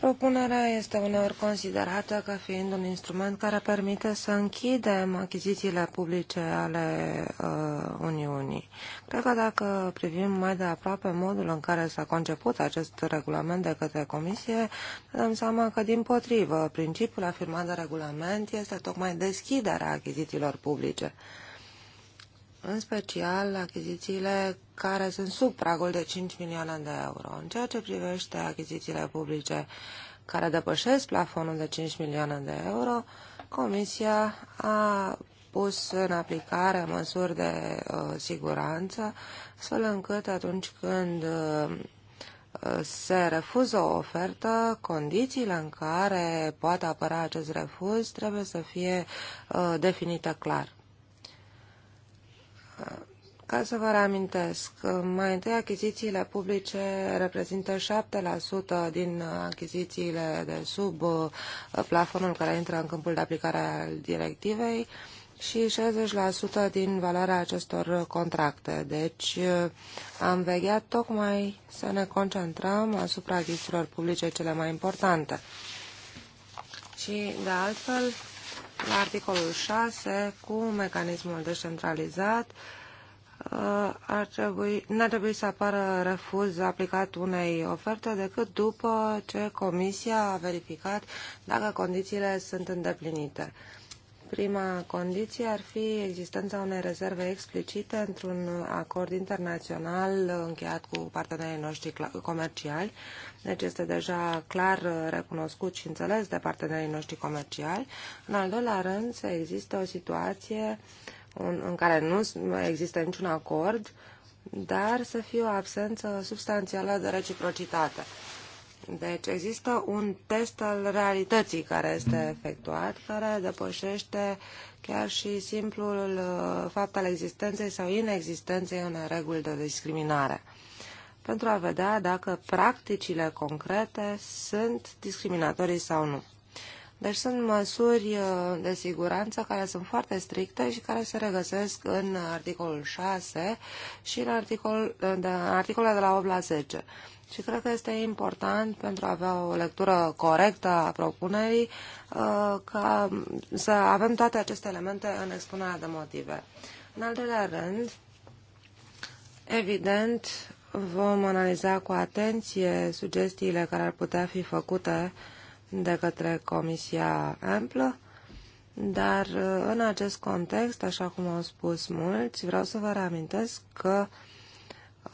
[SPEAKER 2] Propunerea este uneori considerată ca fiind un instrument care permite să închidem achizițiile publice ale uh, Uniunii. Cred că dacă privim mai de aproape modul în care s-a conceput acest regulament de către Comisie, ne dăm seama că, din potrivă, principiul afirmat de regulament este tocmai deschiderea achizițiilor publice în special achizițiile care sunt sub pragul de 5 milioane de euro. În ceea ce privește achizițiile publice care depășesc plafonul de 5 milioane de euro, Comisia a pus în aplicare măsuri de uh, siguranță, astfel încât atunci când uh, se refuză o ofertă, condițiile în care poate apăra acest refuz trebuie să fie uh, definite clar. Ca să vă reamintesc, mai întâi achizițiile publice reprezintă 7% din achizițiile de sub uh, plafonul care intră în câmpul de aplicare al directivei și 60% din valoarea acestor contracte. Deci uh, am vegheat tocmai să ne concentrăm asupra achizițiilor publice cele mai importante. Și, de altfel, la articolul 6 cu mecanismul descentralizat uh, ar trebui, n-ar trebui să apară refuz aplicat unei oferte decât după ce Comisia a verificat dacă condițiile sunt îndeplinite. Prima condiție ar fi existența unei rezerve explicite într-un acord internațional încheiat cu partenerii noștri comerciali, deci este deja clar uh, recunoscut și înțeles de partenerii noștri comerciali. În al doilea rând, să există o situație în care nu există niciun acord, dar să fie o absență substanțială de reciprocitate. Deci există un test al realității care este efectuat, care depășește chiar și simplul uh, fapt al existenței sau inexistenței unei reguli de discriminare pentru a vedea dacă practicile concrete sunt discriminatorii sau nu. Deci sunt măsuri uh, de siguranță care sunt foarte stricte și care se regăsesc în articolul 6 și în, articol, de, în articolele de la 8 la 10. Și cred că este important pentru a avea o lectură corectă a propunerii uh, ca să avem toate aceste elemente în expunerea de motive. În al doilea rând, evident, vom analiza cu atenție sugestiile care ar putea fi făcute de către Comisia Amplă, dar uh, în acest context, așa cum au spus mulți, vreau să vă reamintesc că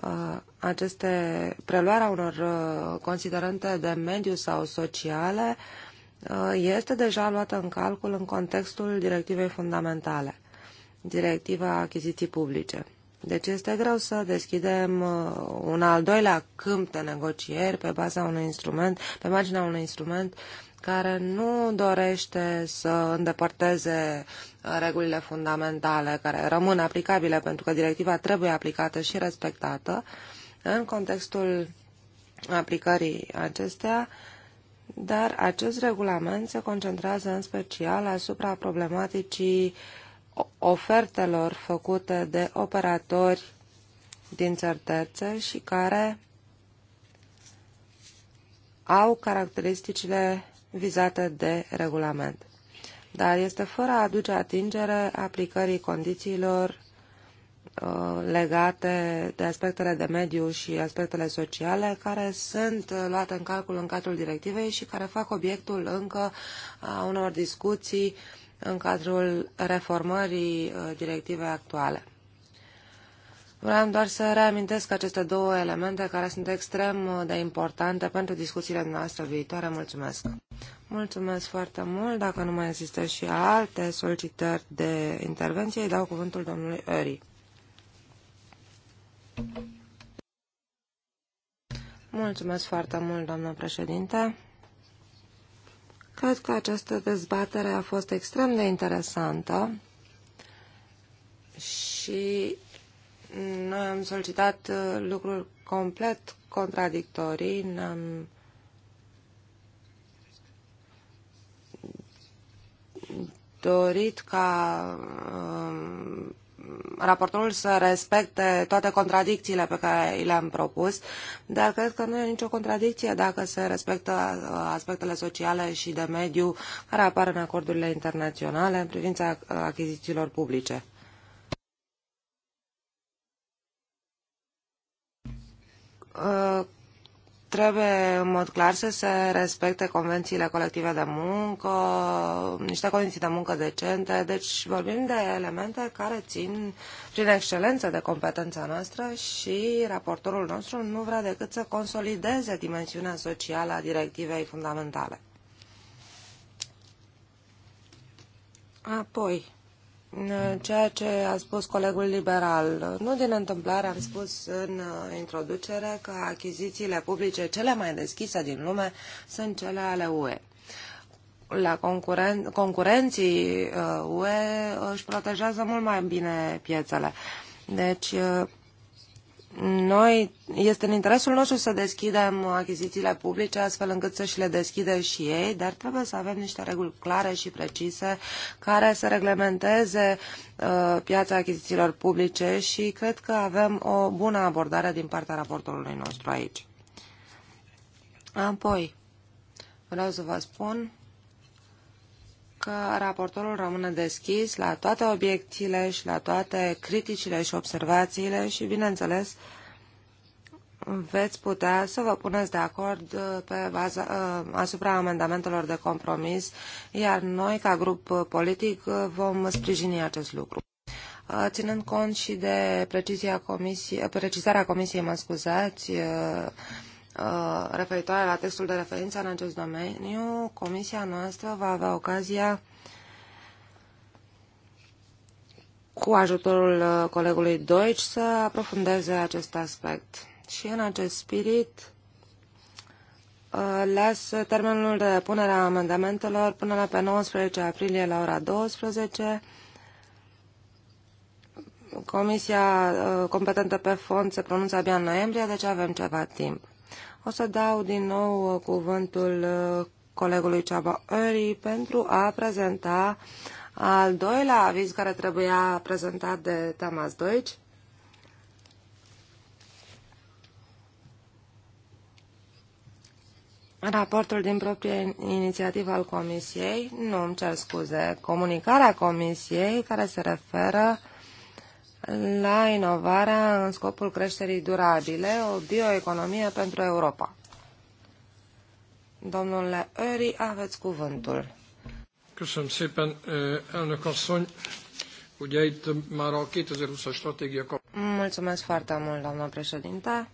[SPEAKER 2] uh, aceste preluarea unor uh, considerente de mediu sau sociale uh, este deja luată în calcul în contextul directivei fundamentale, directiva achiziții publice. Deci este greu să deschidem uh, un al doilea câmp de negocieri pe baza unui instrument, pe marginea unui instrument care nu dorește să îndepărteze regulile fundamentale care rămân aplicabile pentru că directiva trebuie aplicată și respectată, uh, în contextul aplicării acestea, dar acest regulament se concentrează în special asupra problematicii ofertelor făcute de operatori din țărtețe și care au caracteristicile vizate de regulament. Dar este fără a aduce atingere aplicării condițiilor Uh, legate de aspectele de mediu și aspectele sociale care sunt uh, luate în calcul în cadrul directivei și care fac obiectul încă a unor discuții în cadrul reformării uh, directivei actuale. Vreau doar să reamintesc aceste două elemente care sunt extrem de importante pentru discuțiile noastre viitoare. Mulțumesc! Mulțumesc foarte mult. Dacă nu mai există și alte solicitări de intervenție, îi dau cuvântul domnului Eri. Mulțumesc foarte mult, doamnă președinte. Cred că această dezbatere a fost extrem de interesantă și noi am solicitat uh, lucruri complet contradictorii, ne-am dorit ca um, raportorul să respecte toate contradicțiile pe care le-am propus, dar cred că nu e nicio contradicție dacă se respectă uh, aspectele sociale și de mediu care apar în acordurile internaționale în privința uh, achizițiilor publice. Uh, Trebuie în mod clar să se respecte convențiile colective de muncă, niște condiții de muncă decente, deci vorbim de elemente care țin prin excelență de competența noastră și raportorul nostru nu vrea decât să consolideze dimensiunea socială a directivei fundamentale. Apoi, ceea ce a spus colegul liberal. Nu din întâmplare am spus în uh, introducere că achizițiile publice cele mai deschise din lume sunt cele ale UE. La concuren- concurenții uh, UE își protejează mult mai bine piețele. Deci, uh, noi, este în interesul nostru să deschidem achizițiile publice astfel încât să și le deschidă și ei, dar trebuie să avem niște reguli clare și precise care să reglementeze uh, piața achizițiilor publice și cred că avem o bună abordare din partea raportorului nostru aici. Apoi, vreau să vă spun că raportorul rămâne deschis la toate obiecțiile și la toate criticile și observațiile și, bineînțeles, veți putea să vă puneți de acord uh, pe baza, uh, asupra amendamentelor de compromis, iar noi, ca grup politic, uh, vom sprijini acest lucru. Ținând cont și de precizia comisie, precizarea comisiei, mă scuzați, Uh, referitoare la textul de referință în acest domeniu, comisia noastră va avea ocazia cu ajutorul uh, colegului Deutsch să aprofundeze acest aspect. Și în acest spirit uh, las termenul de punere a amendamentelor până la pe 19 aprilie la ora 12. Comisia competentă pe fond se pronunță abia în noiembrie, deci avem ceva timp. O să dau din nou uh, cuvântul uh, colegului Ceaba Ori pentru a prezenta al doilea aviz care trebuia prezentat de Tamas Deutsch. Raportul din proprie inițiativă al Comisiei, nu îmi cer scuze, comunicarea Comisiei care se referă la inovarea în scopul creșterii durabile, o bioeconomie pentru Europa. Domnule Öri, aveți cuvântul.
[SPEAKER 1] Köszönöm szépen, elnök asszony.
[SPEAKER 3] Ugye itt már a 2020-as stratégia...
[SPEAKER 2] Mulțumesc foarte mult, doamna președinte.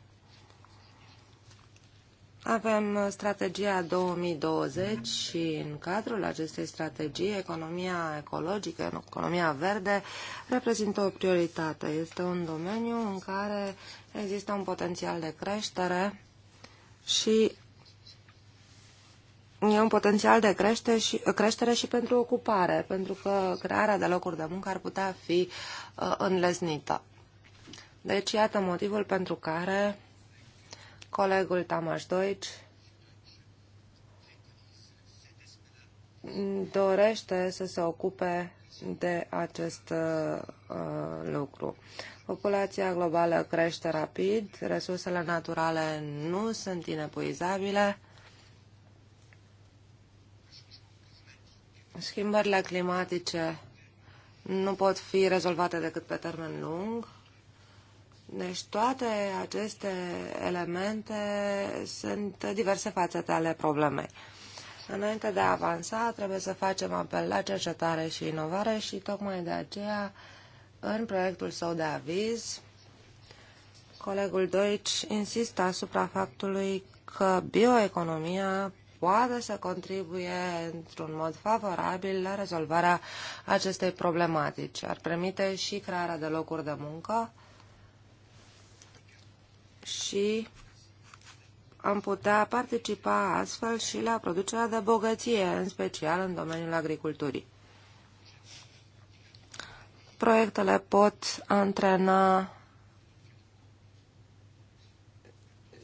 [SPEAKER 2] Avem uh, strategia 2020 și în cadrul acestei strategii economia ecologică, economia verde reprezintă o prioritate. Este un domeniu în care există un potențial de creștere și e un potențial de creștere și, uh, creștere și pentru ocupare, pentru că crearea de locuri de muncă ar putea fi uh, înlesnită. Deci, iată motivul pentru care Colegul Tamas Deutsch dorește să se ocupe de acest uh, uh, lucru. Populația globală crește rapid, resursele naturale nu sunt inepuizabile, schimbările climatice nu pot fi rezolvate decât pe termen lung, deci toate aceste elemente sunt diverse fațete ale problemei. Înainte de a avansa, trebuie să facem apel la cercetare și inovare și tocmai de aceea, în proiectul său de aviz, colegul Deutsch insistă asupra faptului că bioeconomia poate să contribuie într-un mod favorabil la rezolvarea acestei problematici. Ar permite și crearea de locuri de muncă, și am putea participa astfel și la producerea de bogăție, în special în domeniul agriculturii. Proiectele pot antrena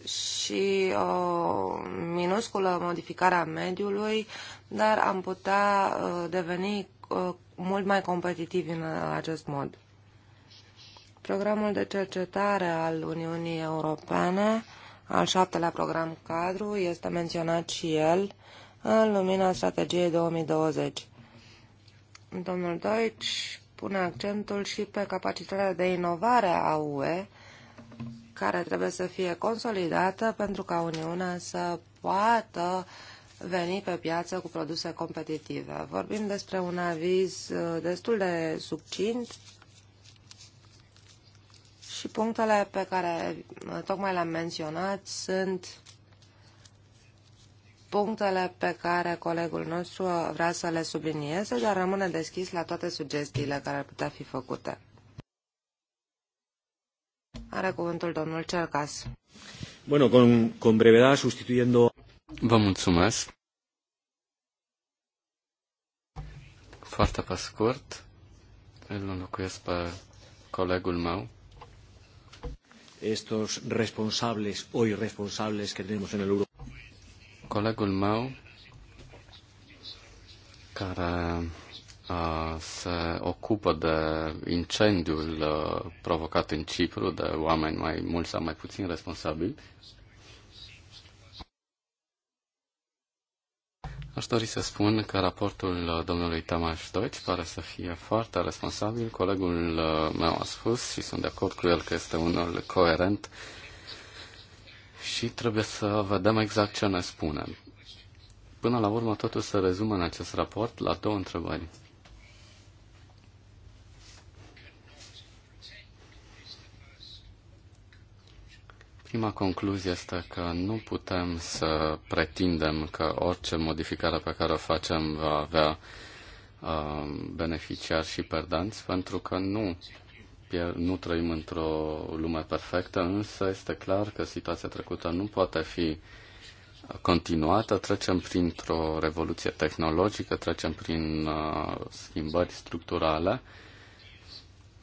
[SPEAKER 2] și o minusculă modificare a mediului, dar am putea uh, deveni uh, mult mai competitivi în acest mod. Programul de cercetare al Uniunii Europene, al șaptelea program cadru, este menționat și el în lumina strategiei 2020. Domnul Deutsch pune accentul și pe capacitatea de inovare a UE, care trebuie să fie consolidată pentru ca Uniunea să poată veni pe piață cu produse competitive. Vorbim despre un aviz uh, destul de succint și punctele pe care tocmai le-am menționat sunt punctele pe care colegul nostru vrea să le sublinieze, dar rămâne deschis la toate sugestiile care ar putea fi făcute. Are cuvântul domnul Cercas.
[SPEAKER 1] Bueno, con, con brevedad, sustituyendo... Vă mulțumesc. Foarte pe scurt, îl înlocuiesc pe colegul meu, estos
[SPEAKER 3] responsables o irresponsables que tenemos en el Europa.
[SPEAKER 1] Colegul meu care uh, se ocupă de incendiul uh, provocat în Cipru de oameni mai mulți sau mai puțin responsabili, Aș dori să spun că raportul uh, domnului Tamas Deutsch pare să fie foarte responsabil. Colegul uh, meu a spus și sunt de acord cu el că este unul coerent și trebuie să vedem exact ce ne spune. Până la urmă, totul se rezumă în acest raport la două întrebări. Prima concluzie este că nu putem să pretindem că orice modificare pe care o facem va avea uh, beneficiari și perdanți, pentru că nu, nu trăim într-o lume perfectă, însă este clar că situația trecută nu poate fi continuată. Trecem printr-o revoluție tehnologică, trecem prin uh, schimbări structurale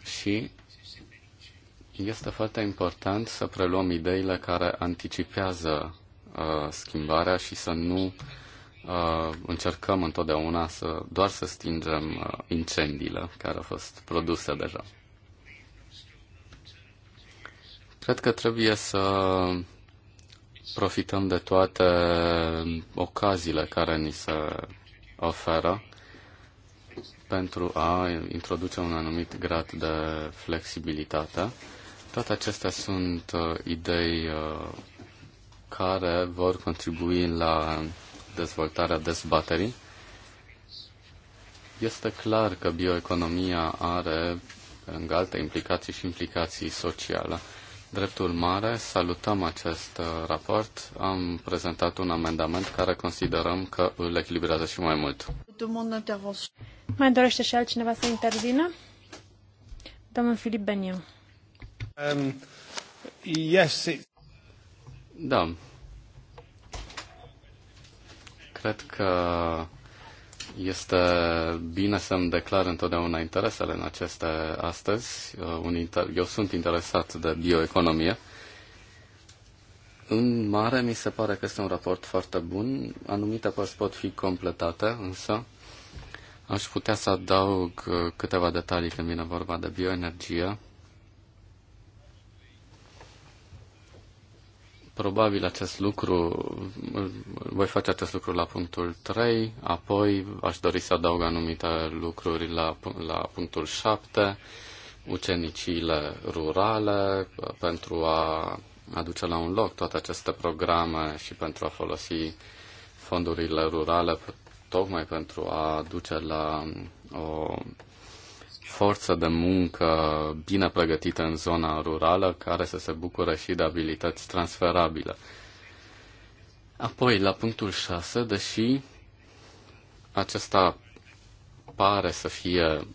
[SPEAKER 1] și este foarte important să preluăm ideile care anticipează uh, schimbarea și să nu uh, încercăm întotdeauna să doar să stingem uh, incendiile care au fost produse deja. Cred că trebuie să profităm de toate ocaziile care ni se oferă pentru a introduce un anumit grad de flexibilitate toate acestea sunt uh, idei uh, care vor contribui la dezvoltarea dezbaterii. Este clar că bioeconomia are, lângă alte implicații, și implicații sociale. Drept urmare, salutăm acest uh, raport. Am prezentat un amendament care considerăm că îl echilibrează și mai mult.
[SPEAKER 3] Mai dorește și altcineva să intervină? Domnul Filip Beniu.
[SPEAKER 1] Um, yes, it... Da. Cred că este bine să-mi declar întotdeauna interesele în aceste astăzi. Uh, eu sunt interesat de bioeconomie. În mare, mi se pare că este un raport foarte bun. Anumite părți pot fi completate, însă aș putea să adaug uh, câteva detalii când vine vorba de bioenergie Probabil acest lucru, voi face acest lucru la punctul 3, apoi aș dori să adaug anumite lucruri la, la punctul 7, ucenicile rurale, pentru a aduce la un loc toate aceste programe și pentru a folosi fondurile rurale tocmai pentru a duce la o forță de muncă bine pregătită în zona rurală, care să se bucure și de abilități transferabile. Apoi, la punctul 6, deși acesta pare să fie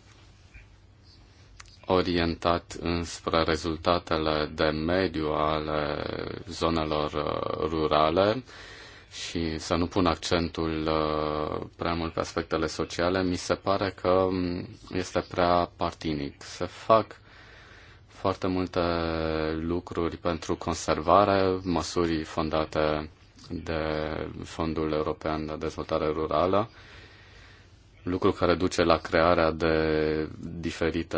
[SPEAKER 1] orientat înspre rezultatele de mediu ale zonelor uh, rurale, și să nu pun accentul uh, prea mult pe aspectele sociale, mi se pare că um, este prea partinic. Se fac foarte multe lucruri pentru conservare, măsuri fondate de Fondul European de Dezvoltare Rurală, lucru care duce la crearea de diferite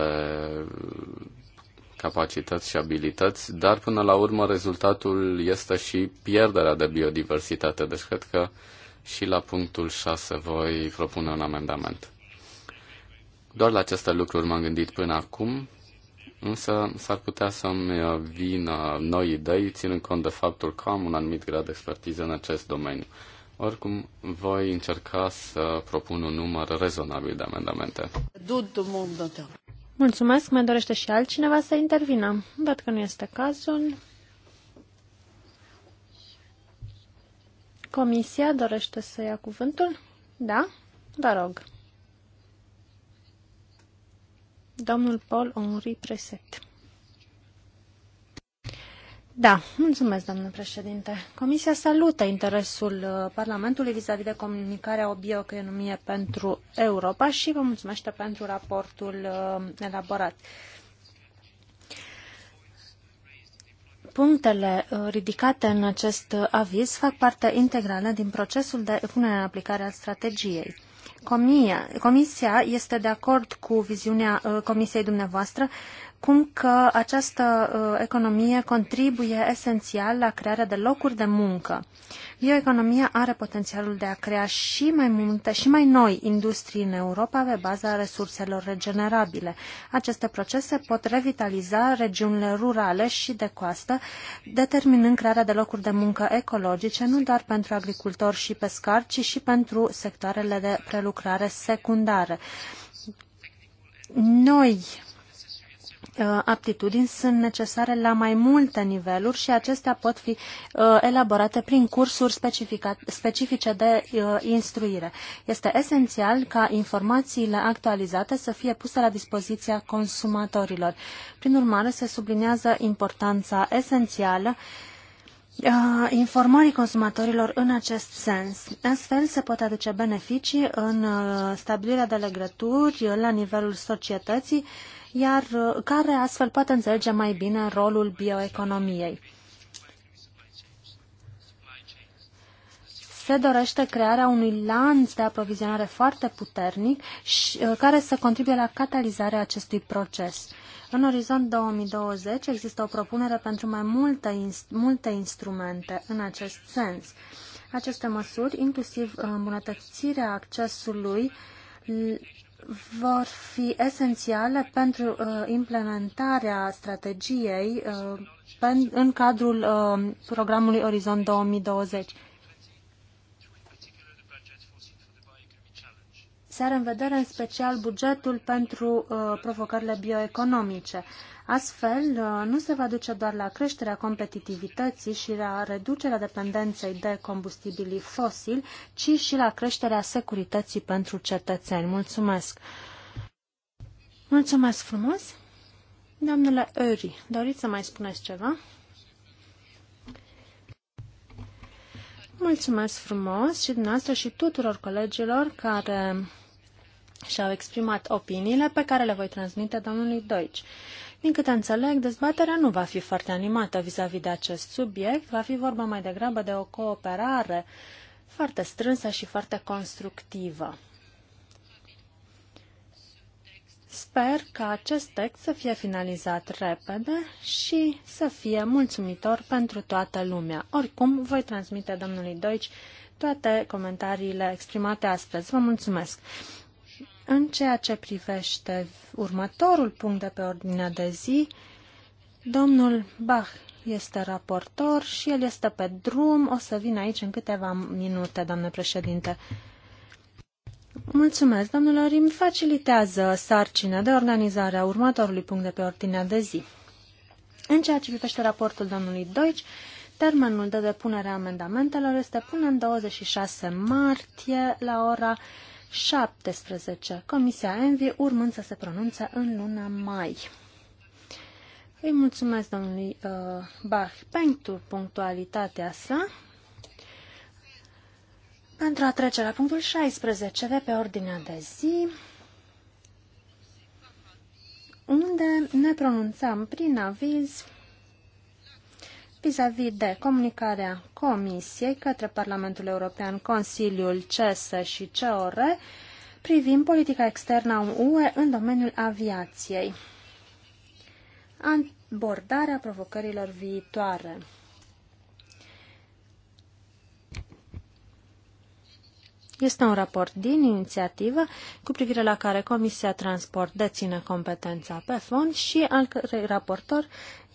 [SPEAKER 1] capacități și abilități, dar până la urmă rezultatul este și pierderea de biodiversitate. Deci cred că și la punctul 6 voi propune un amendament. Doar la aceste lucruri m-am gândit până acum, însă s-ar putea să-mi uh, vină noi idei, ținând cont de faptul că am un anumit grad de expertiză în acest domeniu. Oricum, voi încerca să propun un număr rezonabil de amendamente.
[SPEAKER 3] Mulțumesc. Mai dorește și altcineva să intervină? Văd că nu este cazul. Comisia dorește să ia cuvântul? Da? Vă rog. Domnul Paul Henri Preset. Da, mulțumesc, domnule președinte. Comisia salută interesul uh, Parlamentului vis-a-vis de comunicarea o bioeconomie pentru Europa și vă mulțumește pentru raportul uh, elaborat. Punctele uh, ridicate în acest aviz fac parte integrală din procesul de punere în aplicare a strategiei. comisia este de acord cu viziunea Comisiei dumneavoastră cum că această uh, economie contribuie esențial la crearea de locuri de muncă. Bioeconomia are potențialul de a crea și mai multe și mai noi industrii în Europa pe baza resurselor regenerabile. Aceste procese pot revitaliza regiunile rurale și de coastă, determinând crearea de locuri de muncă ecologice nu doar pentru agricultori și pescari, ci și pentru sectoarele de prelucrare secundare. Noi Uh, aptitudini sunt necesare la mai multe niveluri și acestea pot fi uh, elaborate prin cursuri specifice de uh, instruire. Este esențial ca informațiile actualizate să fie puse la dispoziția consumatorilor. Prin urmare, se subliniază importanța esențială informării consumatorilor în acest sens. Astfel se pot aduce beneficii în stabilirea de legături la nivelul societății iar uh, care astfel poate înțelege mai bine rolul bioeconomiei. se dorește crearea unui lanț de aprovizionare foarte puternic și, uh, care să contribuie la catalizarea acestui proces. În orizont 2020 există o propunere pentru mai multe, multe instrumente în acest sens. Aceste măsuri, inclusiv uh, îmbunătățirea accesului vor fi esențiale pentru uh, implementarea strategiei uh, pen, în cadrul uh, programului Orizont 2020. Se are în vedere în special bugetul pentru uh, provocările bioeconomice. Uh, Astfel, uh, nu se va duce doar la creșterea competitivității și la reducerea dependenței de combustibilii fosili, ci și la creșterea securității pentru cetățeni. Mulțumesc! Mulțumesc frumos! domnule Öri, doriți să mai spuneți ceva? Mulțumesc frumos și dumneavoastră și tuturor colegilor care și-au exprimat opiniile pe care le voi transmite domnului Deutsch. Din câte înțeleg, dezbaterea nu va fi foarte animată vis-a-vis -vis de acest subiect, va fi vorba mai degrabă de o cooperare foarte strânsă și foarte constructivă. Sper ca acest text să fie finalizat repede și să fie mulțumitor pentru toată lumea. Oricum, voi transmite domnului Deutsch toate comentariile exprimate astăzi. Vă mulțumesc! În ceea ce privește următorul punct de pe ordinea de zi, domnul Bach este raportor și el este pe drum. O să vin aici în câteva minute, doamne președinte. Mulțumesc, domnule Rim. Facilitează sarcina de organizare a următorului punct de pe ordinea de zi. În ceea ce privește raportul domnului Deutsch, termenul de depunere a amendamentelor este până în 26 martie la ora 17. Comisia Envi urmând să se pronunțe în luna mai. Îi mulțumesc domnului uh, Bach pentru punctualitatea sa. Pentru a trece la punctul 16 de pe ordinea de zi, unde ne pronunțam prin aviz vis-a-vis de comunicarea Comisiei către Parlamentul European, Consiliul CESE și COR, privind politica externă a UE în domeniul aviației. Abordarea provocărilor viitoare. Este un raport din inițiativă cu privire la care Comisia Transport deține competența pe fond și al cărei raportor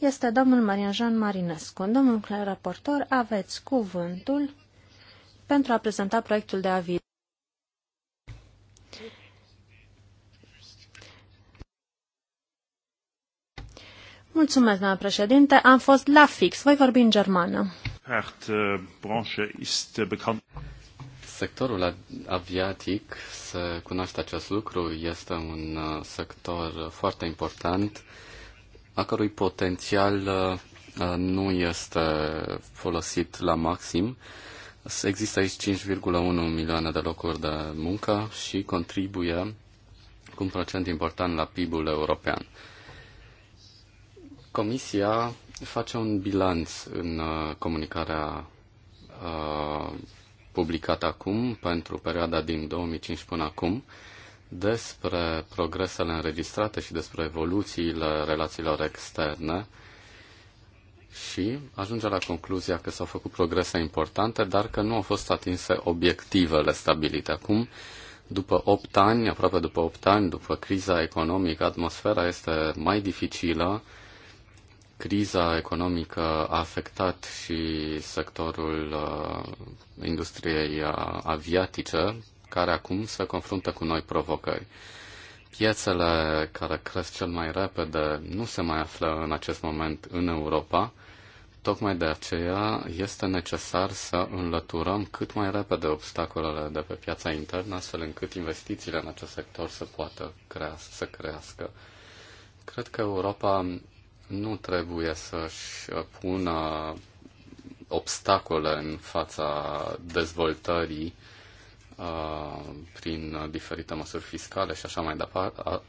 [SPEAKER 3] este domnul Marian-Jean Marinescu. Domnul raportor, aveți cuvântul pentru a prezenta proiectul de aviz. Mulțumesc, doamnă președinte. Am fost la fix. Voi vorbi în germană.
[SPEAKER 1] Uh, uh, Sectorul aviatic se cunoaște acest lucru. Este un uh, sector foarte important a cărui potențial uh, uh, nu este folosit la maxim. Există aici 5,1 milioane de locuri de muncă și contribuie cu un procent important la PIB-ul european. Comisia face un bilanț în uh, comunicarea publicată acum pentru perioada din 2005 până acum despre progresele înregistrate și despre evoluțiile relațiilor externe și ajunge la concluzia că s-au făcut progrese importante, dar că nu au fost atinse obiectivele stabilite. Acum, după 8 ani, aproape după 8 ani, după criza economică, atmosfera este mai dificilă. Criza economică a afectat și sectorul uh, industriei uh, aviatice, care acum se confruntă cu noi provocări. Piețele care cresc cel mai repede nu se mai află în acest moment în Europa, Tocmai de aceea este necesar să înlăturăm cât mai repede obstacolele de pe piața internă, astfel încât investițiile în acest sector să poată crea, să crească. Cred că Europa nu trebuie să-și pună obstacole în fața dezvoltării Uh, prin diferite măsuri fiscale și așa mai departe,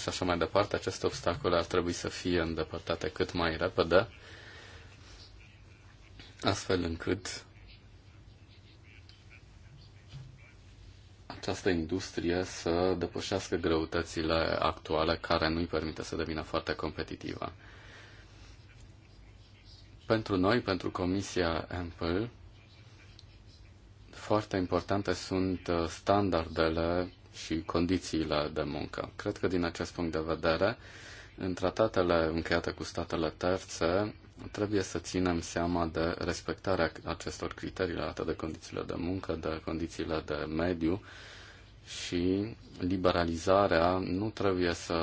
[SPEAKER 1] și așa mai departe, aceste obstacole ar trebui să fie îndepărtate cât mai repede, astfel încât această industrie să depășească greutățile actuale care nu îi permite să devină foarte competitivă. Pentru noi, pentru Comisia Ample, foarte importante sunt uh, standardele și condițiile de muncă. Cred că din acest punct de vedere, în tratatele încheiate cu statele terțe, trebuie să ținem seama de respectarea acestor criterii legate de condițiile de muncă, de condițiile de mediu și liberalizarea nu trebuie să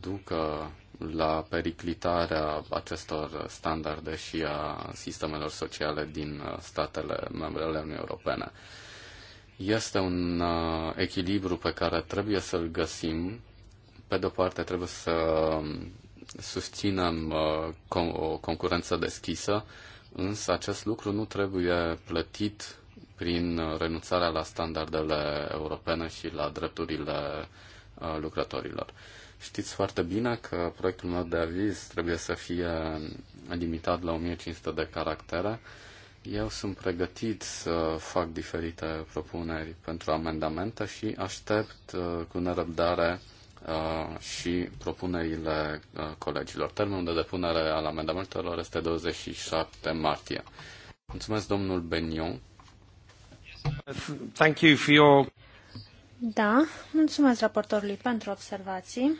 [SPEAKER 1] ducă la periclitarea acestor standarde și a sistemelor sociale din uh, statele membre ale Uniunii Europene. Este un uh, echilibru pe care trebuie să-l găsim. Pe de-o parte, trebuie să um, susținem uh, o concurență deschisă, însă acest lucru nu trebuie plătit prin renunțarea la standardele europene și la drepturile lucrătorilor. Știți foarte bine că proiectul meu de aviz trebuie să fie limitat la 1500 de caractere. Eu sunt pregătit să fac diferite propuneri pentru amendamente și aștept uh, cu nerăbdare uh, și propunerile uh, colegilor. Termenul de depunere al amendamentelor este 27 martie. Mulțumesc, domnul Benion.
[SPEAKER 3] Thank you for your... Da, mulțumesc raportorului pentru observații.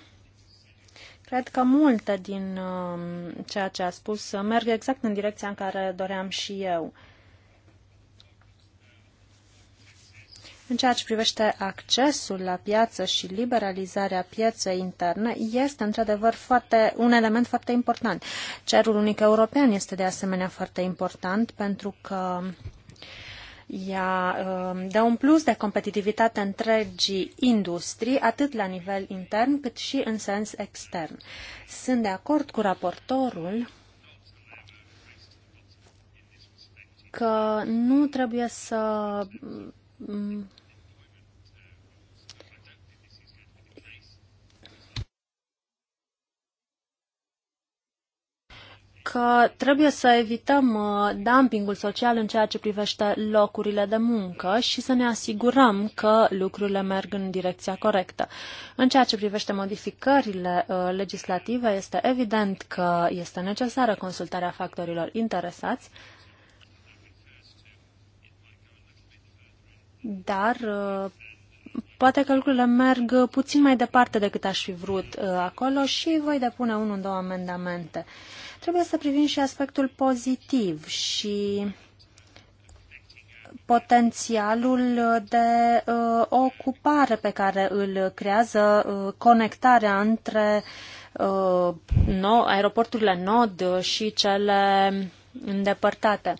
[SPEAKER 3] Cred că multe din um, ceea ce a spus uh, merg exact în direcția în care doream și eu. În ceea ce privește accesul la piață și liberalizarea pieței interne, este într-adevăr foarte, un element foarte important. Cerul unic european este de asemenea foarte important pentru că ea um, dă un plus de competitivitate întregii industrii, atât la nivel intern cât și în sens extern. Sunt de acord cu raportorul că nu trebuie să că trebuie să evităm uh, dumpingul social în ceea ce privește locurile de muncă și să ne asigurăm că lucrurile merg în direcția corectă. În ceea ce privește modificările uh, legislative, este evident că este necesară consultarea factorilor interesați, dar uh, poate că lucrurile merg puțin mai departe decât aș fi vrut acolo și voi depune unul, două amendamente. Trebuie să privim și aspectul pozitiv și potențialul de uh, ocupare pe care îl creează uh, conectarea între uh, no, aeroporturile nod și cele îndepărtate.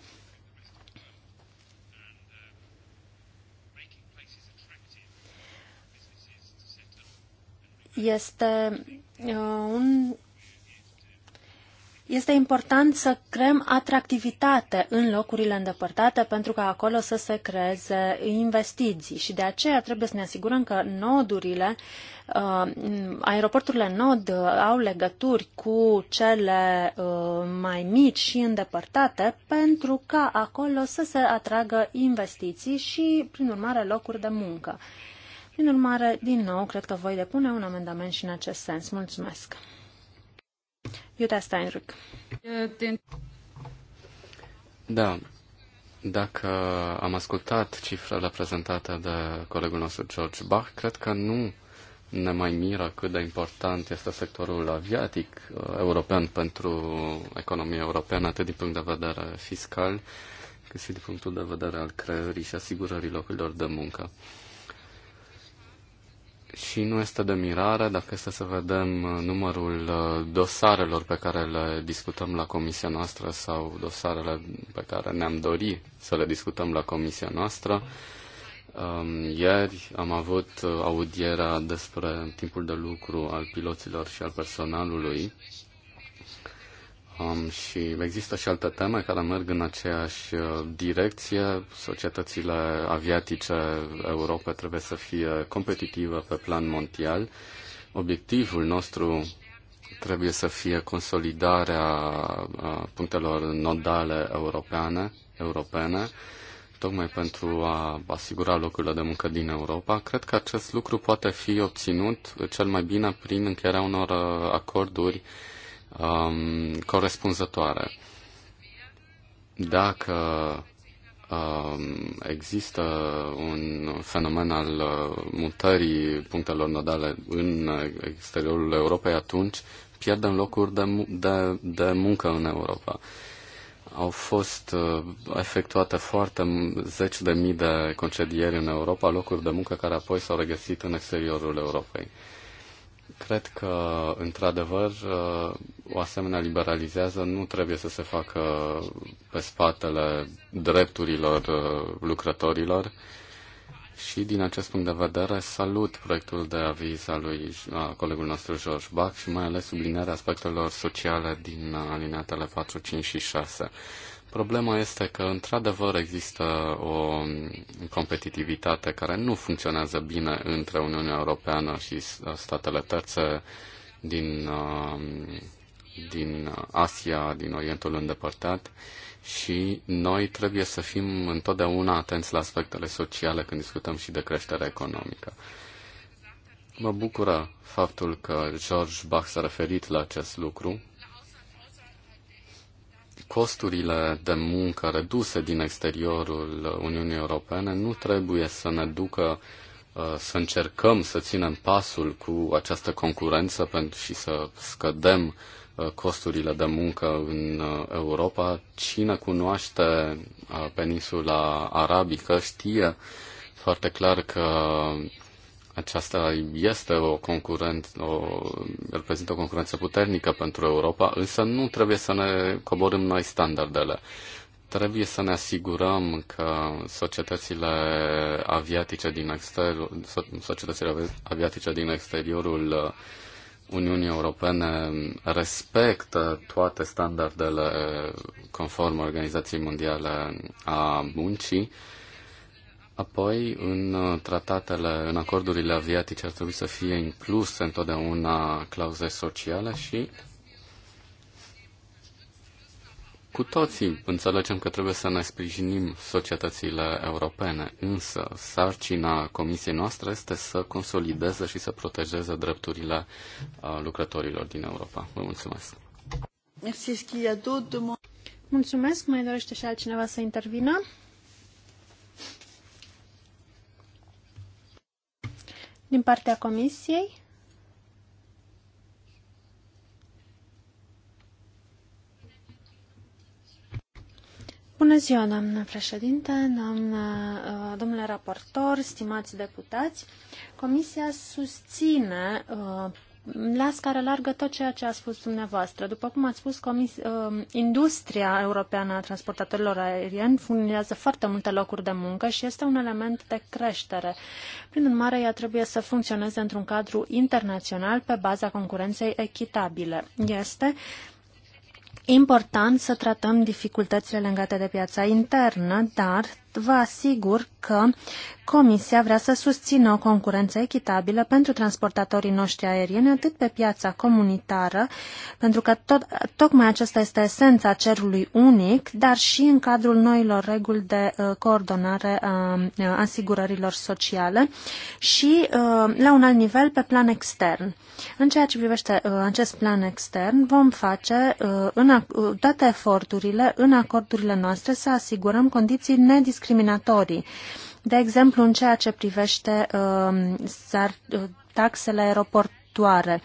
[SPEAKER 3] Este uh, un este important să creăm atractivitate în locurile îndepărtate pentru ca acolo să se creeze investiții și de aceea trebuie să ne asigurăm că nodurile, uh, aeroporturile nod au legături cu cele uh, mai mici și îndepărtate pentru ca acolo să se atragă investiții și, prin urmare, locuri de muncă. Prin urmare, din nou, cred că voi depune un amendament și în acest sens. Mulțumesc! Iuda Steinruck.
[SPEAKER 1] Da, dacă am ascultat cifrele prezentate de colegul nostru George Bach, cred că nu ne mai miră cât de important este sectorul aviatic uh, european pentru economia europeană, atât din punct de vedere fiscal, cât și din punctul de vedere al creării și asigurării locurilor de muncă și nu este de mirare dacă este să vedem uh, numărul uh, dosarelor pe care le discutăm la comisia noastră sau dosarele pe care ne-am dori să le discutăm la comisia noastră. Um, ieri am avut uh, audierea despre timpul de lucru al piloților și al personalului Um, și există și alte teme care merg în aceeași uh, direcție. Societățile aviatice Europa trebuie să fie competitive pe plan mondial. Obiectivul nostru trebuie să fie consolidarea uh, punctelor nodale europeane, europene, tocmai pentru a asigura locurile de muncă din Europa. Cred că acest lucru poate fi obținut cel mai bine prin încheierea unor uh, acorduri uh, um, corespunzătoare. Dacă um, există un fenomen al uh, mutării punctelor nodale în exteriorul Europei, atunci pierdem locuri de, de, de muncă în Europa. Au fost uh, efectuate foarte zeci de mii de concedieri în Europa, locuri de muncă care apoi s-au regăsit în exteriorul Europei. Cred că, într-adevăr, uh, o asemenea liberalizează nu trebuie să se facă pe spatele drepturilor uh, lucrătorilor și, din acest punct de vedere, salut proiectul de aviz al lui a colegul nostru George Bach și mai ales sublinierea aspectelor sociale din uh, alineatele 4, 5 și 6. Problema este că, într-adevăr, există o competitivitate care nu funcționează bine între Uniunea Europeană și statele terțe din, um, din Asia, din Orientul îndepărtat și noi trebuie să fim întotdeauna atenți la aspectele sociale când discutăm și de creștere economică. Mă bucură faptul că George Bach s-a referit la acest lucru costurile de muncă reduse din exteriorul Uniunii Europene nu trebuie să ne ducă uh, să încercăm să ținem pasul cu această concurență pentru și să scădem uh, costurile de muncă în uh, Europa. Cine cunoaște peninsula arabică știe foarte clar că aceasta este o concurență, o, reprezintă o concurență puternică pentru Europa, însă nu trebuie să ne coborâm noi standardele. Trebuie să ne asigurăm că societățile aviatice din, exterior, societățile aviatice din exteriorul uh, Uniunii Europene respectă toate standardele conform Organizației Mondiale a Muncii Apoi, în uh, tratatele, în acordurile aviatice ar trebui să fie incluse întotdeauna clauze sociale și cu toții înțelegem că trebuie să ne sprijinim societățile europene, însă sarcina comisiei noastre este să consolideze și să protejeze drepturile uh, lucrătorilor din Europa. Vă mulțumesc!
[SPEAKER 3] Mulțumesc! Mai dorește și altcineva să intervină? din partea Comisiei? Bună ziua, doamnă președinte, doamnă, uh, domnule raportor, stimați deputați. Comisia susține uh, la scară largă tot ceea ce a spus dumneavoastră. După cum ați spus, comis, uh, industria europeană a transportatorilor aerieni funcționează foarte multe locuri de muncă și este un element de creștere. Prin urmare, ea trebuie să funcționeze într-un cadru internațional pe baza concurenței echitabile. Este important să tratăm dificultățile legate de piața internă, dar vă asigur că Comisia vrea să susțină o concurență echitabilă pentru transportatorii noștri aerieni, atât pe piața comunitară, pentru că tot, tocmai aceasta este esența cerului unic, dar și în cadrul noilor reguli de uh, coordonare a uh, asigurărilor sociale și uh, la un alt nivel pe plan extern. În ceea ce privește uh, acest plan extern, vom face uh, în, uh, toate eforturile în acordurile noastre să asigurăm condiții nediscriminate discriminatorii. De exemplu, în ceea ce privește um, uh, taxele aeroportoare.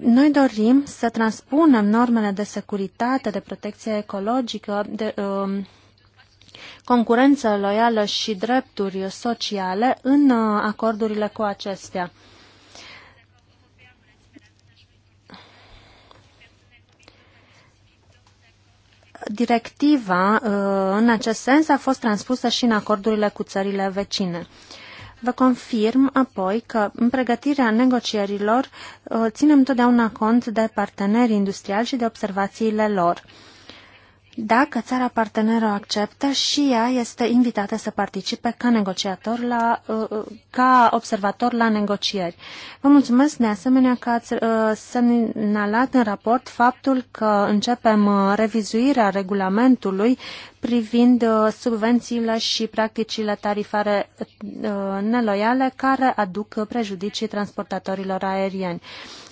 [SPEAKER 3] Noi dorim să transpunem normele de securitate, de protecție ecologică, de uh, concurență loială și drepturi sociale în uh, acordurile cu acestea. directiva uh, în acest sens a fost transpusă și în acordurile cu țările vecine. Vă confirm apoi că în pregătirea negocierilor uh, ținem totdeauna cont de partenerii industriali și de observațiile lor dacă țara parteneră o acceptă și ea este invitată să participe ca negociator la, uh, uh, ca observator la negocieri. Vă mulțumesc de asemenea că ați uh, semnalat în raport faptul că începem revizuirea regulamentului privind subvențiile și practicile tarifare neloiale care aduc prejudicii transportatorilor aerieni.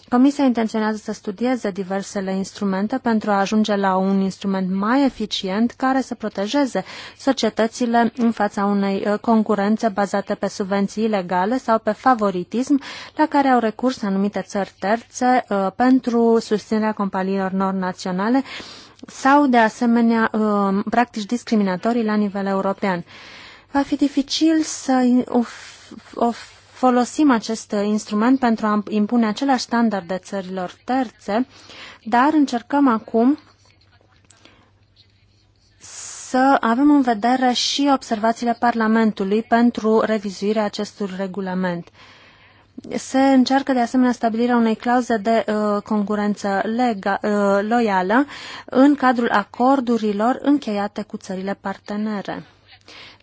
[SPEAKER 3] Comisia intenționează să studieze diversele instrumente pentru a ajunge la un instrument mai eficient care să protejeze societățile în fața unei uh, concurențe bazate pe subvenții ilegale sau pe favoritism la care au recurs anumite țări terțe uh, pentru susținerea companiilor nor naționale sau, de asemenea, uh, practici discriminatorii la nivel european. Va fi dificil să of, of, folosim acest instrument pentru a impune aceleași standarde țărilor terțe, dar încercăm acum să avem în vedere și observațiile Parlamentului pentru revizuirea acestui regulament. Se încearcă de asemenea stabilirea unei clauze de uh, concurență lega, uh, loială în cadrul acordurilor încheiate cu țările partenere.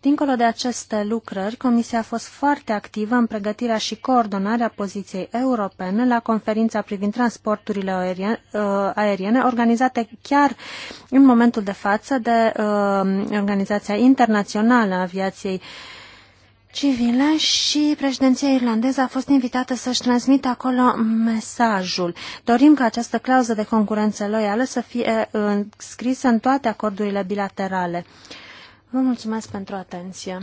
[SPEAKER 3] Dincolo de aceste lucrări, Comisia a fost foarte activă în pregătirea și coordonarea poziției europene la conferința privind transporturile uh, aeriene, organizate chiar în momentul de față de uh, Organizația Internațională a Aviației civile și președinția irlandeză a fost invitată să-și transmită acolo mesajul. Dorim ca această clauză de concurență loială să fie uh, scrisă în toate acordurile bilaterale. Uh, Vă mulțumesc pentru atenție.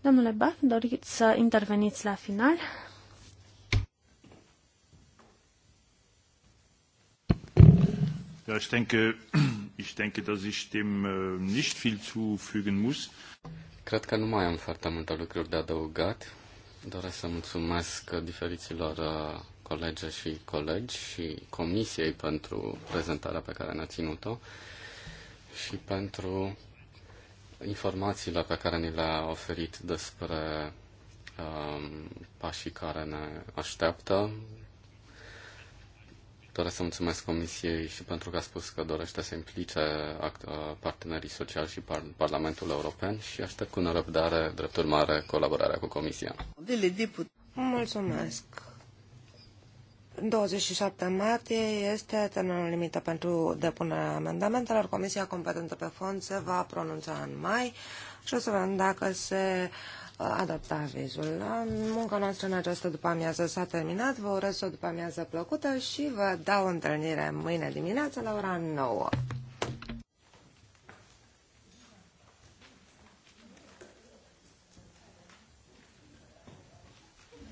[SPEAKER 3] Domnule Bach, doriți să interveniți la final?
[SPEAKER 2] Ja, ich denke, ich denke, dass ich dem äh, nicht viel
[SPEAKER 1] zufügen muss. Cred că nu mai am foarte multe lucruri de adăugat. Doresc să mulțumesc uh, diferiților uh, colege și colegi și comisiei pentru prezentarea pe care ne-a ținut-o și pentru informațiile pe care ni le-a oferit despre um, pașii care ne așteaptă. Doresc să mulțumesc Comisiei și pentru că a spus că dorește să implice uh, partenerii sociali și par- Parlamentul European și aștept cu nerăbdare, drept urmare, colaborarea cu Comisia.
[SPEAKER 2] Mulțumesc. 27 martie este termenul limită pentru depunerea amendamentelor. Comisia competentă pe fond se va pronunța în mai și o să vedem dacă se uh, adapta avizul. Munca noastră în această după-amiază s-a terminat. Vă urez o după-amiază plăcută și vă dau întâlnire mâine dimineață la ora 9.